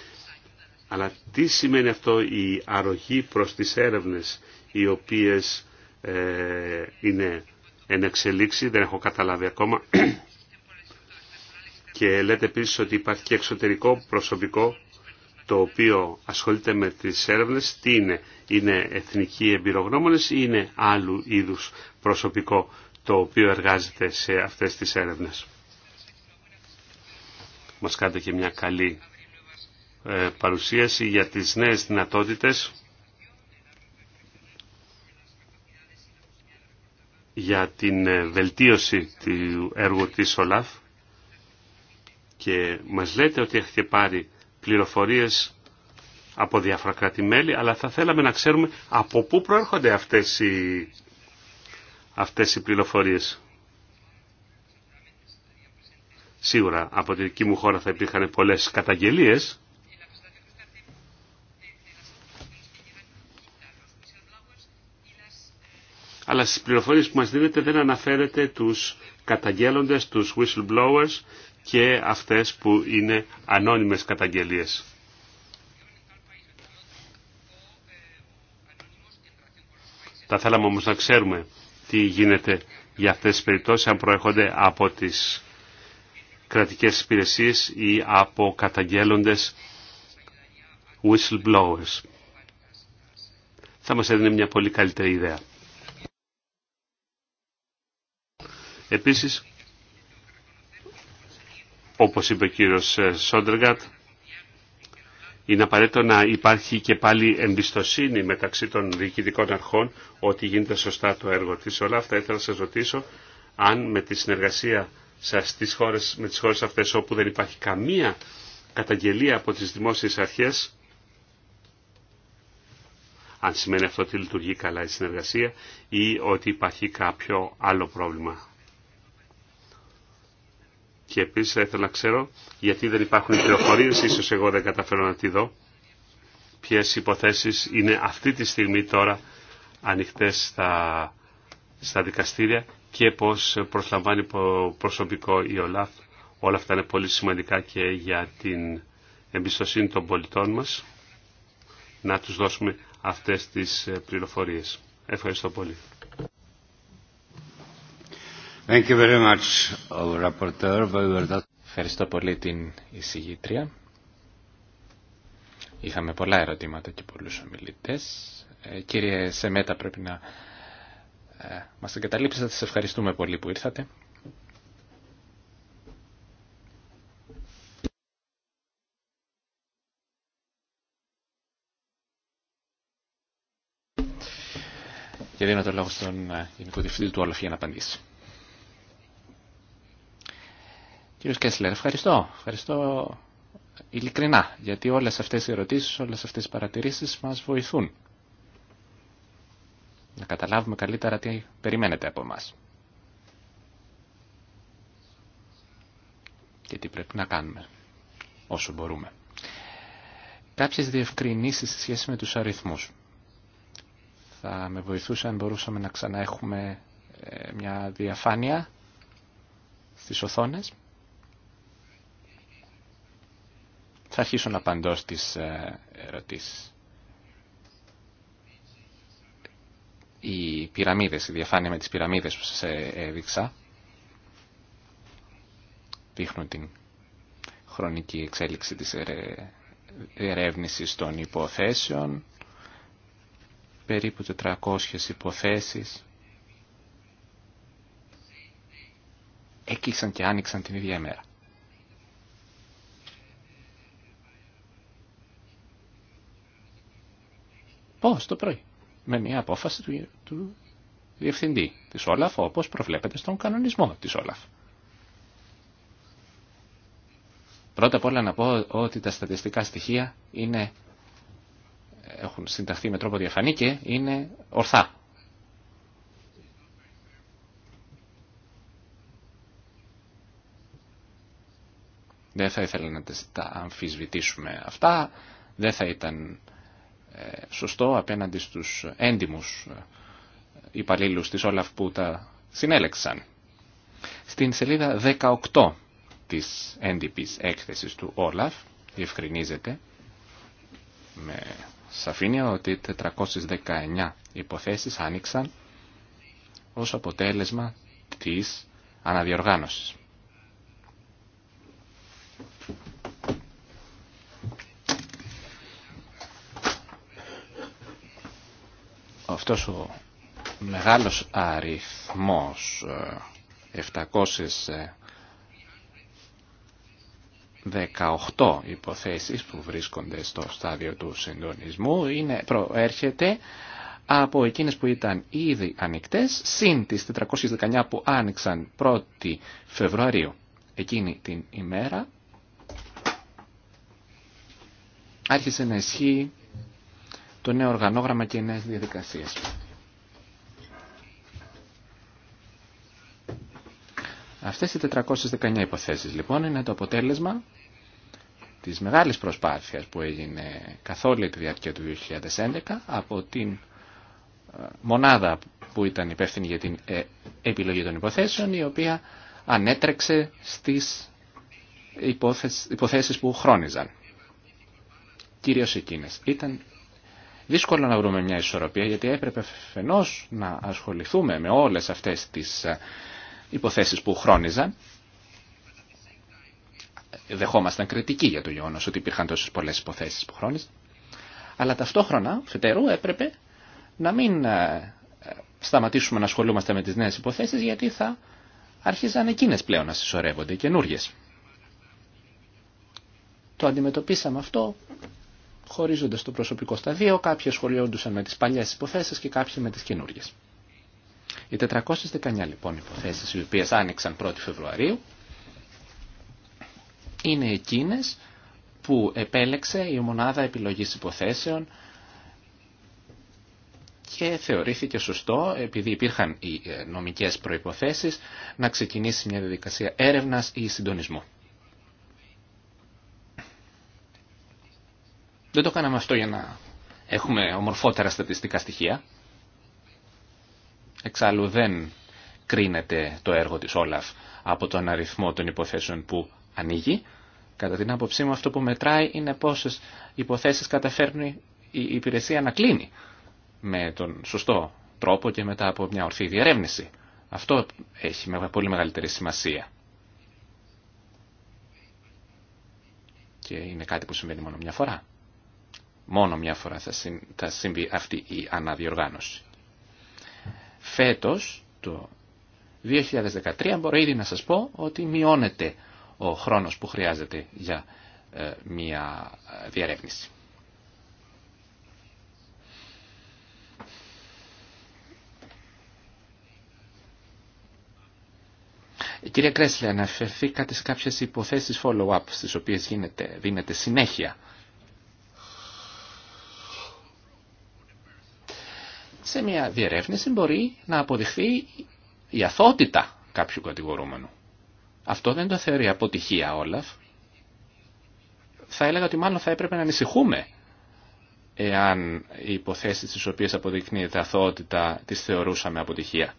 Αλλά τι σημαίνει αυτό η αρρωγή προς τις έρευνες οι οποίες ε, είναι εν εξελίξει, δεν έχω καταλάβει ακόμα. και λέτε επίσης ότι υπάρχει και εξωτερικό προσωπικό το οποίο ασχολείται με τις έρευνες. Τι είναι, είναι εθνικοί εμπειρογνώμονες ή είναι άλλου είδους προσωπικό το οποίο εργάζεται σε αυτές τις έρευνες. Μας κάνετε και μια καλή ε, παρουσίαση για τις νέες δυνατότητες για την ε, βελτίωση του έργου της ΟΛΑΦ και μας λέτε ότι έχετε πάρει πληροφορίες από διάφορα κράτη-μέλη, αλλά θα θέλαμε να ξέρουμε από πού προέρχονται αυτές οι, αυτές οι πληροφορίες. Σίγουρα από την δική μου χώρα θα υπήρχαν πολλές καταγγελίες, αλλά στις πληροφορίες που μας δίνετε δεν αναφέρετε τους καταγγέλλοντες, τους whistleblowers και αυτές που είναι ανώνυμες καταγγελίες. Θα θέλαμε όμως να ξέρουμε τι γίνεται για αυτές τις περιπτώσεις, αν προέρχονται από τις κρατικές υπηρεσίες ή από καταγγέλλοντες whistleblowers. Θα μας έδινε μια πολύ καλύτερη ιδέα. Επίσης, όπως είπε ο κύριος ε, Σόντεργατ, είναι απαραίτητο να υπάρχει και πάλι εμπιστοσύνη μεταξύ των διοικητικών αρχών ότι γίνεται σωστά το έργο της. Όλα αυτά ήθελα να σας ρωτήσω αν με τη συνεργασία σας στις χώρες, με τις χώρες αυτές όπου δεν υπάρχει καμία καταγγελία από τις δημόσιες αρχές, αν σημαίνει αυτό ότι λειτουργεί καλά η συνεργασία ή ότι υπάρχει κάποιο άλλο πρόβλημα. Και επίσης θα ήθελα να ξέρω γιατί δεν υπάρχουν πληροφορίες, ίσως εγώ δεν καταφέρω να τη δω. Ποιες υποθέσεις είναι αυτή τη στιγμή τώρα ανοιχτές στα, στα δικαστήρια και πώς προσλαμβάνει προσωπικό η ΟΛΑΦ. Όλα αυτά είναι πολύ σημαντικά και για την εμπιστοσύνη των πολιτών μας να τους δώσουμε αυτές τις πληροφορίες. Ευχαριστώ πολύ. Ευχαριστώ πολύ την εισηγήτρια. Είχαμε πολλά ερωτήματα και πολλούς ομιλητές. Ε, κύριε Σεμέτα, πρέπει να ε, μας εγκαταλείψετε. Σας ευχαριστούμε πολύ που ήρθατε. Και δίνω το λόγο στον ε, Γενικό Διευθυντή του Όλοφ για να απαντήσει. Κύριο Κέσλερ, ευχαριστώ. Ευχαριστώ ειλικρινά, γιατί όλες αυτές οι ερωτήσεις, όλες αυτές οι παρατηρήσεις μας βοηθούν να καταλάβουμε καλύτερα τι περιμένετε από εμάς. Και τι πρέπει να κάνουμε όσο μπορούμε. Κάποιες διευκρινήσεις σε σχέση με τους αριθμούς. Θα με βοηθούσε αν μπορούσαμε να ξαναέχουμε ε, μια διαφάνεια στις οθόνες. Θα αρχίσω να απαντώ στις ε, ερωτήσεις. Οι πυραμίδες, η διαφάνεια με τις πυραμίδες που σας ε, έδειξα, δείχνουν την χρονική εξέλιξη της ερεύνησης των υποθέσεων. Περίπου 400 υποθέσεις έκλεισαν και άνοιξαν την ίδια μέρα. Πώ το πρωί. Με μια απόφαση του, διευθυντή της Όλαφ, όπω προβλέπεται στον κανονισμό τη Όλαφ. Πρώτα απ' όλα να πω ότι τα στατιστικά στοιχεία έχουν συνταχθεί με τρόπο διαφανή και είναι ορθά. Δεν θα ήθελα να τα αμφισβητήσουμε αυτά, δεν θα ήταν σωστό απέναντι στους έντιμους ε, υπαλλήλους της Όλαφ που τα συνέλεξαν. Στην σελίδα 18 της έντυπης έκθεσης του Όλαφ διευκρινίζεται με σαφήνεια ότι 419 υποθέσεις άνοιξαν ως αποτέλεσμα της αναδιοργάνωσης. αυτός ο μεγάλος αριθμός 718 ε, ε, υποθέσεις που βρίσκονται στο στάδιο του συντονισμού είναι, προέρχεται από εκείνες που ήταν ήδη ανοιχτές συν τις 419 που άνοιξαν 1η Φεβρουαρίου εκείνη την ημέρα άρχισε να ισχύει το νέο οργανόγραμμα και οι νέες διαδικασίες. Αυτές οι 419 υποθέσεις λοιπόν είναι το αποτέλεσμα της μεγάλης προσπάθειας που έγινε καθ' όλη τη διάρκεια του 2011 από την ε, μονάδα που ήταν υπεύθυνη για την ε, επιλογή των υποθέσεων η οποία ανέτρεξε στις υποθέσεις που χρόνιζαν. Κυρίως εκείνες. Ήταν δύσκολο να βρούμε μια ισορροπία γιατί έπρεπε φαινός να ασχοληθούμε με όλες αυτές τις ε, υποθέσεις που χρόνιζαν. Δεχόμασταν κριτική για το γεγονό ότι υπήρχαν τόσες πολλές υποθέσεις που χρόνιζαν. Αλλά ταυτόχρονα, φετερού, έπρεπε να μην ε, σταματήσουμε να ασχολούμαστε με τις νέες υποθέσεις γιατί θα άρχιζαν εκείνες πλέον να συσσωρεύονται, καινούριε. Το αντιμετωπίσαμε αυτό χωρίζοντα το προσωπικό στα κάποιοι ασχολιόντουσαν με τις παλιές υποθέσεις και κάποιοι με τις καινούργιες. Οι 419 λοιπόν υποθέσεις οι οποίες άνοιξαν 1η Φεβρουαρίου, είναι εκείνε που επέλεξε η φεβρουαριου ειναι εκεινες επιλογή μοναδα επιλογης υποθεσεων και θεωρήθηκε σωστό, επειδή υπήρχαν οι ε, νομικές προϋποθέσεις, να ξεκινήσει μια διαδικασία έρευνας ή συντονισμού. Δεν το κάναμε αυτό για να έχουμε ομορφότερα στατιστικά στοιχεία. Εξάλλου δεν κρίνεται το έργο της Όλαφ από τον αριθμό των υποθέσεων που ανοίγει. Κατά την άποψή μου αυτό που μετράει είναι πόσες υποθέσεις καταφέρνει η υπηρεσία να κλείνει με τον σωστό τρόπο και μετά από μια ορθή διερεύνηση. Αυτό έχει πολύ μεγαλύτερη σημασία. Και είναι κάτι που συμβαίνει μόνο μια φορά. Μόνο μια φορά θα, συμβεί αυτή η αναδιοργάνωση. Φέτος, το 2013, μπορώ ήδη να σας πω ότι μειώνεται ο χρόνος που χρειάζεται για ε, μια ε, διαρεύνηση. Η κυρία Κρέσλε αναφερθήκατε σε κάποιες υποθέσεις follow-up στις οποίες γίνεται, δίνεται συνέχεια σε μια διερεύνηση μπορεί να αποδειχθεί η αθότητα κάποιου κατηγορούμενου. Αυτό δεν το θεωρεί αποτυχία Όλαφ. Θα έλεγα ότι μάλλον θα έπρεπε να ανησυχούμε εάν οι υποθέσεις τις οποίες αποδεικνύεται αθότητα τις θεωρούσαμε αποτυχία.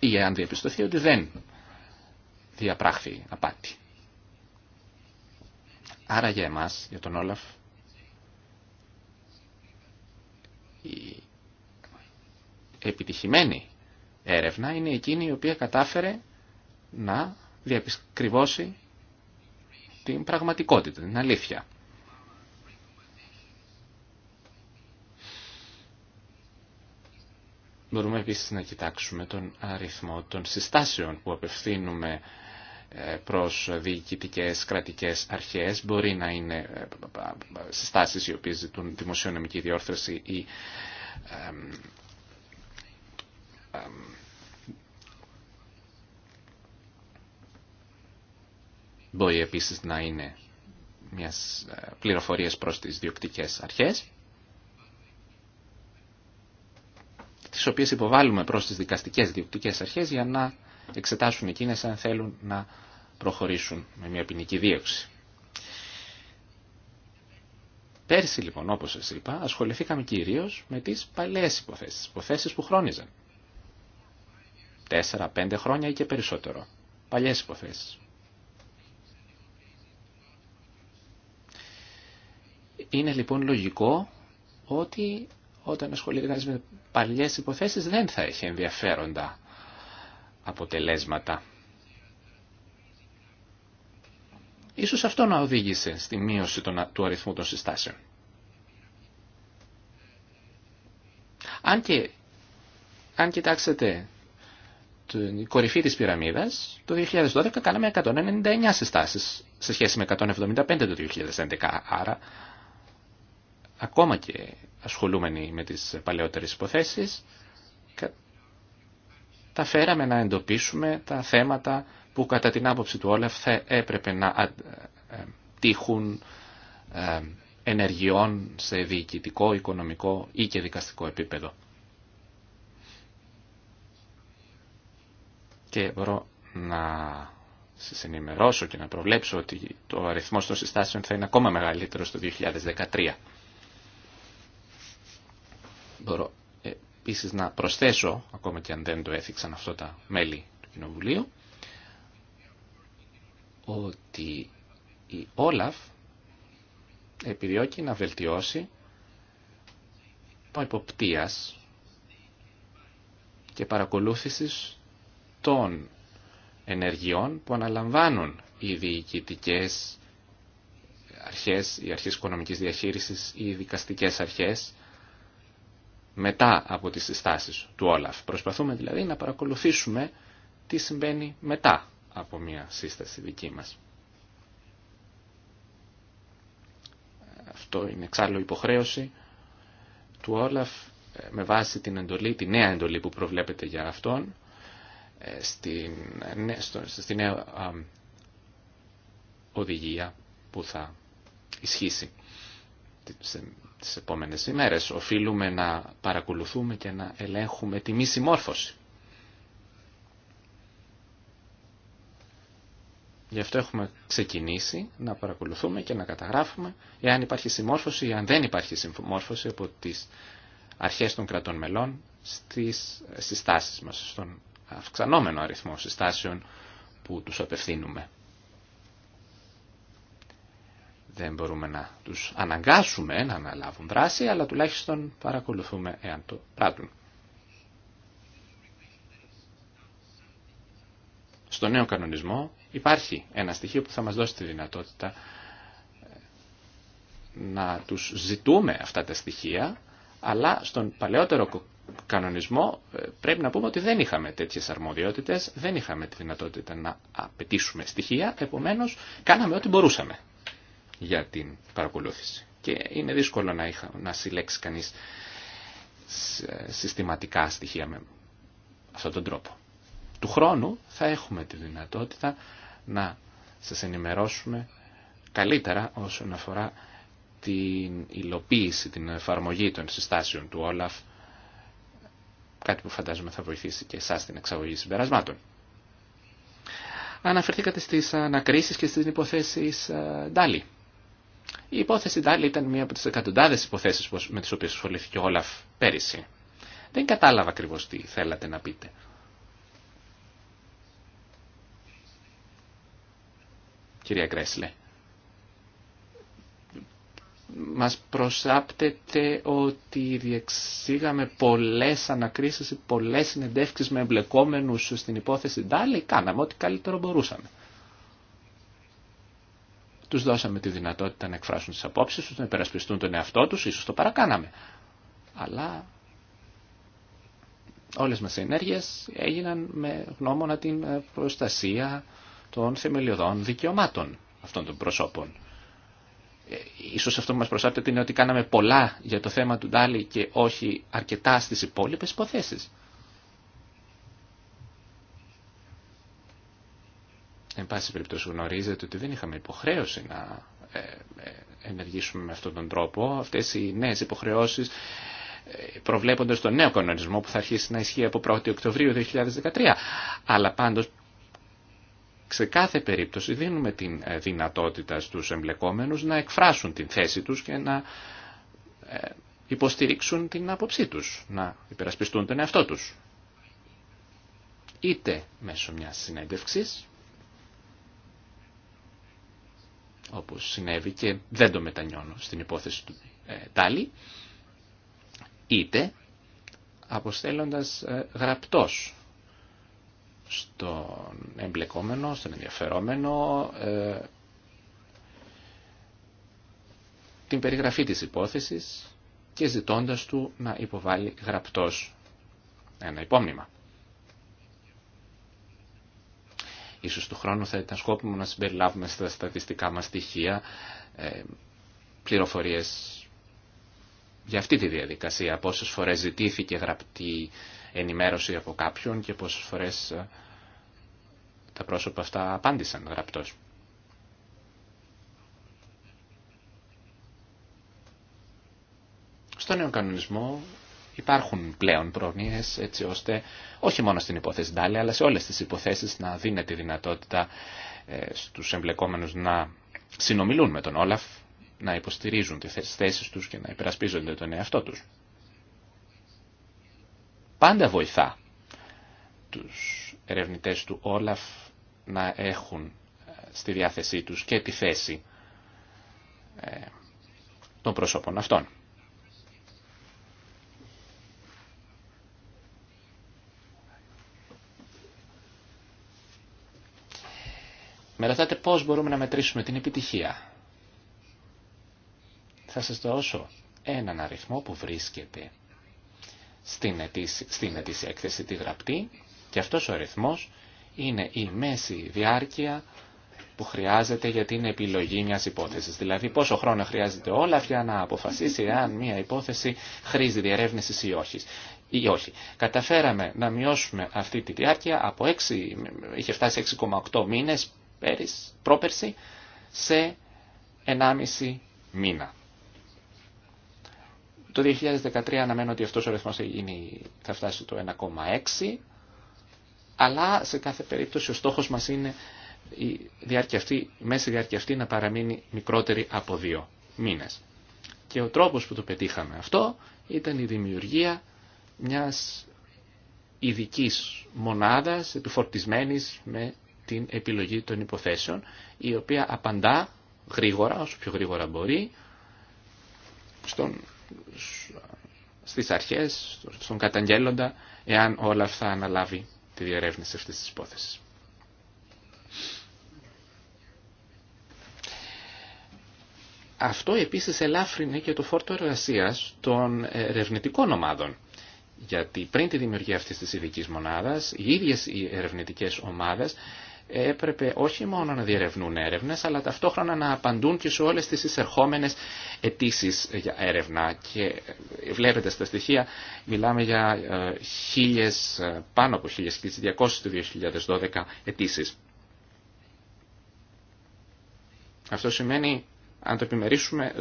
Ή εάν διαπιστωθεί ότι δεν διαπράχθη απάτη. Άρα για εμάς, για τον Όλαφ, η επιτυχημένη έρευνα είναι εκείνη η οποία κατάφερε να διαπισκριβώσει την πραγματικότητα, την αλήθεια. Μπορούμε επίσης να κοιτάξουμε τον αριθμό των συστάσεων που απευθύνουμε προς διοικητικές κρατικές αρχές. Μπορεί να είναι ε, συστάσεις οι οποίες ζητούν δημοσιονομική διόρθωση ή μπορεί επίσης να είναι μιας ε, πληροφορίες προς τις διοκτικές αρχές τις οποίες υποβάλλουμε προς τις δικαστικές διοκτικές αρχές για να εξετάσουν εκείνε αν θέλουν να προχωρήσουν με μια ποινική δίωξη. Πέρσι λοιπόν, όπως σας είπα, ασχοληθήκαμε κυρίως με τις παλιές υποθέσεις, υποθέσεις που χρόνιζαν. Τέσσερα, πέντε χρόνια ή και περισσότερο. Παλιές υποθέσεις. Είναι λοιπόν λογικό ότι όταν ασχολείται με παλιές υποθέσεις δεν θα έχει ενδιαφέροντα αποτελέσματα. Ίσως αυτό να οδήγησε στη μείωση του αριθμού των συστάσεων. Αν και αν κοιτάξετε την κορυφή της πυραμίδας, το 2012 κάναμε 199 συστάσεις σε σχέση με 175 το 2011. Άρα, ακόμα και ασχολούμενοι με τις παλαιότερες υποθέσεις, τα φέραμε να εντοπίσουμε τα θέματα που κατά την άποψη του Όλεφ θα έπρεπε να ε, ε, τύχουν ε, ενεργειών σε διοικητικό, οικονομικό ή και δικαστικό επίπεδο. Και μπορώ να συνημερώσω ενημερώσω και να προβλέψω ότι το αριθμός των συστάσεων θα είναι ακόμα μεγαλύτερο το 2013. Μπορώ επίσης να προσθέσω, ακόμα και αν δεν το έθιξαν αυτό τα μέλη του Κοινοβουλίου, ότι η Όλαφ επιδιώκει να βελτιώσει το υποπτίας και παρακολούθησης των ενεργειών που αναλαμβάνουν οι διοικητικέ αρχές, οι αρχές οικονομικής διαχείρισης, οι δικαστικές αρχές μετά από τις συστάσεις του Όλαφ. Προσπαθούμε δηλαδή να παρακολουθήσουμε τι συμβαίνει μετά από μια σύσταση δική μας. Αυτό είναι εξάλλου υποχρέωση του Όλαφ ε, με βάση την εντολή, τη νέα εντολή που προβλέπεται για αυτόν ε, στην, ε, στη νέα οδηγία που θα ισχύσει. Ε, τις επόμενες ημέρες. Οφείλουμε να παρακολουθούμε και να ελέγχουμε τη μη συμμόρφωση. Γι' αυτό έχουμε ξεκινήσει να παρακολουθούμε και να καταγράφουμε εάν υπάρχει συμμόρφωση ή αν δεν υπάρχει συμμόρφωση από τις αρχές των κρατών μελών στις, συστάσεις μας, στον αυξανόμενο αριθμό συστάσεων που τους απευθύνουμε δεν μπορούμε να τους αναγκάσουμε να αναλάβουν δράση, αλλά τουλάχιστον παρακολουθούμε εάν το πράττουν. Στο νέο κανονισμό υπάρχει ένα στοιχείο που θα μας δώσει τη δυνατότητα ε, να τους ζητούμε αυτά τα στοιχεία, αλλά στον παλαιότερο κανονισμό ε, πρέπει να πούμε ότι δεν είχαμε τέτοιες αρμοδιότητες, δεν είχαμε τη δυνατότητα να απαιτήσουμε στοιχεία, επομένως κάναμε ό,τι μπορούσαμε για την παρακολούθηση. Και είναι δύσκολο να, είχα, να συλλέξει κανείς συστηματικά στοιχεία με αυτόν τον τρόπο. Του χρόνου θα έχουμε τη δυνατότητα να σας ενημερώσουμε καλύτερα όσον αφορά την υλοποίηση, την εφαρμογή των συστάσεων του Όλαφ, κάτι που φαντάζομαι θα βοηθήσει και εσάς στην εξαγωγή συμπερασμάτων. Αναφερθήκατε στις ανακρίσεις και στις υποθέσεις ε, Ντάλι. Η υπόθεση Ντάλι ήταν μία από τις εκατοντάδε υποθέσεις με τις οποίες ασχολήθηκε ο Όλαφ πέρυσι. Δεν κατάλαβα ακριβώ τι θέλατε να πείτε. Κυρία Γκρέσλε, μας προσάπτεται ότι διεξήγαμε πολλές ανακρίσεις, πολλές συνεντεύξεις με εμπλεκόμενους στην υπόθεση Ντάλι, κάναμε ό,τι καλύτερο μπορούσαμε τους δώσαμε τη δυνατότητα να εκφράσουν τις απόψεις τους, να υπερασπιστούν τον εαυτό τους, ίσως το παρακάναμε. Αλλά όλες μας οι ενέργειες έγιναν με γνώμονα την ε, προστασία των θεμελιωδών δικαιωμάτων αυτών των προσώπων. Ε, ίσως αυτό που μας προσάπτεται είναι ότι κάναμε πολλά για το θέμα του Ντάλι και όχι αρκετά στις υπόλοιπες υποθέσεις. εν πάση περιπτώσει γνωρίζετε ότι δεν είχαμε υποχρέωση να ε, ε, ενεργήσουμε με αυτόν τον τρόπο. Αυτές οι νέες υποχρεώσεις ε, προβλέπονται τον νέο κανονισμό που θα αρχίσει να ισχύει από 1η Οκτωβρίου 2013. Αλλά πάντως σε κάθε περίπτωση δίνουμε την δυνατότητα στους εμπλεκόμενους να εκφράσουν την θέση τους και να υποστηρίξουν την άποψή τους, να υπερασπιστούν τον εαυτό τους. Είτε μέσω μιας συνέντευξης, όπως συνέβη και δεν το μετανιώνω στην υπόθεση του ε, Τάλι, είτε αποστέλλοντας ε, γραπτός στον εμπλεκόμενο, στον ενδιαφερόμενο, ε, την περιγραφή της υπόθεσης και ζητώντας του να υποβάλει γραπτός ένα υπόμνημα. Ίσως του χρόνου θα ήταν σκόπιμο να συμπεριλάβουμε στα στατιστικά μας στοιχεία ε, πληροφορίες για αυτή τη διαδικασία. Πόσες φορές ζητήθηκε γραπτή ενημέρωση από κάποιον και πόσες φορές ε, τα πρόσωπα αυτά απάντησαν γραπτός. Στο νέο κανονισμό υπάρχουν πλέον πρόνοιες έτσι ώστε όχι μόνο στην υπόθεση Ντάλε αλλά σε όλες τις υποθέσεις να δίνεται δυνατότητα ε, στους εμπλεκόμενους να συνομιλούν με τον Όλαφ, να υποστηρίζουν τις θέσεις τους και να υπερασπίζονται τον εαυτό τους. Πάντα βοηθά τους ερευνητές του Όλαφ να έχουν ε, στη διάθεσή τους και τη θέση ε, των προσώπων αυτών. Με ρωτάτε πώς μπορούμε να μετρήσουμε την επιτυχία. Θα σας δώσω έναν αριθμό που βρίσκεται στην ετήσια, στην ετήσια έκθεση τη γραπτή και αυτός ο αριθμός είναι η μέση διάρκεια που χρειάζεται για την επιλογή μιας υπόθεσης. Δηλαδή πόσο χρόνο χρειάζεται όλα για να αποφασίσει αν μια υπόθεση χρήζει διερεύνηση ή όχι. Καταφέραμε να μειώσουμε αυτή τη διάρκεια από 6, είχε φτάσει 6,8 μήνες πρόπερση σε 1,5 μήνα. Το 2013 αναμένω ότι αυτός ο ρυθμός θα, γίνει, θα φτάσει το 1,6 αλλά σε κάθε περίπτωση ο στόχος μας είναι η, διάρκεια αυτή, η μέση διάρκεια αυτή να παραμείνει μικρότερη από δύο μήνες. Και ο τρόπος που το πετύχαμε αυτό ήταν η δημιουργία μιας ειδική μονάδας επιφορτισμένης με την επιλογή των υποθέσεων, η οποία απαντά γρήγορα, όσο πιο γρήγορα μπορεί, στον, στις αρχές, στον καταγγέλλοντα, εάν όλα αυτά αναλάβει τη διερεύνηση αυτής της υπόθεσης. Αυτό επίσης ελάφρυνε και το φόρτο εργασία των ερευνητικών ομάδων. Γιατί πριν τη δημιουργία αυτής της ειδική μονάδας, οι ίδιες οι ερευνητικές ομάδες έπρεπε όχι μόνο να διερευνούν έρευνες, αλλά ταυτόχρονα να απαντούν και σε όλες τις εισερχόμενες αιτήσει για έρευνα. Και βλέπετε στα στοιχεία, μιλάμε για ε, χίλιες, ε, πάνω από 1.200 του 2012 αιτήσει. Αυτό σημαίνει, αν το επιμερίσουμε,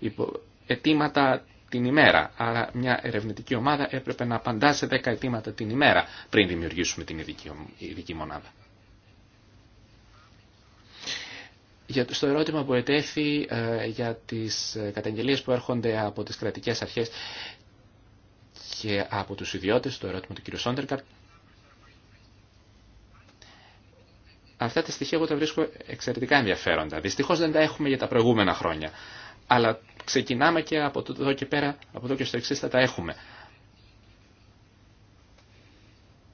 10 αιτήματα την ημέρα. Άρα μια ερευνητική ομάδα έπρεπε να απαντά σε 10 αιτήματα την ημέρα πριν δημιουργήσουμε την ειδική μονάδα. στο ερώτημα που ετέθη ε, για τις ε, καταγγελίες που έρχονται από τις κρατικές αρχές και από τους ιδιώτες, το ερώτημα του κ. Σόντερκαρτ, αυτά τα στοιχεία εγώ τα βρίσκω εξαιρετικά ενδιαφέροντα. Δυστυχώς δεν τα έχουμε για τα προηγούμενα χρόνια. Αλλά ξεκινάμε και από εδώ και πέρα, από εδώ και στο εξής θα τα έχουμε.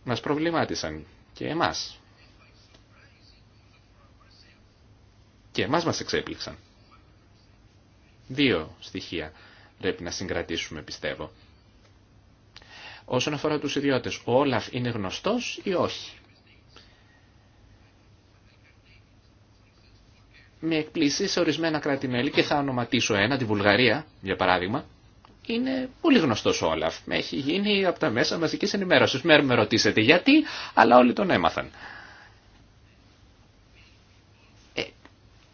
Μας προβλημάτισαν και εμάς Και εμάς μας εξέπληξαν. Δύο στοιχεία πρέπει να συγκρατήσουμε πιστεύω. Όσον αφορά τους ιδιώτες, ο Όλαφ είναι γνωστός ή όχι. Με εκπλήσει σε ορισμένα κράτη-μέλη και θα ονοματίσω ένα, τη Βουλγαρία για παράδειγμα, είναι πολύ γνωστό ο Όλαφ. Με έχει γίνει από τα μέσα μαζική ενημέρωση. Μέρ με ρωτήσετε γιατί, αλλά όλοι τον έμαθαν.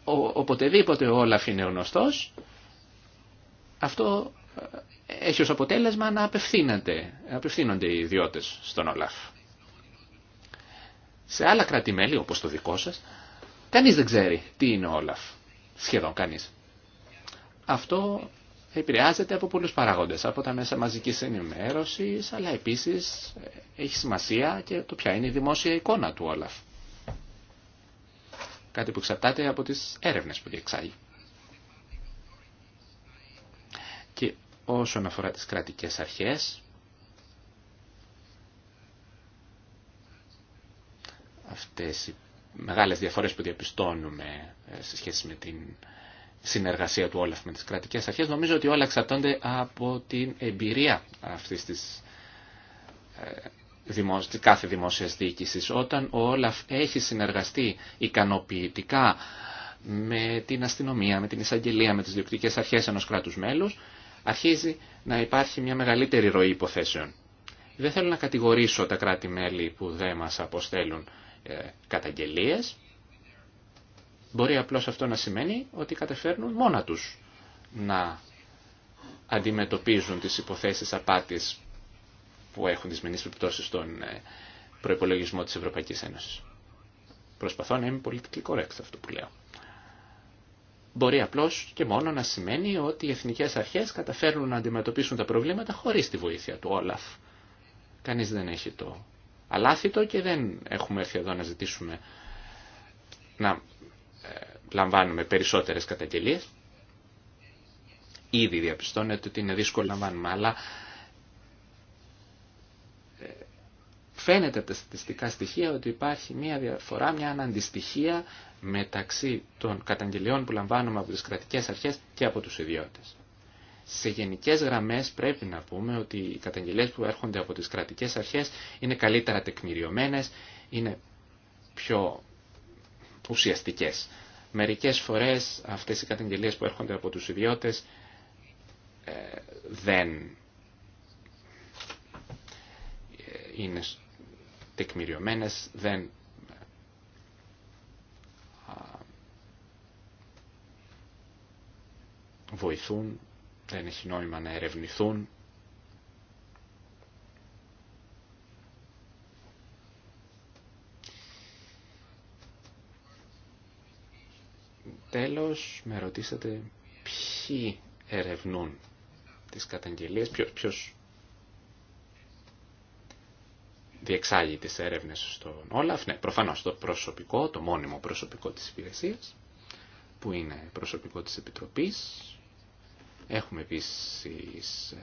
οποτεδήποτε ο Όλαφ είναι γνωστός, αυτό ε, έχει ως αποτέλεσμα να απευθύνονται οι ιδιώτες στον Όλαφ. Σε άλλα κράτη-μέλη, όπως το δικό σας, κανείς δεν ξέρει τι είναι ο Όλαφ. Σχεδόν κανείς. Αυτό επηρεάζεται από πολλούς παράγοντες, από τα μέσα μαζικής ενημέρωσης, αλλά επίσης ε, έχει σημασία και το ποια είναι η δημόσια εικόνα του Όλαφ κάτι που εξαρτάται από τις έρευνες που διεξάγει. Και όσον αφορά τις κρατικές αρχές, αυτές οι μεγάλες διαφορές που διαπιστώνουμε ε, σε σχέση με την συνεργασία του Όλαφ με τις κρατικές αρχές, νομίζω ότι όλα εξαρτώνται από την εμπειρία αυτής της ε, κάθε δημόσιας διοίκησης. Όταν ο Όλαφ έχει συνεργαστεί ικανοποιητικά με την αστυνομία, με την εισαγγελία, με τις διοικητικές αρχές ενός κράτους μέλους, αρχίζει να υπάρχει μια μεγαλύτερη ροή υποθέσεων. Δεν θέλω να κατηγορήσω τα κράτη-μέλη που δεν μας αποστέλουν ε, καταγγελίες. Μπορεί απλώς αυτό να σημαίνει ότι καταφέρνουν μόνα τους να αντιμετωπίζουν τις υποθέσεις απάτης που έχουν δυσμενείς επιπτώσεις στον ε, προϋπολογισμό της Ευρωπαϊκής Ένωσης. Προσπαθώ να είμαι πολύ αυτό που λέω. Μπορεί απλώς και μόνο να σημαίνει ότι οι εθνικές αρχές καταφέρνουν να αντιμετωπίσουν τα προβλήματα χωρίς τη βοήθεια του Όλαφ. Κανείς δεν έχει το αλάθητο και δεν έχουμε έρθει εδώ να ζητήσουμε να ε, λαμβάνουμε περισσότερες καταγγελίες. Ήδη διαπιστώνεται ότι είναι δύσκολο να λαμβάνουμε, αλλά φαίνεται από τα στατιστικά στοιχεία ότι υπάρχει μια διαφορά, μια αναντιστοιχία μεταξύ των καταγγελιών που λαμβάνουμε από τις κρατικές αρχές και από τους ιδιώτες. Σε γενικές γραμμές πρέπει να πούμε ότι οι καταγγελίες που έρχονται από τις κρατικές αρχές είναι καλύτερα τεκμηριωμένες, είναι πιο ουσιαστικές. Μερικές φορές αυτές οι καταγγελίες που έρχονται από τους ιδιώτες ε, δεν ε, είναι τεκμηριωμένες, δεν βοηθούν, δεν έχει νόημα να ερευνηθούν. Τέλος, με ρωτήσατε ποιοι ερευνούν τις καταγγελίες, ποιος, ποιος διεξάγει τις έρευνες στον Όλαφ. Ναι, προφανώς το προσωπικό, το μόνιμο προσωπικό της υπηρεσίας, που είναι προσωπικό της Επιτροπής. Έχουμε επίσης ε,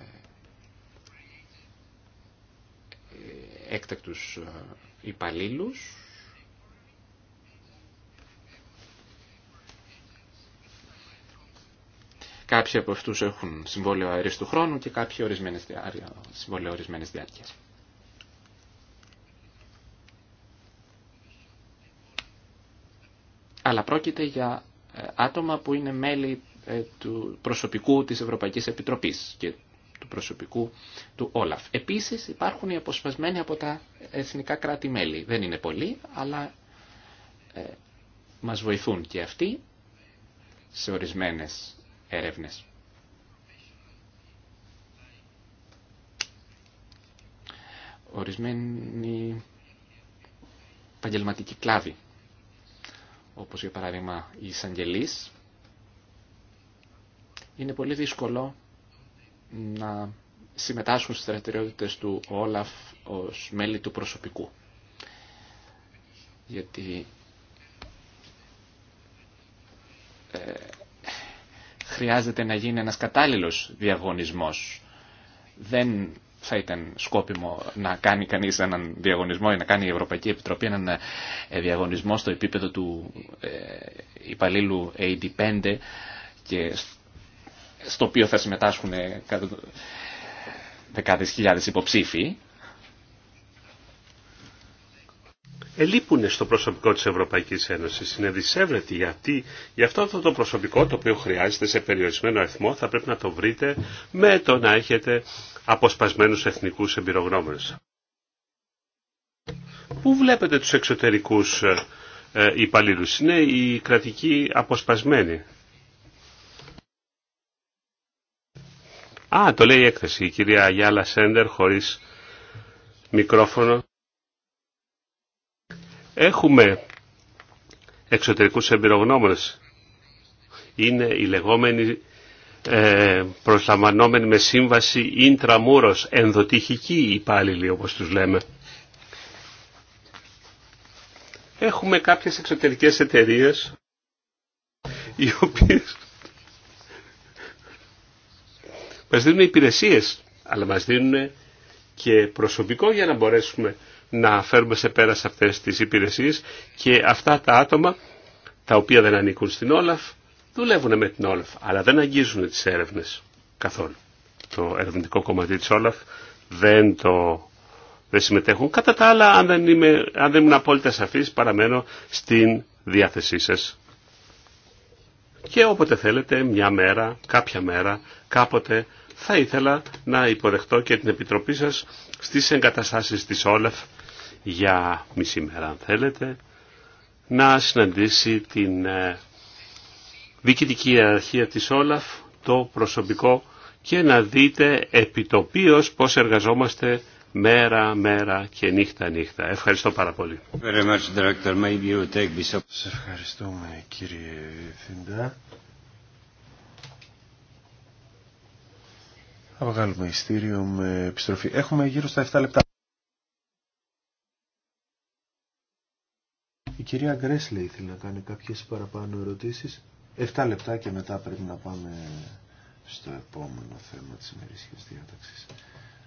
ε, έκτακτους ε, υπαλλήλους. Κάποιοι από αυτούς έχουν συμβόλαιο αερίστου χρόνου και κάποιοι ορισμένες συμβόλαιο ορισμένες διάρκειας. αλλά πρόκειται για ε, άτομα που είναι μέλη ε, του προσωπικού της Ευρωπαϊκής Επιτροπής και του προσωπικού του Όλαφ. Επίσης υπάρχουν οι αποσπασμένοι από τα εθνικά κράτη-μέλη. Δεν είναι πολλοί, αλλά ε, μας βοηθούν και αυτοί σε ορισμένες έρευνες. Ορισμένοι επαγγελματικοί κλάδοι όπως για παράδειγμα οι εισαγγελείς, είναι πολύ δύσκολο να συμμετάσχουν στις δραστηριότητες του Όλαφ ως μέλη του προσωπικού. Γιατί ε, χρειάζεται να γίνει ένας κατάλληλος διαγωνισμός. Δεν θα ήταν σκόπιμο να κάνει κανείς έναν διαγωνισμό ή να κάνει η Ευρωπαϊκή Επιτροπή έναν ε, διαγωνισμό στο επίπεδο του ε, υπαλλήλου AD5 και στο οποίο θα συμμετάσχουν δεκάδες χιλιάδες υποψήφοι ελείπουν στο προσωπικό της Ευρωπαϊκής Ένωσης. Είναι δυσέβρετη γιατί γι' αυτό το προσωπικό το οποίο χρειάζεται σε περιορισμένο αριθμό θα πρέπει να το βρείτε με το να έχετε αποσπασμένους εθνικούς εμπειρογνώμενους. Πού βλέπετε τους εξωτερικούς ε, ε, υπαλλήλου. Είναι οι κρατικοί αποσπασμένοι. Α, το λέει η έκθεση. Η κυρία Γιάλα Σέντερ χωρίς μικρόφωνο. Έχουμε εξωτερικούς εμπειρογνώμονες. Είναι οι λεγόμενοι ε, προσλαμβανόμενοι με σύμβαση ίντραμούρος, ενδοτυχικοί υπάλληλοι όπως τους λέμε. Έχουμε κάποιες εξωτερικές εταιρείες οι οποίες μας δίνουν υπηρεσίες αλλά μας δίνουν και προσωπικό για να μπορέσουμε να φέρουμε σε πέρα σε αυτές τις υπηρεσίες και αυτά τα άτομα τα οποία δεν ανήκουν στην Όλαφ δουλεύουν με την Όλαφ αλλά δεν αγγίζουν τις έρευνες καθόλου. Το ερευνητικό κομμάτι της Όλαφ δεν το δεν συμμετέχουν. Κατά τα άλλα, αν δεν, είμαι, αν δεν ήμουν απόλυτα σαφής, παραμένω στην διάθεσή σας. Και όποτε θέλετε, μια μέρα, κάποια μέρα, κάποτε, θα ήθελα να υποδεχτώ και την Επιτροπή σας στις εγκαταστάσεις της Όλαφ για μισή μέρα αν θέλετε να συναντήσει την ε, διοικητική ιεραρχία της Όλαφ, το προσωπικό και να δείτε επιτοπίως πώς εργαζόμαστε μέρα, μέρα και νύχτα, νύχτα. Ευχαριστώ πάρα πολύ. Σας ευχαριστούμε κύριε Φιντά. Θα βγάλουμε ειστήριο με επιστροφή. Έχουμε γύρω στα 7 λεπτά. Η κυρία Γκρέσλε ήθελε να κάνει κάποιες παραπάνω ερωτήσεις. 7 λεπτά και μετά πρέπει να πάμε στο επόμενο θέμα της ημερήσιας διάταξης.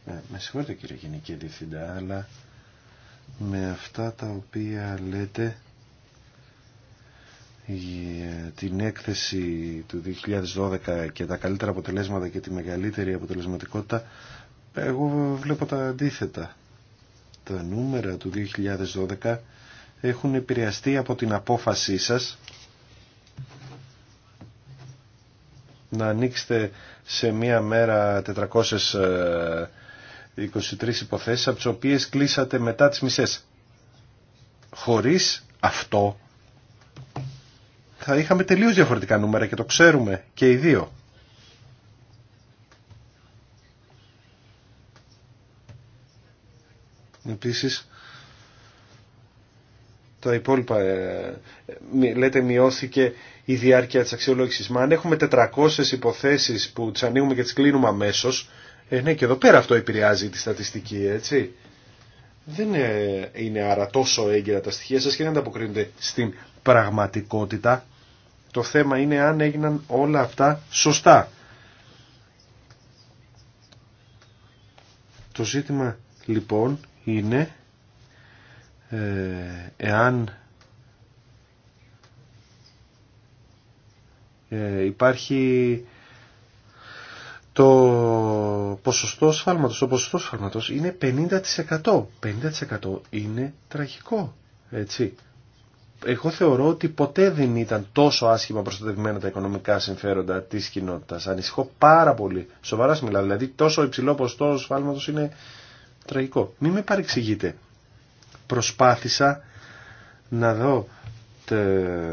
Ε, με συγχωρείτε κύριε Γενική Διευθυντά, αλλά με αυτά τα οποία λέτε για την έκθεση του 2012 και τα καλύτερα αποτελέσματα και τη μεγαλύτερη αποτελεσματικότητα, εγώ βλέπω τα αντίθετα. Τα νούμερα του 2012 έχουν επηρεαστεί από την απόφασή σας να ανοίξετε σε μία μέρα 423 υποθέσεις από τις οποίες κλείσατε μετά τις μισές. Χωρίς αυτό θα είχαμε τελείως διαφορετικά νούμερα και το ξέρουμε και οι δύο. Επίσης τα υπόλοιπα ε, ε, λέτε μειώθηκε η διάρκεια της αξιολόγησης. Μα αν έχουμε 400 υποθέσεις που τις ανοίγουμε και τις κλείνουμε αμέσω, ε, ναι και εδώ πέρα αυτό επηρεάζει τη στατιστική έτσι. Δεν είναι άρα τόσο έγκυρα τα στοιχεία σας και δεν ανταποκρίνονται στην πραγματικότητα. Το θέμα είναι αν έγιναν όλα αυτά σωστά. Το ζήτημα λοιπόν είναι ε, εάν ε, υπάρχει το ποσοστό σφάλματος. Το ποσοστό σφάλματος είναι 50%. 50% είναι τραγικό. Έτσι. Εγώ θεωρώ ότι ποτέ δεν ήταν τόσο άσχημα προστατευμένα τα οικονομικά συμφέροντα της κοινότητας. Ανησυχώ πάρα πολύ. Σοβαρά μιλάω. Δηλαδή τόσο υψηλό ποσοστό σφάλματος είναι τραγικό. Μην με παρεξηγείτε προσπάθησα να δω τα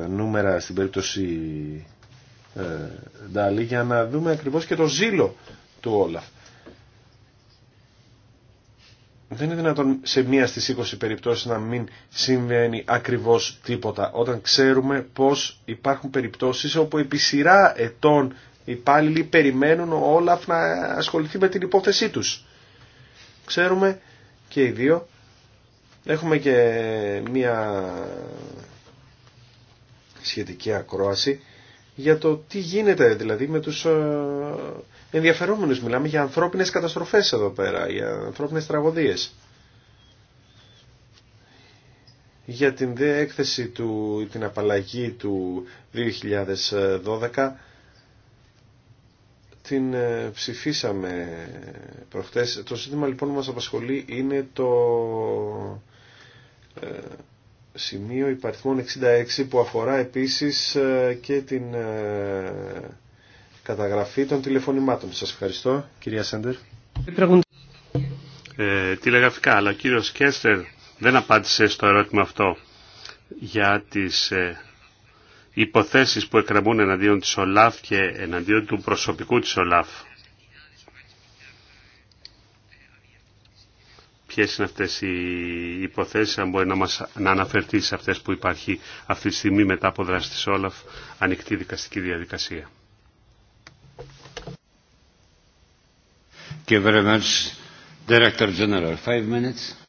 νούμερα στην περίπτωση ε, για να δούμε ακριβώς και το ζήλο του Όλαφ. Δεν είναι δυνατόν σε μία στις 20 περιπτώσεις να μην συμβαίνει ακριβώς τίποτα. Όταν ξέρουμε πως υπάρχουν περιπτώσεις όπου επί σειρά ετών υπάλληλοι περιμένουν ο Όλαφ να ασχοληθεί με την υπόθεσή τους. Ξέρουμε και οι δύο Έχουμε και μία σχετική ακρόαση για το τι γίνεται δηλαδή με τους ε, ενδιαφερόμενους. Μιλάμε για ανθρώπινες καταστροφές εδώ πέρα, για ανθρώπινες τραγωδίες. Για την δε έκθεση του, την απαλλαγή του 2012 την ε, ψηφίσαμε προχτές. Το σύστημα λοιπόν που μας απασχολεί είναι το ε, σημείο υπαριθμών 66 που αφορά επίσης ε, και την ε, καταγραφή των τηλεφωνημάτων. Σας ευχαριστώ, κυρία Σέντερ. Ε, τηλεγραφικά, αλλά ο κύριος Κέστερ δεν απάντησε στο ερώτημα αυτό για τις υποθέσεις που εκκρεμούν εναντίον της ΟΛΑΦ και εναντίον του προσωπικού της ΟΛΑΦ. ποιε είναι αυτές οι υποθέσει αν μπορεί να, μας, να αναφερθεί σε αυτέ που υπάρχει αυτή τη στιγμή μετά από δράση τη Όλαφ, ανοιχτή δικαστική διαδικασία.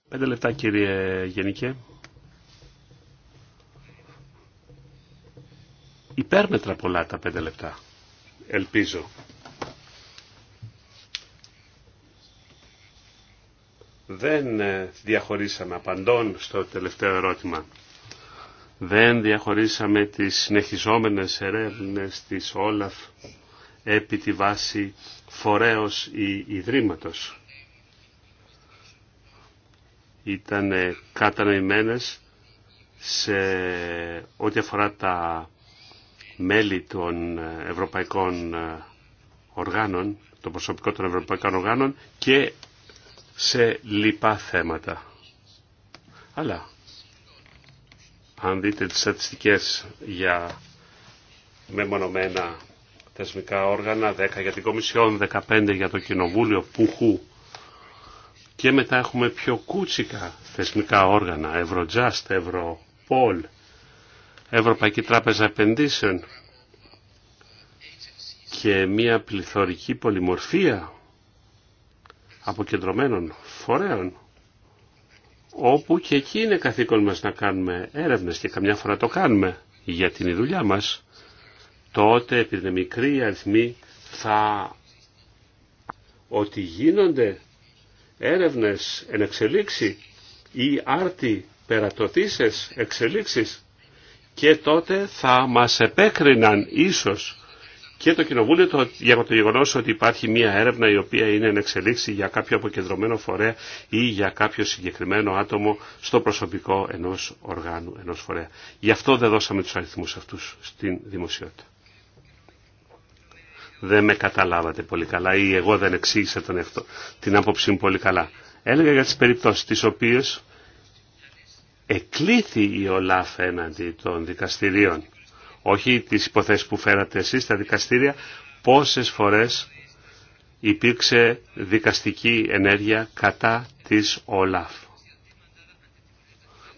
Πέντε λεπτά κύριε Γενικέ. Υπέρμετρα πολλά τα πέντε λεπτά. Ελπίζω. δεν ε, διαχωρίσαμε απαντών στο τελευταίο ερώτημα. Δεν διαχωρίσαμε τις συνεχιζόμενες ερεύνες της Όλαφ επί τη βάση φορέως ή ιδρύματος. Ήταν κατανοημένες σε ό,τι αφορά τα μέλη των ευρωπαϊκών ε, οργάνων, το προσωπικό των ευρωπαϊκών οργάνων και σε λοιπά θέματα. Αλλά αν δείτε τις στατιστικές για μεμονωμένα θεσμικά όργανα, 10 για την Κομισιόν, 15 για το Κοινοβούλιο, πουχού. Και μετά έχουμε πιο κούτσικα θεσμικά όργανα, Eurojust, Europol, Ευρωπαϊκή Τράπεζα Επενδύσεων και μια πληθωρική πολυμορφία αποκεντρωμένων φορέων όπου και εκεί είναι καθήκον μας να κάνουμε έρευνες και καμιά φορά το κάνουμε για την δουλειά μας τότε επειδή είναι μικροί αριθμοί θα ότι γίνονται έρευνες εν εξελίξη ή άρτη περατοτήσεις εξελίξεις και τότε θα μας επέκριναν ίσως και το Κοινοβούλιο το, για το γεγονό ότι υπάρχει μια έρευνα η οποία είναι εν εξελίξη για κάποιο αποκεντρωμένο φορέα ή για κάποιο συγκεκριμένο άτομο στο προσωπικό ενό οργάνου, ενό φορέα. Γι' αυτό δεν δώσαμε του αριθμού αυτού στην δημοσιότητα. Δεν με καταλάβατε πολύ καλά ή εγώ δεν εξήγησα τον την άποψή μου πολύ καλά. Έλεγα για τις περιπτώσεις τις οποίες εκλήθη η ΟΛΑΦ έναντι των δικαστηρίων όχι τις υποθέσεις που φέρατε εσείς στα δικαστήρια, πόσες φορές υπήρξε δικαστική ενέργεια κατά της ΟΛΑΦ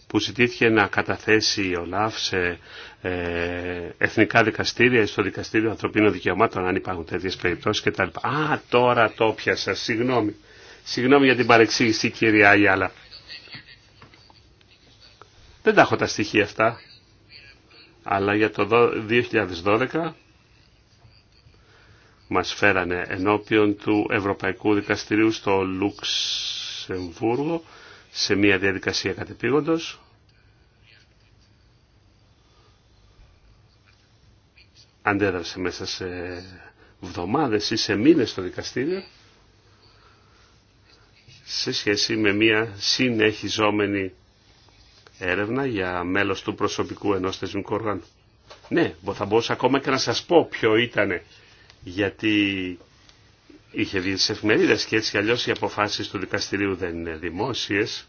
που ζητήθηκε να καταθέσει η ΟΛΑΦ σε ε, εθνικά δικαστήρια ή στο Δικαστήριο Ανθρωπίνων Δικαιωμάτων αν υπάρχουν τέτοιε περιπτώσει κτλ. Α, τώρα το πιασα. Συγγνώμη. Συγγνώμη για την παρεξήγηση, κυρία αλλά Δεν τα έχω τα στοιχεία αυτά αλλά για το 2012 μας φέρανε ενώπιον του Ευρωπαϊκού Δικαστηρίου στο Λουξεμβούργο σε μια διαδικασία κατεπήγοντος. Αντέδρασε μέσα σε βδομάδες ή σε μήνες στο δικαστήριο σε σχέση με μια συνεχιζόμενη έρευνα για μέλος του προσωπικού ενός θεσμικού οργάνου. Ναι, θα μπορούσα ακόμα και να σας πω ποιο ήταν, γιατί είχε δει τις εφημερίδες και έτσι αλλιώς οι αποφάσεις του δικαστηρίου δεν είναι δημόσιες.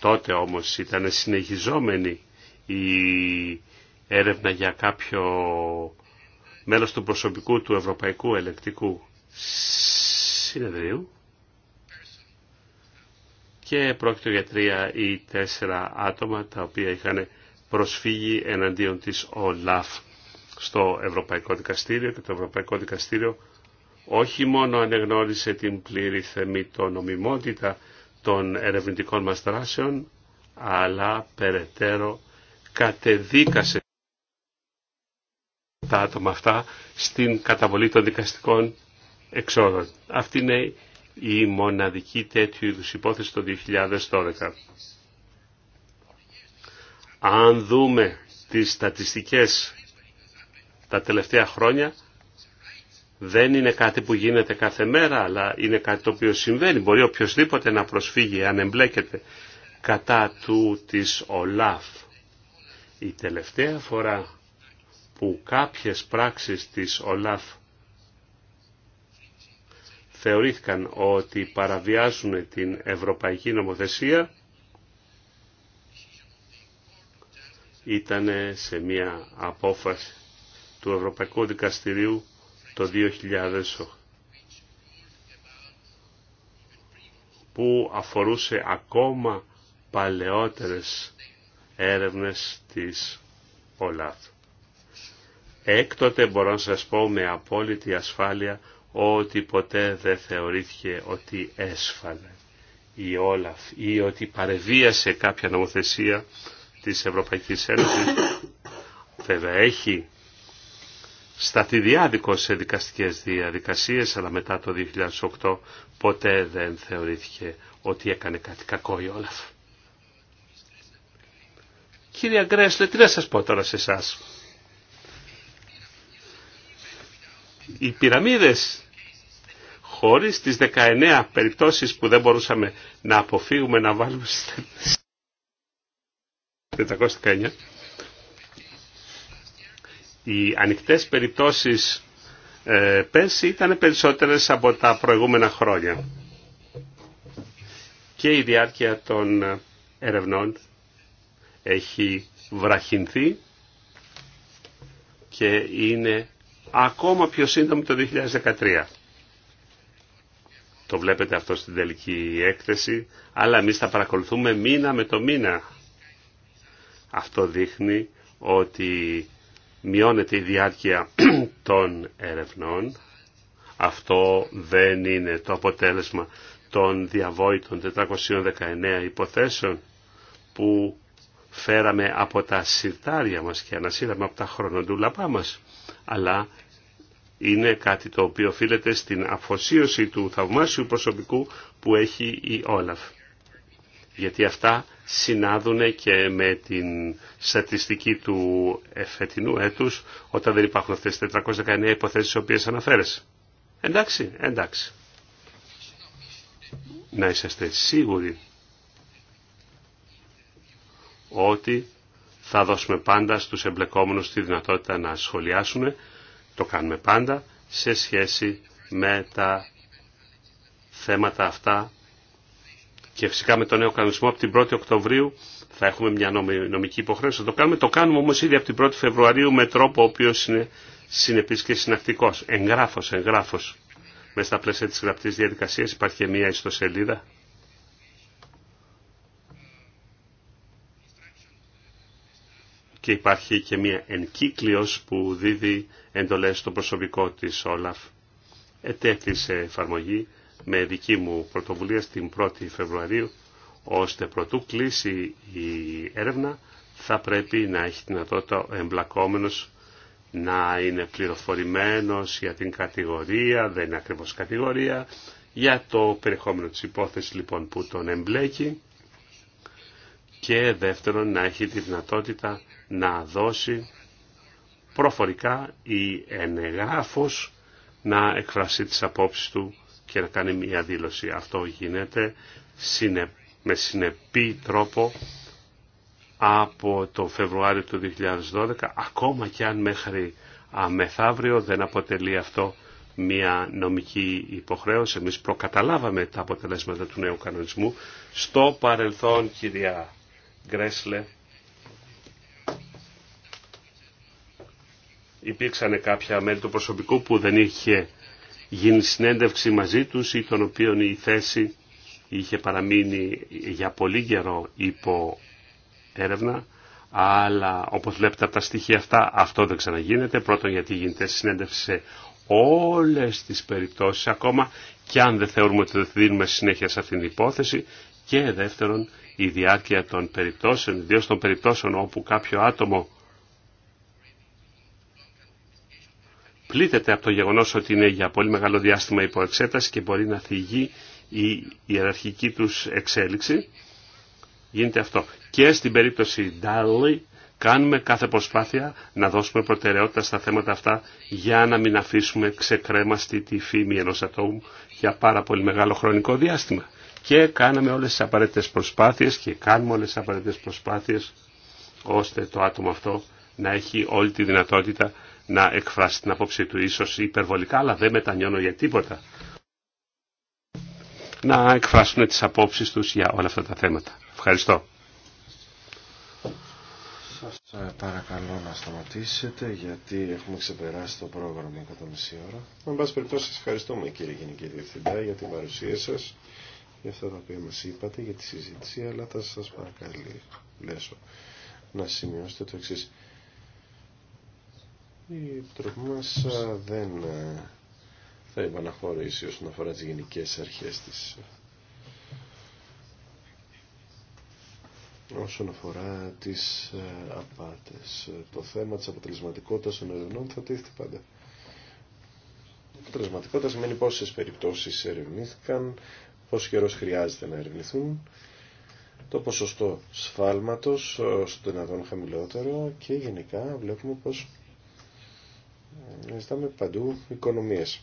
Τότε όμως ήταν συνεχιζόμενη η έρευνα για κάποιο μέλος του προσωπικού του Ευρωπαϊκού Ελεκτικού Συνεδρίου και πρόκειτο για τρία ή τέσσερα άτομα τα οποία είχαν προσφύγει εναντίον της ΟΛΑΦ στο Ευρωπαϊκό Δικαστήριο και το Ευρωπαϊκό Δικαστήριο όχι μόνο ανεγνώρισε την πλήρη θεμητονομιμότητα των ερευνητικών μας δράσεων, αλλά περαιτέρω κατεδίκασε τα άτομα αυτά στην καταβολή των δικαστικών εξόδων. Αυτή είναι η μοναδική τέτοιου είδους υπόθεση το 2012. Αν δούμε τις στατιστικές τα τελευταία χρόνια, δεν είναι κάτι που γίνεται κάθε μέρα, αλλά είναι κάτι το οποίο συμβαίνει. Μπορεί οποιοδήποτε να προσφύγει αν εμπλέκεται κατά του της ΟΛΑΦ. Η τελευταία φορά που κάποιες πράξεις της ΟΛΑΦ θεωρήθηκαν ότι παραβιάζουν την ευρωπαϊκή νομοθεσία ήταν σε μια απόφαση του Ευρωπαϊκού Δικαστηρίου το 2008 που αφορούσε ακόμα παλαιότερες έρευνες της ΟΛΑΤ. Έκτοτε μπορώ να σας πω με απόλυτη ασφάλεια ότι ποτέ δεν θεωρήθηκε ότι έσφαλε η Όλαφ ή ότι παρεβίασε κάποια νομοθεσία της Ευρωπαϊκής Ένωσης. Βέβαια έχει σταθεί σε δικαστικές διαδικασίες, αλλά μετά το 2008 ποτέ δεν θεωρήθηκε ότι έκανε κάτι κακό η Όλαφ. Κύριε Γκρέσλε, τι να σας πω τώρα σε εσά. Οι πυραμίδες χωρίς τις 19 περιπτώσεις που δεν μπορούσαμε να αποφύγουμε να βάλουμε στις 419, οι ανοιχτές περιπτώσεις ε, πέρσι ήταν περισσότερες από τα προηγούμενα χρόνια. Και η διάρκεια των ε, ερευνών έχει βραχυνθεί και είναι ακόμα πιο σύντομη το 2013. Το βλέπετε αυτό στην τελική έκθεση, αλλά εμείς θα παρακολουθούμε μήνα με το μήνα. Αυτό δείχνει ότι μειώνεται η διάρκεια των ερευνών. Αυτό δεν είναι το αποτέλεσμα των διαβόητων 419 υποθέσεων που φέραμε από τα συρτάρια μας και ανασύραμε από τα χρονοτούλαπά μας. Αλλά είναι κάτι το οποίο οφείλεται στην αφοσίωση του θαυμάσιου προσωπικού που έχει η Όλαφ. Γιατί αυτά συνάδουν και με την στατιστική του εφετινού έτους όταν δεν υπάρχουν αυτές τις 419 υποθέσεις στις οποίες αναφέρεσαι. Εντάξει, εντάξει. Να είσαστε σίγουροι ότι θα δώσουμε πάντα στους εμπλεκόμενους τη δυνατότητα να σχολιάσουν το κάνουμε πάντα σε σχέση με τα θέματα αυτά και φυσικά με τον νέο κανονισμό από την 1η Οκτωβρίου θα έχουμε μια νομική υποχρέωση. Το κάνουμε, το κάνουμε όμως ήδη από την 1η Φεβρουαρίου με τρόπο ο οποίος είναι συνεπής και συνακτικός. Εγγράφος, εγγράφος. Μέσα στα πλαίσια της γραπτής διαδικασίας υπάρχει και μια ιστοσελίδα και υπάρχει και μια ενκύκλιος που δίδει εντολές στο προσωπικό της Όλαφ. Ετέθησε εφαρμογή με δική μου πρωτοβουλία στην 1η Φεβρουαρίου, ώστε πρωτού κλείσει η έρευνα θα πρέπει να έχει δυνατότητα ο εμπλακόμενος να είναι πληροφορημένος για την κατηγορία, δεν είναι ακριβώς κατηγορία, για το περιεχόμενο της υπόθεσης λοιπόν που τον εμπλέκει και δεύτερον να έχει τη δυνατότητα να δώσει προφορικά ή ενεγάφως να εκφράσει τις απόψεις του και να κάνει μια δήλωση. Αυτό γίνεται με συνεπή τρόπο από το Φεβρουάριο του 2012, ακόμα και αν μέχρι αμεθαύριο δεν αποτελεί αυτό μια νομική υποχρέωση. Εμείς προκαταλάβαμε τα αποτελέσματα του νέου κανονισμού. Στο παρελθόν, κυρία Γκρέσλε υπήρξαν κάποια μέλη του προσωπικού που δεν είχε γίνει συνέντευξη μαζί τους ή των οποίων η θέση είχε παραμείνει για πολύ καιρό υπό έρευνα αλλά όπως βλέπετε από τα στοιχεία αυτά αυτό δεν ξαναγίνεται πρώτον γιατί γίνεται συνέντευξη σε όλες τις περιπτώσεις ακόμα και αν δεν θεωρούμε ότι δεν δίνουμε συνέχεια σε αυτήν την υπόθεση και δεύτερον η διάρκεια των περιπτώσεων, ιδίω των περιπτώσεων όπου κάποιο άτομο πλήττεται από το γεγονός ότι είναι για πολύ μεγάλο διάστημα υπό εξέταση και μπορεί να θυγεί η ιεραρχική τους εξέλιξη. Γίνεται αυτό. Και στην περίπτωση Ντάλι κάνουμε κάθε προσπάθεια να δώσουμε προτεραιότητα στα θέματα αυτά για να μην αφήσουμε ξεκρέμαστη τη φήμη ενός ατόμου για πάρα πολύ μεγάλο χρονικό διάστημα και κάναμε όλες τις απαραίτητες προσπάθειες και κάνουμε όλες τις απαραίτητες προσπάθειες ώστε το άτομο αυτό να έχει όλη τη δυνατότητα να εκφράσει την απόψη του ίσως υπερβολικά αλλά δεν μετανιώνω για τίποτα να εκφράσουν τις απόψεις τους για όλα αυτά τα θέματα. Ευχαριστώ. Σας ε, παρακαλώ να σταματήσετε γιατί έχουμε ξεπεράσει το πρόγραμμα κατά μισή ώρα. Με πάση περιπτώσει σας ευχαριστούμε κύριε Γενική Διευθυντά για την παρουσία σας για αυτά τα οποία μας είπατε, για τη συζήτηση, αλλά θα σας παρακαλέσω να σημειώσετε το εξής. Η Επιτροπή μας δεν θα επαναχωρήσει όσον αφορά τις γενικές αρχές της. Όσον αφορά τις απάτες, το θέμα της αποτελεσματικότητας των ερευνών θα τίθεται πάντα. Η αποτελεσματικότητα σημαίνει πόσες περιπτώσεις ερευνήθηκαν, πόσο καιρός χρειάζεται να ερευνηθούν, το ποσοστό σφάλματος ε, στο δυνατόν χαμηλότερο και γενικά βλέπουμε πως ε, ζητάμε παντού οικονομίες.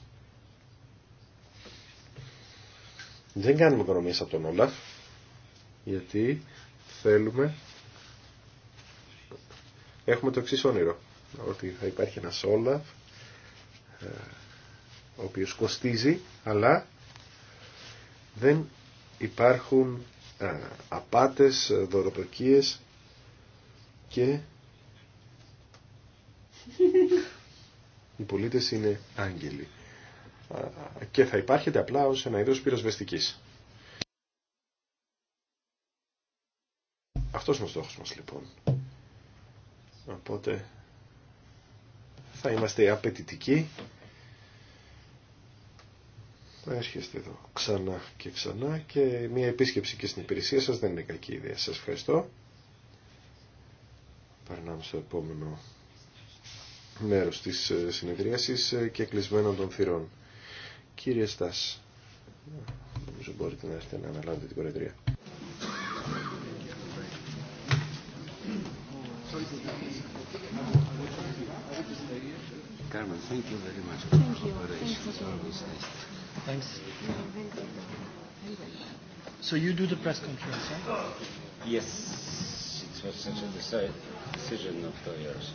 Δεν κάνουμε οικονομίες από τον Όλαφ, γιατί θέλουμε, έχουμε το εξή όνειρο, ότι θα υπάρχει ένας Όλαφ, ε, ο οποίος κοστίζει, αλλά δεν υπάρχουν ε, απάτες, ε, δωροδοκίες και οι πολίτες είναι άγγελοι. Και θα υπάρχεται απλά ως ένα είδος πυροσβεστικής. Αυτός είναι ο στόχος μας λοιπόν. Οπότε θα είμαστε απαιτητικοί Έρχεστε εδώ ξανά και ξανά και μια επίσκεψη και στην υπηρεσία σας δεν είναι κακή ιδέα. Σας ευχαριστώ. Περνάμε στο επόμενο μέρος της ε, συνεδρίασης ε, και κλεισμένων των θυρών. Κύριε Στάς, νομίζω μπορείτε να έρθετε να αναλάβετε την προεδρία. thank you very Thanks. So you do the press conference, huh? Yes. It was such a decision of years.